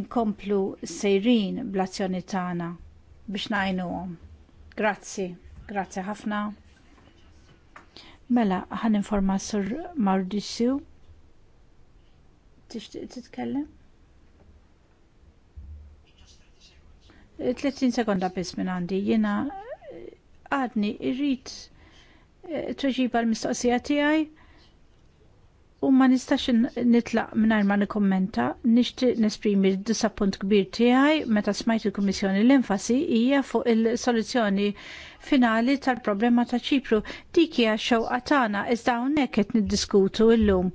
inkomplu sejrin bl-azzjoni tagħna biex ngħinuhom Grazzi, grazzi ħafna. Mela, ħan informa sur Mardissu. Tixtieq titkellem? 30 sekonda biss minn għandi. Jiena eh, għadni irrit eh, tweġiba l-mistoqsija tiegħi u ma nistax nitlaq minar ma nikommenta, nixtieq nesprimi disappunt kbir tiegħi meta smajt il-Kummissjoni l-enfasi hija fuq il-soluzzjoni finali tal-problema ta' Ċipru. Dik hija xewqa tagħna iżda hawnhekk qed niddiskutu llum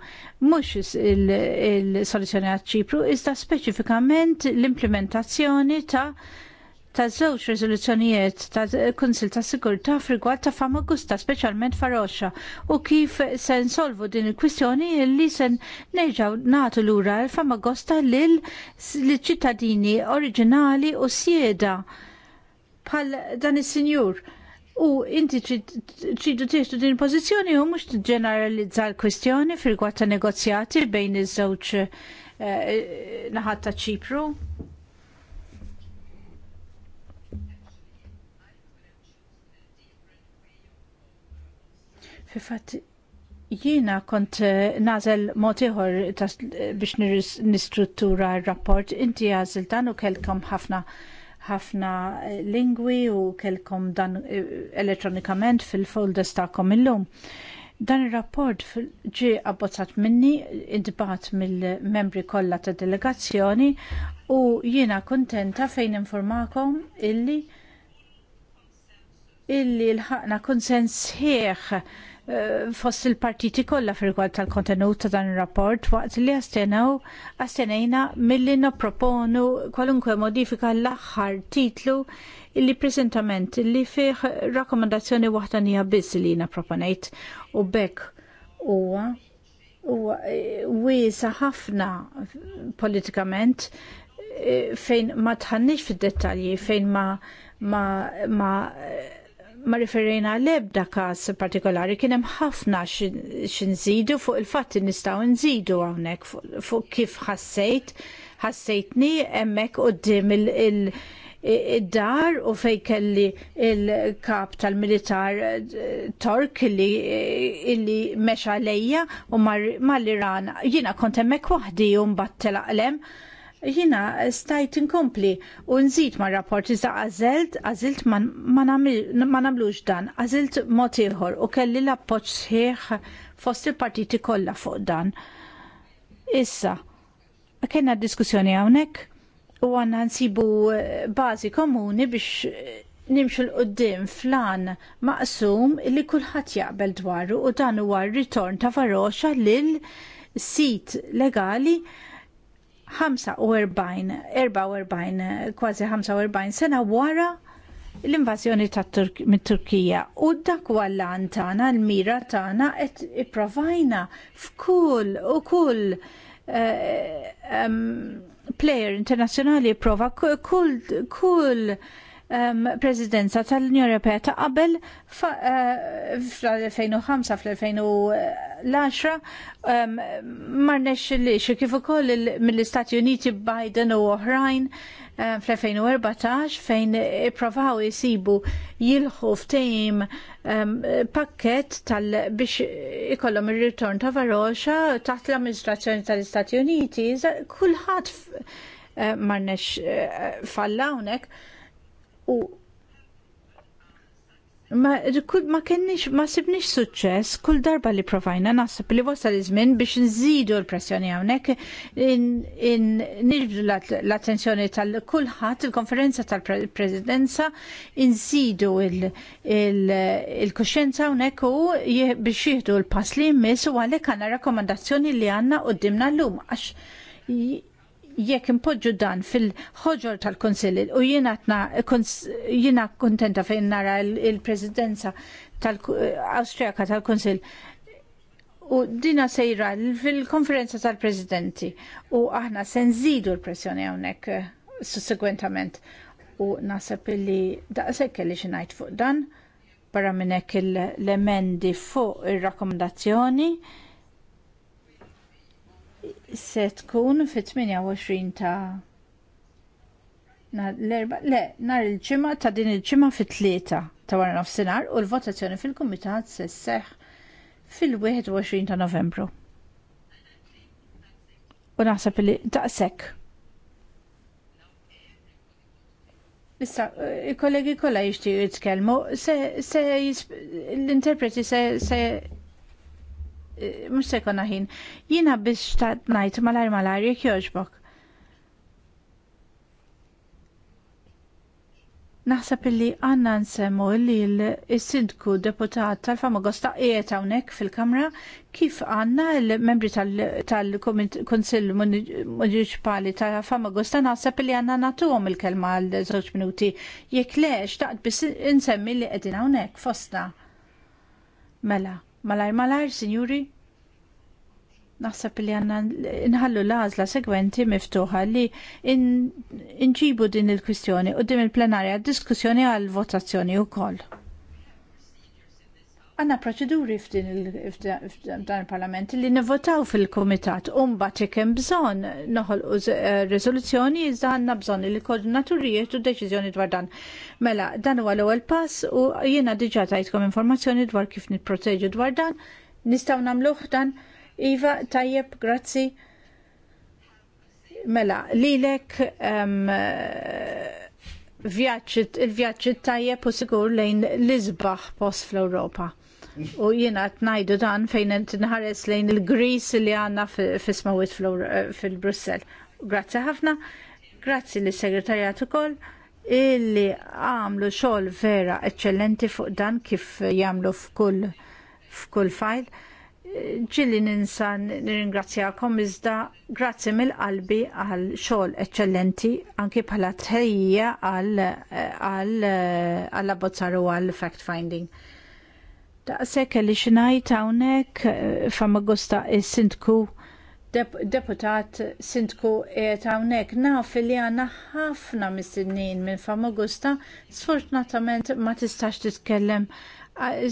mhux il-soluzzjoni il għat ċipru iżda speċifikament l-implementazzjoni ta' ta' żewġ riżoluzzjonijiet ta' Kunsil ta' Sigurtà f'rigward ta' Famagusta, speċjalment Faroxa, u kif se nsolvu din il-kwistjoni li se natu nagħtu lura l Famagosta lil ċittadini oriġinali u sieda bħal dan is-sinjur. U inti tridu tieħdu din pożizzjoni u mhux ġeneralizza l-kwistjoni fil ta' negozjati bejn iż-żewġ eh, naħat ta' Ċipru. Fifat jiena kont eh, nazel mod ieħor biex nistruttura r-rapport. Inti għażil dan u kelkom ħafna ħafna eh, lingwi u kelkom dan eh, elettronikament fil-folders tagħkom illum. Dan ir-rapport ġie abbozzat minni, intbat mill-membri kollha tad delegazzjoni u jiena kuntenta fejn informakom illi illi l-ħakna konsens ħieħ Eh, fost il-partiti kollha fil-rigward tal-kontenut ta' dan ir-rapport waqt li astenew astenejna milli nopproponu kwalunkwe modifika l-aħħar titlu illi preżentament li fih rakkomandazzjoni waħda nija biss li jiena proponejt u bekk huwa eh, wiesa ħafna politikament eh, fejn ma tħannix fid-dettalji fejn ma ma ma ma riferejna l-ebda każ partikolari kien hemm ħafna x'inżidu fuq il-fatt nistgħu nżidu hawnhekk fuq kif ħassejt ħassejtni hemmhekk quddiem il dar u fej kelli il-kap tal-militar eh, Tork li eh, illi mexa lejja u mal-Iran jiena kont hemmhekk waħdi u mbagħad Jina stajt inkompli u nżid ma' rapport iżda għażilt, għażilt ma nagħmlux dan, għażilt mod ieħor u kelli l-appoġġ sħiħ fost il-partiti kollha fuq dan. Issa, kena diskussjoni hawnhekk u għanna nsibu eh, bażi komuni biex eh, nimxu l-qoddim flan maqsum li kulħadd jaqbel dwaru u dan huwa r-ritorn ta' Varosha lil sit legali 45, kważi 45 sena wara l-invażjoni mit turkija u dak wallan tagħna l-mira tagħna qed ipprovajna f'kull u kull eh, player internazzjonali prova kull kull um, Presidenza tal-Unjoni Ewropea ta' qabel uh, fl-2005 fl-2010 um, marnex li xi kif ukoll mill-Istati Uniti Biden u oħrajn uh, fl-2014 fejn ipprovaw jisibu jilħu ftejim um, pakket tal biex ikollhom ir-ritorn ta' Varoxa taħt l-amministrazzjoni tal-Istati Uniti, kulħadd uh, marnex falla hawnhekk u ma, ma kennix, ma sibnix suċċess kull darba li provajna nasib li wasal iż-żmien biex nżidu l-pressjoni hawnhekk in nirdu l-attenzjoni tal-kulħadd il-konferenza tal-presidenza nżidu il-kuxjenza hawnhekk u biex jieħdu l-pass li jmiss u għalhekk għandna rakkomandazzjoni li għandna qudiemna llum għax jekk impoġġu dan fil-ħoġor tal konsill u jiena kontenta fejn nara il-Presidenza tal-Awstrijaka tal konsill u dina sejra fil-konferenza tal-Presidenti u aħna se nżidu l-pressjoni hawnhekk sussegwentament eh, u nasab li daqshekk kelli xi ngħid fuq dan barra minn hekk l-emendi fuq ir-rakkomandazzjoni se tkun fit-28 ta' l-erba, le, nar il-ġimma ta' din il-ġimma fit-tlieta ta' wara nofsinhar u l-votazzjoni fil-kumitat se sseħħ fil-21 ta' Novembru. U naħseb li daqshekk. Issa, il-kollegi eh, kollha jixtiequ jitkellmu, se l-interpreti se mux sekona ħin. Jina biex ta' najt malar malar jek joġbok. Naħseb illi għanna nsemmu illi l-sindku deputat tal-Famagosta qiegħed hawnhekk fil-Kamra kif għanna l-membri tal-Kunsill Municipali tal-Famagosta naħseb illi għanna natuhom il-kelma għal żewġ minuti jekk lex taqt biss insemmi li qegħdin hawnhekk fostna. Mela. Malajr malajr, signori. naħseb li għanna nħallu lażla segwenti miftuħa li inġibu din il-kwistjoni u din il-plenarja diskussjoni għal votazzjoni u koll. Għanna proċeduri f'dan il-parlament li nivotaw fil-komitat umba ċekem bżon noħol uż eh, rezoluzzjoni iżda għanna bżon li l-koordinaturijiet u deċizjoni dwar dan. Mela, dan huwa l-ewwel pass u jiena diġà tajtkom informazzjoni dwar kif nipproteġu dwar dan. Nistgħu nagħmluh dan. Iva, tajjeb, grazzi. Mela, lilek um, il-vjaċċi tajjeb u sigur lejn l-izbaħ post fl-Europa. U jiena tnajdu dan fejn nħares lejn il-Gris li għandna fisma'wit eh, fil-Brussel. Grazzi ħafna, grazzi lis segretarjat ukoll illi għamlu xogħol vera eċċellenti fuq dan kif jagħmlu f'kull fajl ġilli ninsa nirringrazzjakom iżda grazzi mill-qalbi għal xogħol eċċellenti anki bħala tħejja għal eh, eh, abbozzar u għal fact finding se li xinajt hawnhekk eh, gusta il-sintku deputat sintku għet hawnhekk naf li għandna ħafna mis-sinnin minn Famagusta sfortunatament ma tistax titkellem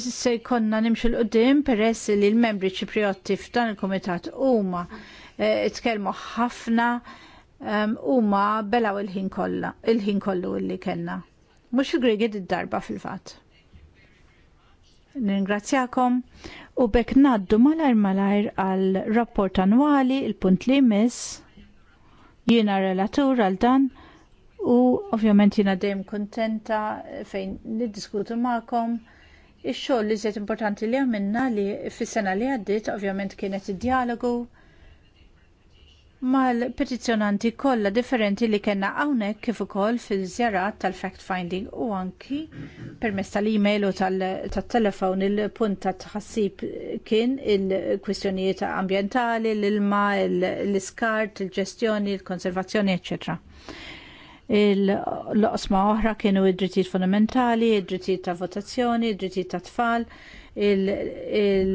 se jkollna nimxu l-qudiem peress li l-membri ċipriotti f'dan il-kumitat huma eh, tkellmu ħafna ehm, huma belaw il-ħin kollha il-ħin kollu li kellna. Mhux grigi id-darba fil-fatt. Ningrazzjakom u bekk naddu malajr malajr għal rapport annwali il-punt li mis jiena relatur għal dan u ovvjament jiena dejjem kontenta fejn niddiskutu magħkom ix-xogħol li żiet importanti li għamilna li fis-sena li għaddiet ovvjament kienet id-dialogu mal-petizzjonanti kollha differenti li kellna hawnhekk kif ukoll fil żjarat tal tal-fact-finding u anki permezz tal-email u tal-telefon il-punt ta' tħassib kien il-kwistjonijiet ambjentali, l-ilma, l-iskart, il-ġestjoni, il-konservazzjoni, ecc. L-oqsma oħra kienu id-drittijiet fundamentali, id-drittijiet ta' votazzjoni, id-drittijiet ta' tfal, il-, il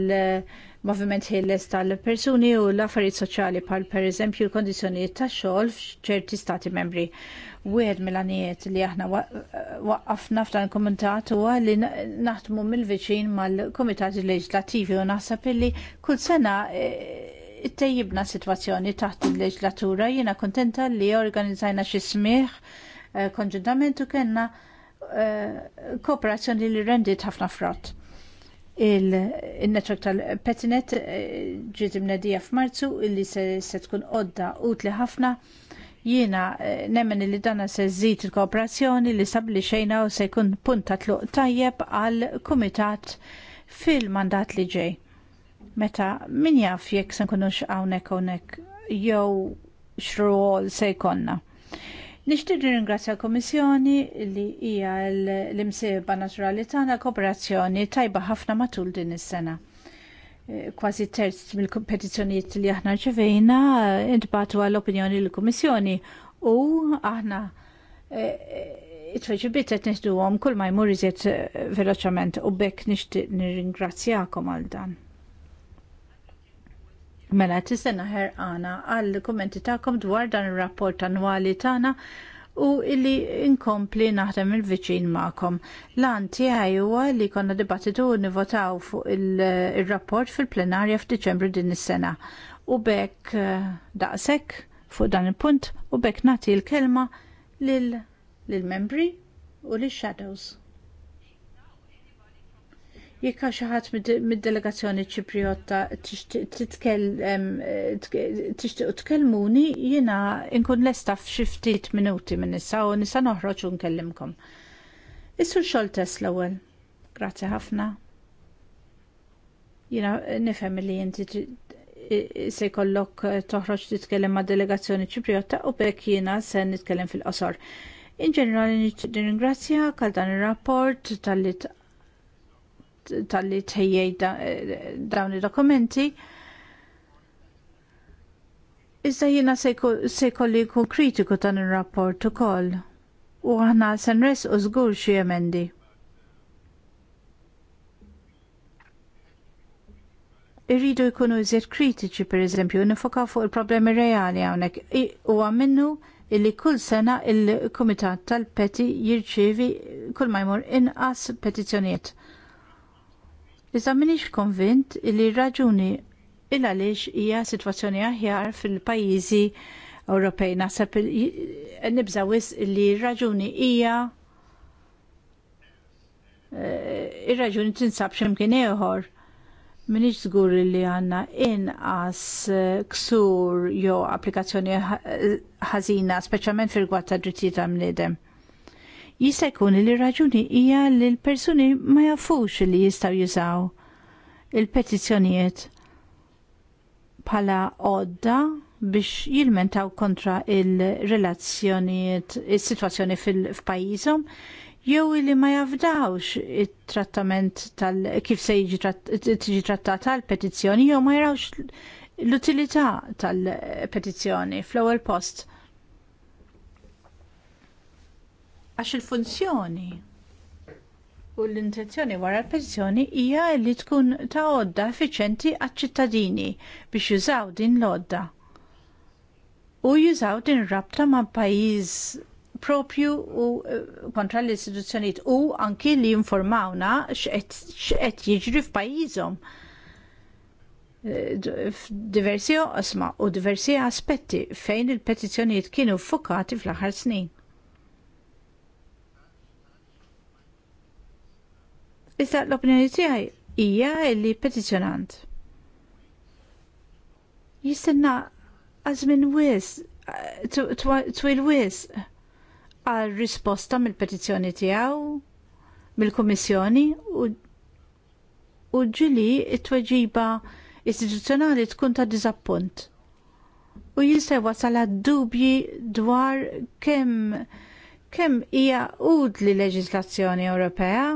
moviment ħilles tal-persuni u l-affarijiet soċjali per pereżempju l-kondizzjonijiet tax-xogħol f'ċerti stati membri. Wieħed mill-għanijiet li aħna waqqafna f'dan il kumitat huwa li naħdmu mill-viċin mal-komitati leġislattivi u naħseb illi kull sena eh, ittejjibna s-sitwazzjoni taħt il-leġlatura jiena kuntenta li organizzajna xi smigħ eh, konġuntament u kellna eh, kooperazzjoni li rendit ħafna frott il netwerk tal-Petinet eh, ġiet imnedija f'Marzu illi se tkun qodda utli ħafna jiena eh, nemmen li dana se żżid il-kooperazzjoni li sabli xejna u se jkun punta tluq tajjeb għal kumitat fil-mandat li ġej. Meta min jaf jekk se nkunux hawnhekk hawnhekk jew xruol se jkollna. Nixtieq ringrazja l-Kummissjoni li hija l-imsieba naturali tagħna kooperazzjoni tajba ħafna matul din is-sena eh, kważi terz mill-petizzjonijiet li aħna ċevejna eh, intbatu għall-opinjoni l-Kummissjoni u aħna eh, it-tweġibiet qed neħduhom kull ma jmur iżjed veloċament u bekk nixtieq nirringrazzjakom għal dan. Mela tistenna ħerqana għal kommenti tagħkom dwar dan ir-rapport annwali tagħna u illi inkompli naħdem il-viċin ma'kom. Lan tiegħi huwa li konna dibattitu u nivotaw fuq il-rapport fil-plenarja f'Diċembru din is-sena. U bekk eh, daqshekk fuq dan il-punt u bekk nagħti l-kelma lil membri u lil shadows. Jekk xi ħadd mid-delegazzjoni Ċipriotta tixtieq tkellmuni, jiena nkun lesta f'xi ftit minuti minn issa u nisa noħroġ u nkellimkom. Issu xoltes l-ewwel. Grazzi ħafna. Jiena nifhem li inti se jkollok eh, toħroġ titkellem ma' delegazzjoni ċipriotta u bekk jiena se nitkellem fil-qosor. In ġenerali nirringrazzja għal dan ir rapport tal-li tal-li tħejjej dawn id-dokumenti. Iżda jiena se kolli jkun kritiku dan ir-rapport ukoll u aħna se u żgur xi emendi. irridu jkunu iżjed kritiċi per eżempju nifokaw fuq il-problemi reali hawnhekk. Huwa minnu illi kull sena il-Kumitat tal-Peti jirċievi kull ma inqas petizzjonijiet. Iżda minix konvint li raġuni il għaliex hija sitwazzjoni aħjar fil-pajjiżi Ewropej. Naħseb nibża wis li raġuni hija eh, ir-raġuni tinsab x'imkien ieħor. Minix żgur li għandna inqas eh, ksur jew applikazzjoni eh, ħażina, speċjalment fil-gwatt drittijiet ta' mniedem. Jista' jkun li raġuni hija li l-persuni ma jafux li jistgħu jużaw il-petizzjonijiet bħala għodda biex jilmentaw kontra il-relazzjonijiet, il-situazzjoni fil-pajizom, jew li ma jafdawx il-trattament tal- kif se tiġi trattata l-petizzjoni, jew ma jrawx l-utilità tal-petizzjoni fl-ewwel post. għax il-funzjoni u l-intenzjoni wara l-pensjoni hija li tkun ta' odda effiċenti għaċ-ċittadini biex jużaw din l-odda. U jużaw din rabta ma' pajjiż propju u eh, kontra l-istituzzjonijiet u anki li jinformawna x'qed jiġri f'pajjiżhom f'diversi eh, oqsma u diversi aspetti fejn il-petizzjonijiet kienu ffukati fl-aħħar snin. Issa l-opinjoni tiegħi hija li petizzjonant jistenna minn wis twil wis għal risposta mill-petizzjoni tiegħu mill-Kummissjoni u ġili it-tweġiba istituzzjonali tkun ta' diżappunt u jista' wasal dubji dwar kemm kemm hija ud li leġislazzjoni Ewropea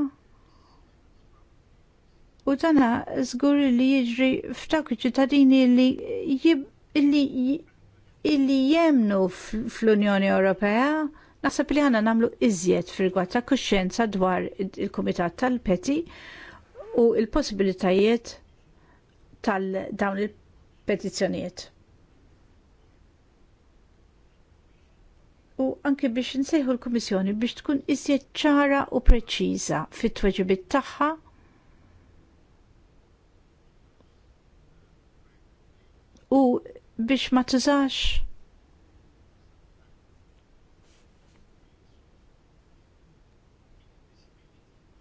U tana żgur li jiġri f'dawk iċ-ċittadini li illi illi jemnu fl-Unjoni Ewropea naħseb li għanna namlu iżjed fil ta' kuxjenza dwar il-Kumitat tal-Peti u il-possibilitajiet tal-dawn il-petizzjonijiet. U anke biex nsejħu l-Kummissjoni biex tkun iżjed ċara u preċiża fit-tweġibiet tagħha u biex ma tużax.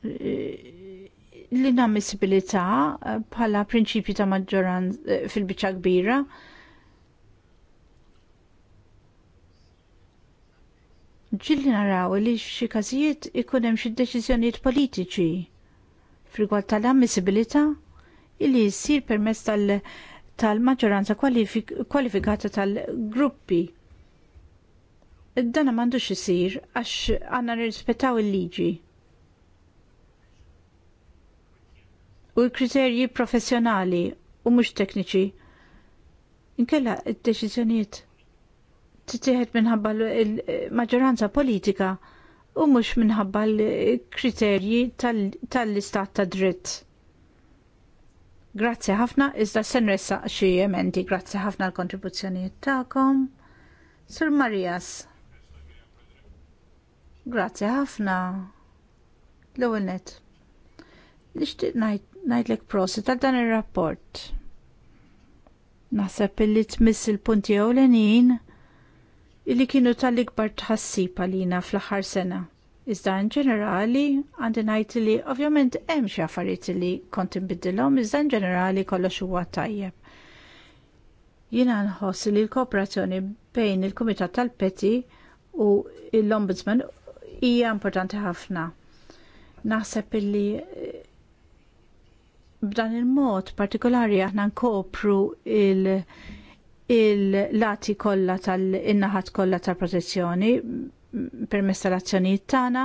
l-inammissibilità eh, bħala prinċipju ta' maġġoranza eh, fil-biċċa kbira ġilli naraw li xi każijiet ikun hemm xi deċiżjonijiet politiċi fil tal-ammissibilità illi jsir permezz tal- tal-maġġoranza kwalifikata tal-gruppi. Dana m'għandux xisir, għax għandna nirrispettaw il-liġi. U l-kriterji professjonali u mhux tekniċi. Inkella il-deċizjoniet deċiżjonijiet tieħed minħabba l-maġġoranza politika u mhux minħabba l-kriterji tal-istat ta' dritt. Grazzi ħafna, iżda sen ressa xi emendi, grazzi ħafna l-kontribuzzjoni tagħkom. Sur Marias. Grazzi ħafna. l għunet net. Nixtieq ngħidlek prosit ta' dan ir-rapport. Naħseb illi tmiss il-punti ewlenin illi kienu tal-ikbar tħassib għalina fl-aħħar sena Iżda in ġenerali għandi ngħid li ovvjament hemm xi affarijiet li kont inbiddilhom iżda in ġenerali kollox huwa tajjeb. Jiena nħoss li l-kooperazzjoni bejn il-Kumitat tal-Peti u l-Ombudsman hija importanti ħafna. Naħseb li eh, b'dan il-mod partikolari aħna nkopru il- il-lati kollha tal-innaħat kollha tal-protezzjoni permess tal-azzjonijiet tagħna.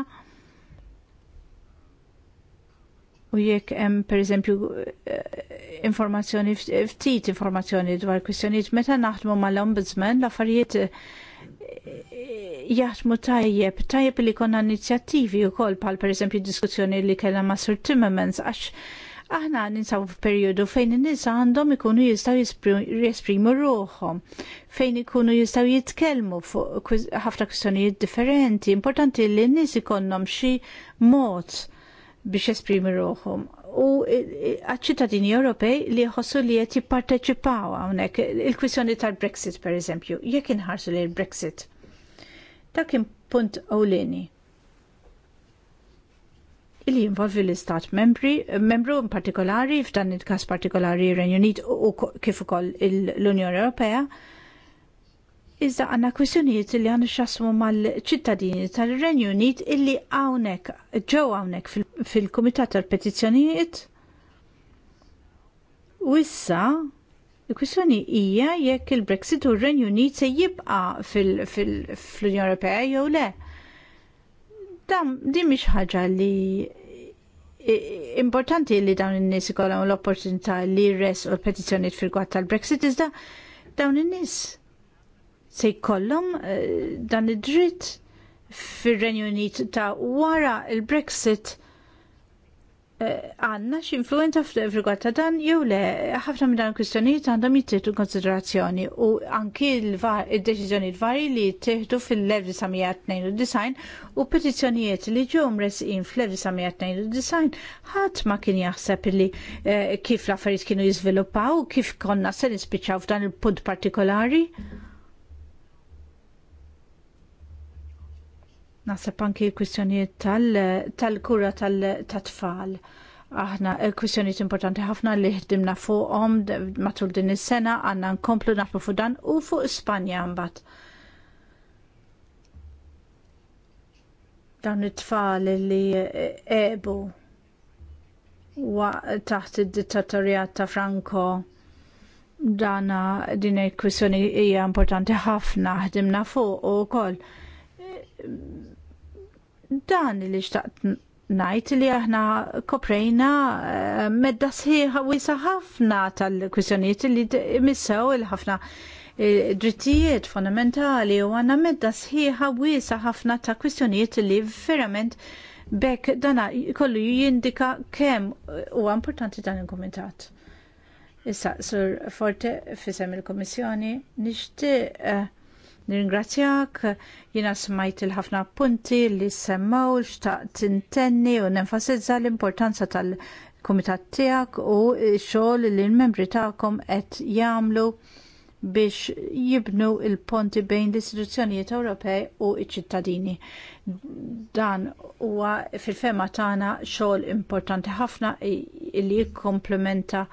U jekk hemm pereżempju eh, informazzjoni ftit informazzjoni dwar kwistjonijiet meta naħdmu mal-ombudsman l-affarijiet eh, jaħdmu tajjeb, tajjeb li konna inizjattivi wkoll bħal pereżempju diskussjoni li kellha ma' Sir Timmermans għax aħna ninsaw f'perjodu fejn in nisa għandhom ikunu jistgħu jesprimu ruħhom, fejn ikunu jistgħu jitkellmu fuq ħafna kwistjonijiet differenti. Importanti li n-nies ikonnhom xi mod biex jesprimu ruħhom. U e, e, għaċ-ċittadini Ewropej li jħossu li qed jipparteċipaw hawnhekk il-kwistjoni tal-Brexit pereżempju, jekk inħarsu li l-Brexit. Dak kien punt ewlieni il jinvolvi l-istat membri, membru in partikolari, f'dan il-kas partikolari Renju Unit u kif ukoll l-Unjoni Ewropea, Iżda għanna kwistjonijiet li għanna xasmu mal-ċittadini tal-Renju Unit illi għawnek, ġew għawnek fil-Komitat tal-Petizzjonijiet. U issa, il-kwistjoni hija jekk il-Brexit u r-Renju Unit se jibqa' fil-Unjoni Ewropea jew le. Dam, di mhix ħaġa li importanti li dawn in-nies ikollhom l-opportunità li res u l-petizzjonijiet fil-gwatt tal-Brexit iżda dawn in-nies se jkollhom eh, dan id-dritt fir-Renju Unit ta' wara il-Brexit Eh, għanna x'influenza f'rigward ta' dan jew le ħafna minn dan kwistjonijiet għandhom jittieħdu konsiderazzjoni u anki d-deċiżjonijiet vari li jittieħdu fil-1992 u petizzjonijiet li ġew resqin fl-1992 ħadd ma kien jaħseb li eh, kif l-affarijiet kienu jiżviluppaw kif konna se nispiċċaw f'dan il-punt partikolari. Naħseb anki kwistjonijiet tal-kura tal-tfal. Aħna eh, kwistjonijiet importanti ħafna li ħdimna fuqhom matul din is-sena għandna nkomplu naħlu fuq dan u fuq Spanja mbagħad. Dawn it-tfal li eh, ebu taħt id-dittatorjat ta' Franco dana din il-kwissjoni hija importanti ħafna ħdimna fuq u koll Dan li xtaqt najt li aħna koprejna eh, medda sħiħa wisa ħafna tal-kwissjonijiet li missaw il-ħafna eh, drittijiet fondamentali u għanna medda sħiħa wisa ħafna ta' kwissjonijiet li verament bekk dana kollu jindika kem u importanti dan il-komitat. Issa, sur forte fisem il-komissjoni, nishti uh, eh, Nirringrazzjak, jina smajt il-ħafna punti li semmaw, xtaqt intenni u nenfasizza l-importanza tal-komitat tijak u xogħol li l-membri tagħkom qed jagħmlu biex jibnu il-ponti bejn l-istituzzjonijiet Ewropej u iċ-ċittadini. Dan huwa fil-fema tagħna xogħol importanti ħafna li jikkomplementa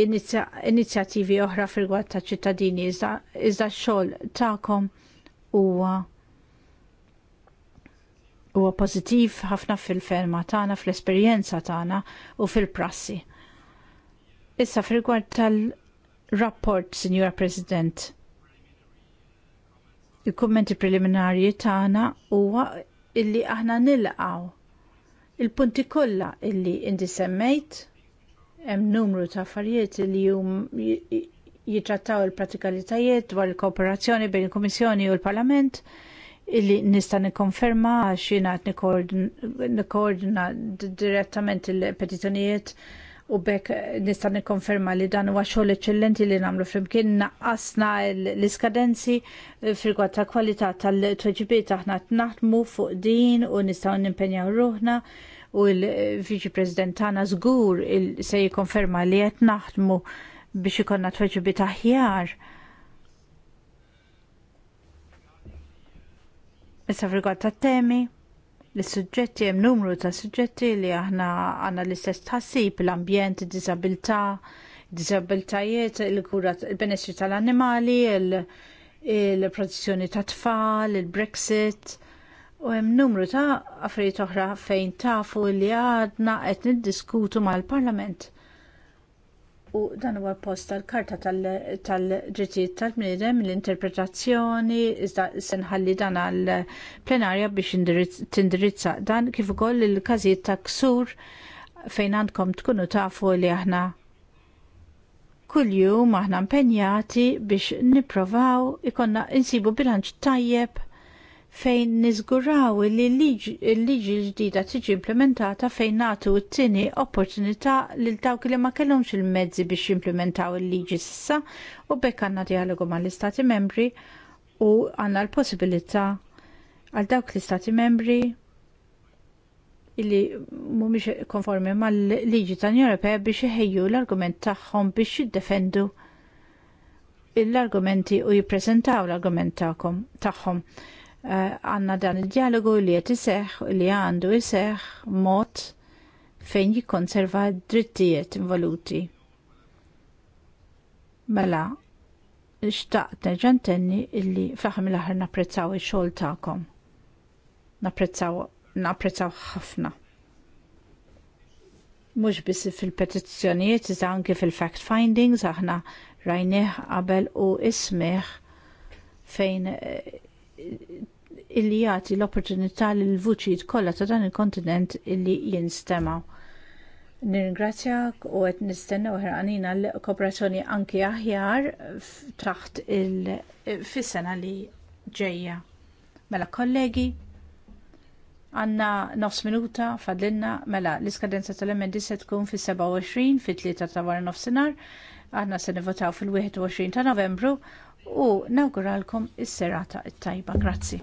inizjattivi oħra fil-gwad ta' ċittadini iżda xogħol tagħkom huwa huwa pożittiv ħafna fil-ferma tagħna, fl-esperjenza tagħna u fil-prassi. Issa fil gwatt tal-rapport, Sinjura President, il-kummenti preliminarji tagħna huwa illi aħna nilqaw il-punti kollha illi indi semmejt hemm numru ta' affarijiet li hum jitrattaw il-pratikalitajiet dwar il-kooperazzjoni bejn il-Kummissjoni u l-Parlament illi nista' nikkonferma għax jiena qed nikkoordina direttament il-petizzjonijiet u bekk nista' nikkonferma li dan huwa xogħol eċċellenti li nagħmlu flimkien naqqasna l-iskadenzi eh, firgwa ta' kwalità tal-tweġibiet aħna naħdmu fuq din u nistgħu nimpenjaw ruħna u l-Viċi President tagħna żgur se jikkonferma li qed naħdmu biex ikonna tweġibi taħjar. Issa frigward ta' temi, l-sujġetti, hemm numru ta' suġġetti li aħna għandna l-istess tħassib, l-ambjent, id-disabilità, disabilitajiet, il-kura, il-benessri tal-annimali, il-protezzjoni ta' tfal, il-Brexit, U hemm numru ta' affarijiet oħra fejn tafu li għadna qed niddiskutu mal-Parlament. U dan huwa post tal-Karta tal-Drittijiet tal-Bniedem, l-interpretazzjoni, iżda se nħalli dan għall plenarja biex tindirizza dan kif ukoll il-każijiet ta' ksur fejn għandkom tkunu tafu li aħna kuljum aħna impenjati biex nipprovaw ikonna insibu bilanċ tajjeb fejn niżguraw li l-liġi ġdida tiġi implementata fejn nagħtu t-tieni opportunità lil tawk li ma kellhomx il-mezzi biex jimplementaw il-liġi sissa u bekk għandna dialogu mal-Istati membri u għandna l-possibilità għal dawk l-Istati membri illi mhumiex konformi mal-liġi tan Ewropea biex iħejju l-argument tagħhom biex jiddefendu l-argumenti u jippreżentaw l-argument tagħhom għanna dan il-dialogu li qed iseħħ li għandu iseħħ mod fejn jikkonserva d-drittijiet involuti. Mela, xtaqt neġantenni illi fl-aħħar mill-aħħar napprezzaw ix-xogħol tagħkom. Naprezzaw napprezzaw ħafna. Mhux biss fil-petizzjonijiet iżda anke fil-fact findings aħna rajnieh qabel u ismiħ fejn eh, illi jagħti l-opportunità lill vuċi kollha ta' dan il-kontinent illi jinstema'. Nirringrazzjak u qed nistennew ħerqanina l-kooperazzjoni anki aħjar taħt il-fis-sena li ġejja. Mela kollegi, għanna nofs minuta fadlinna mela l-iskadenza tal-emendi se tkun fis-27 fit-3 ta' wara nofsinhar, għanna se nivotaw fil-21 ta' Novembru u nawguralkom is-serata t tajba Grazzi.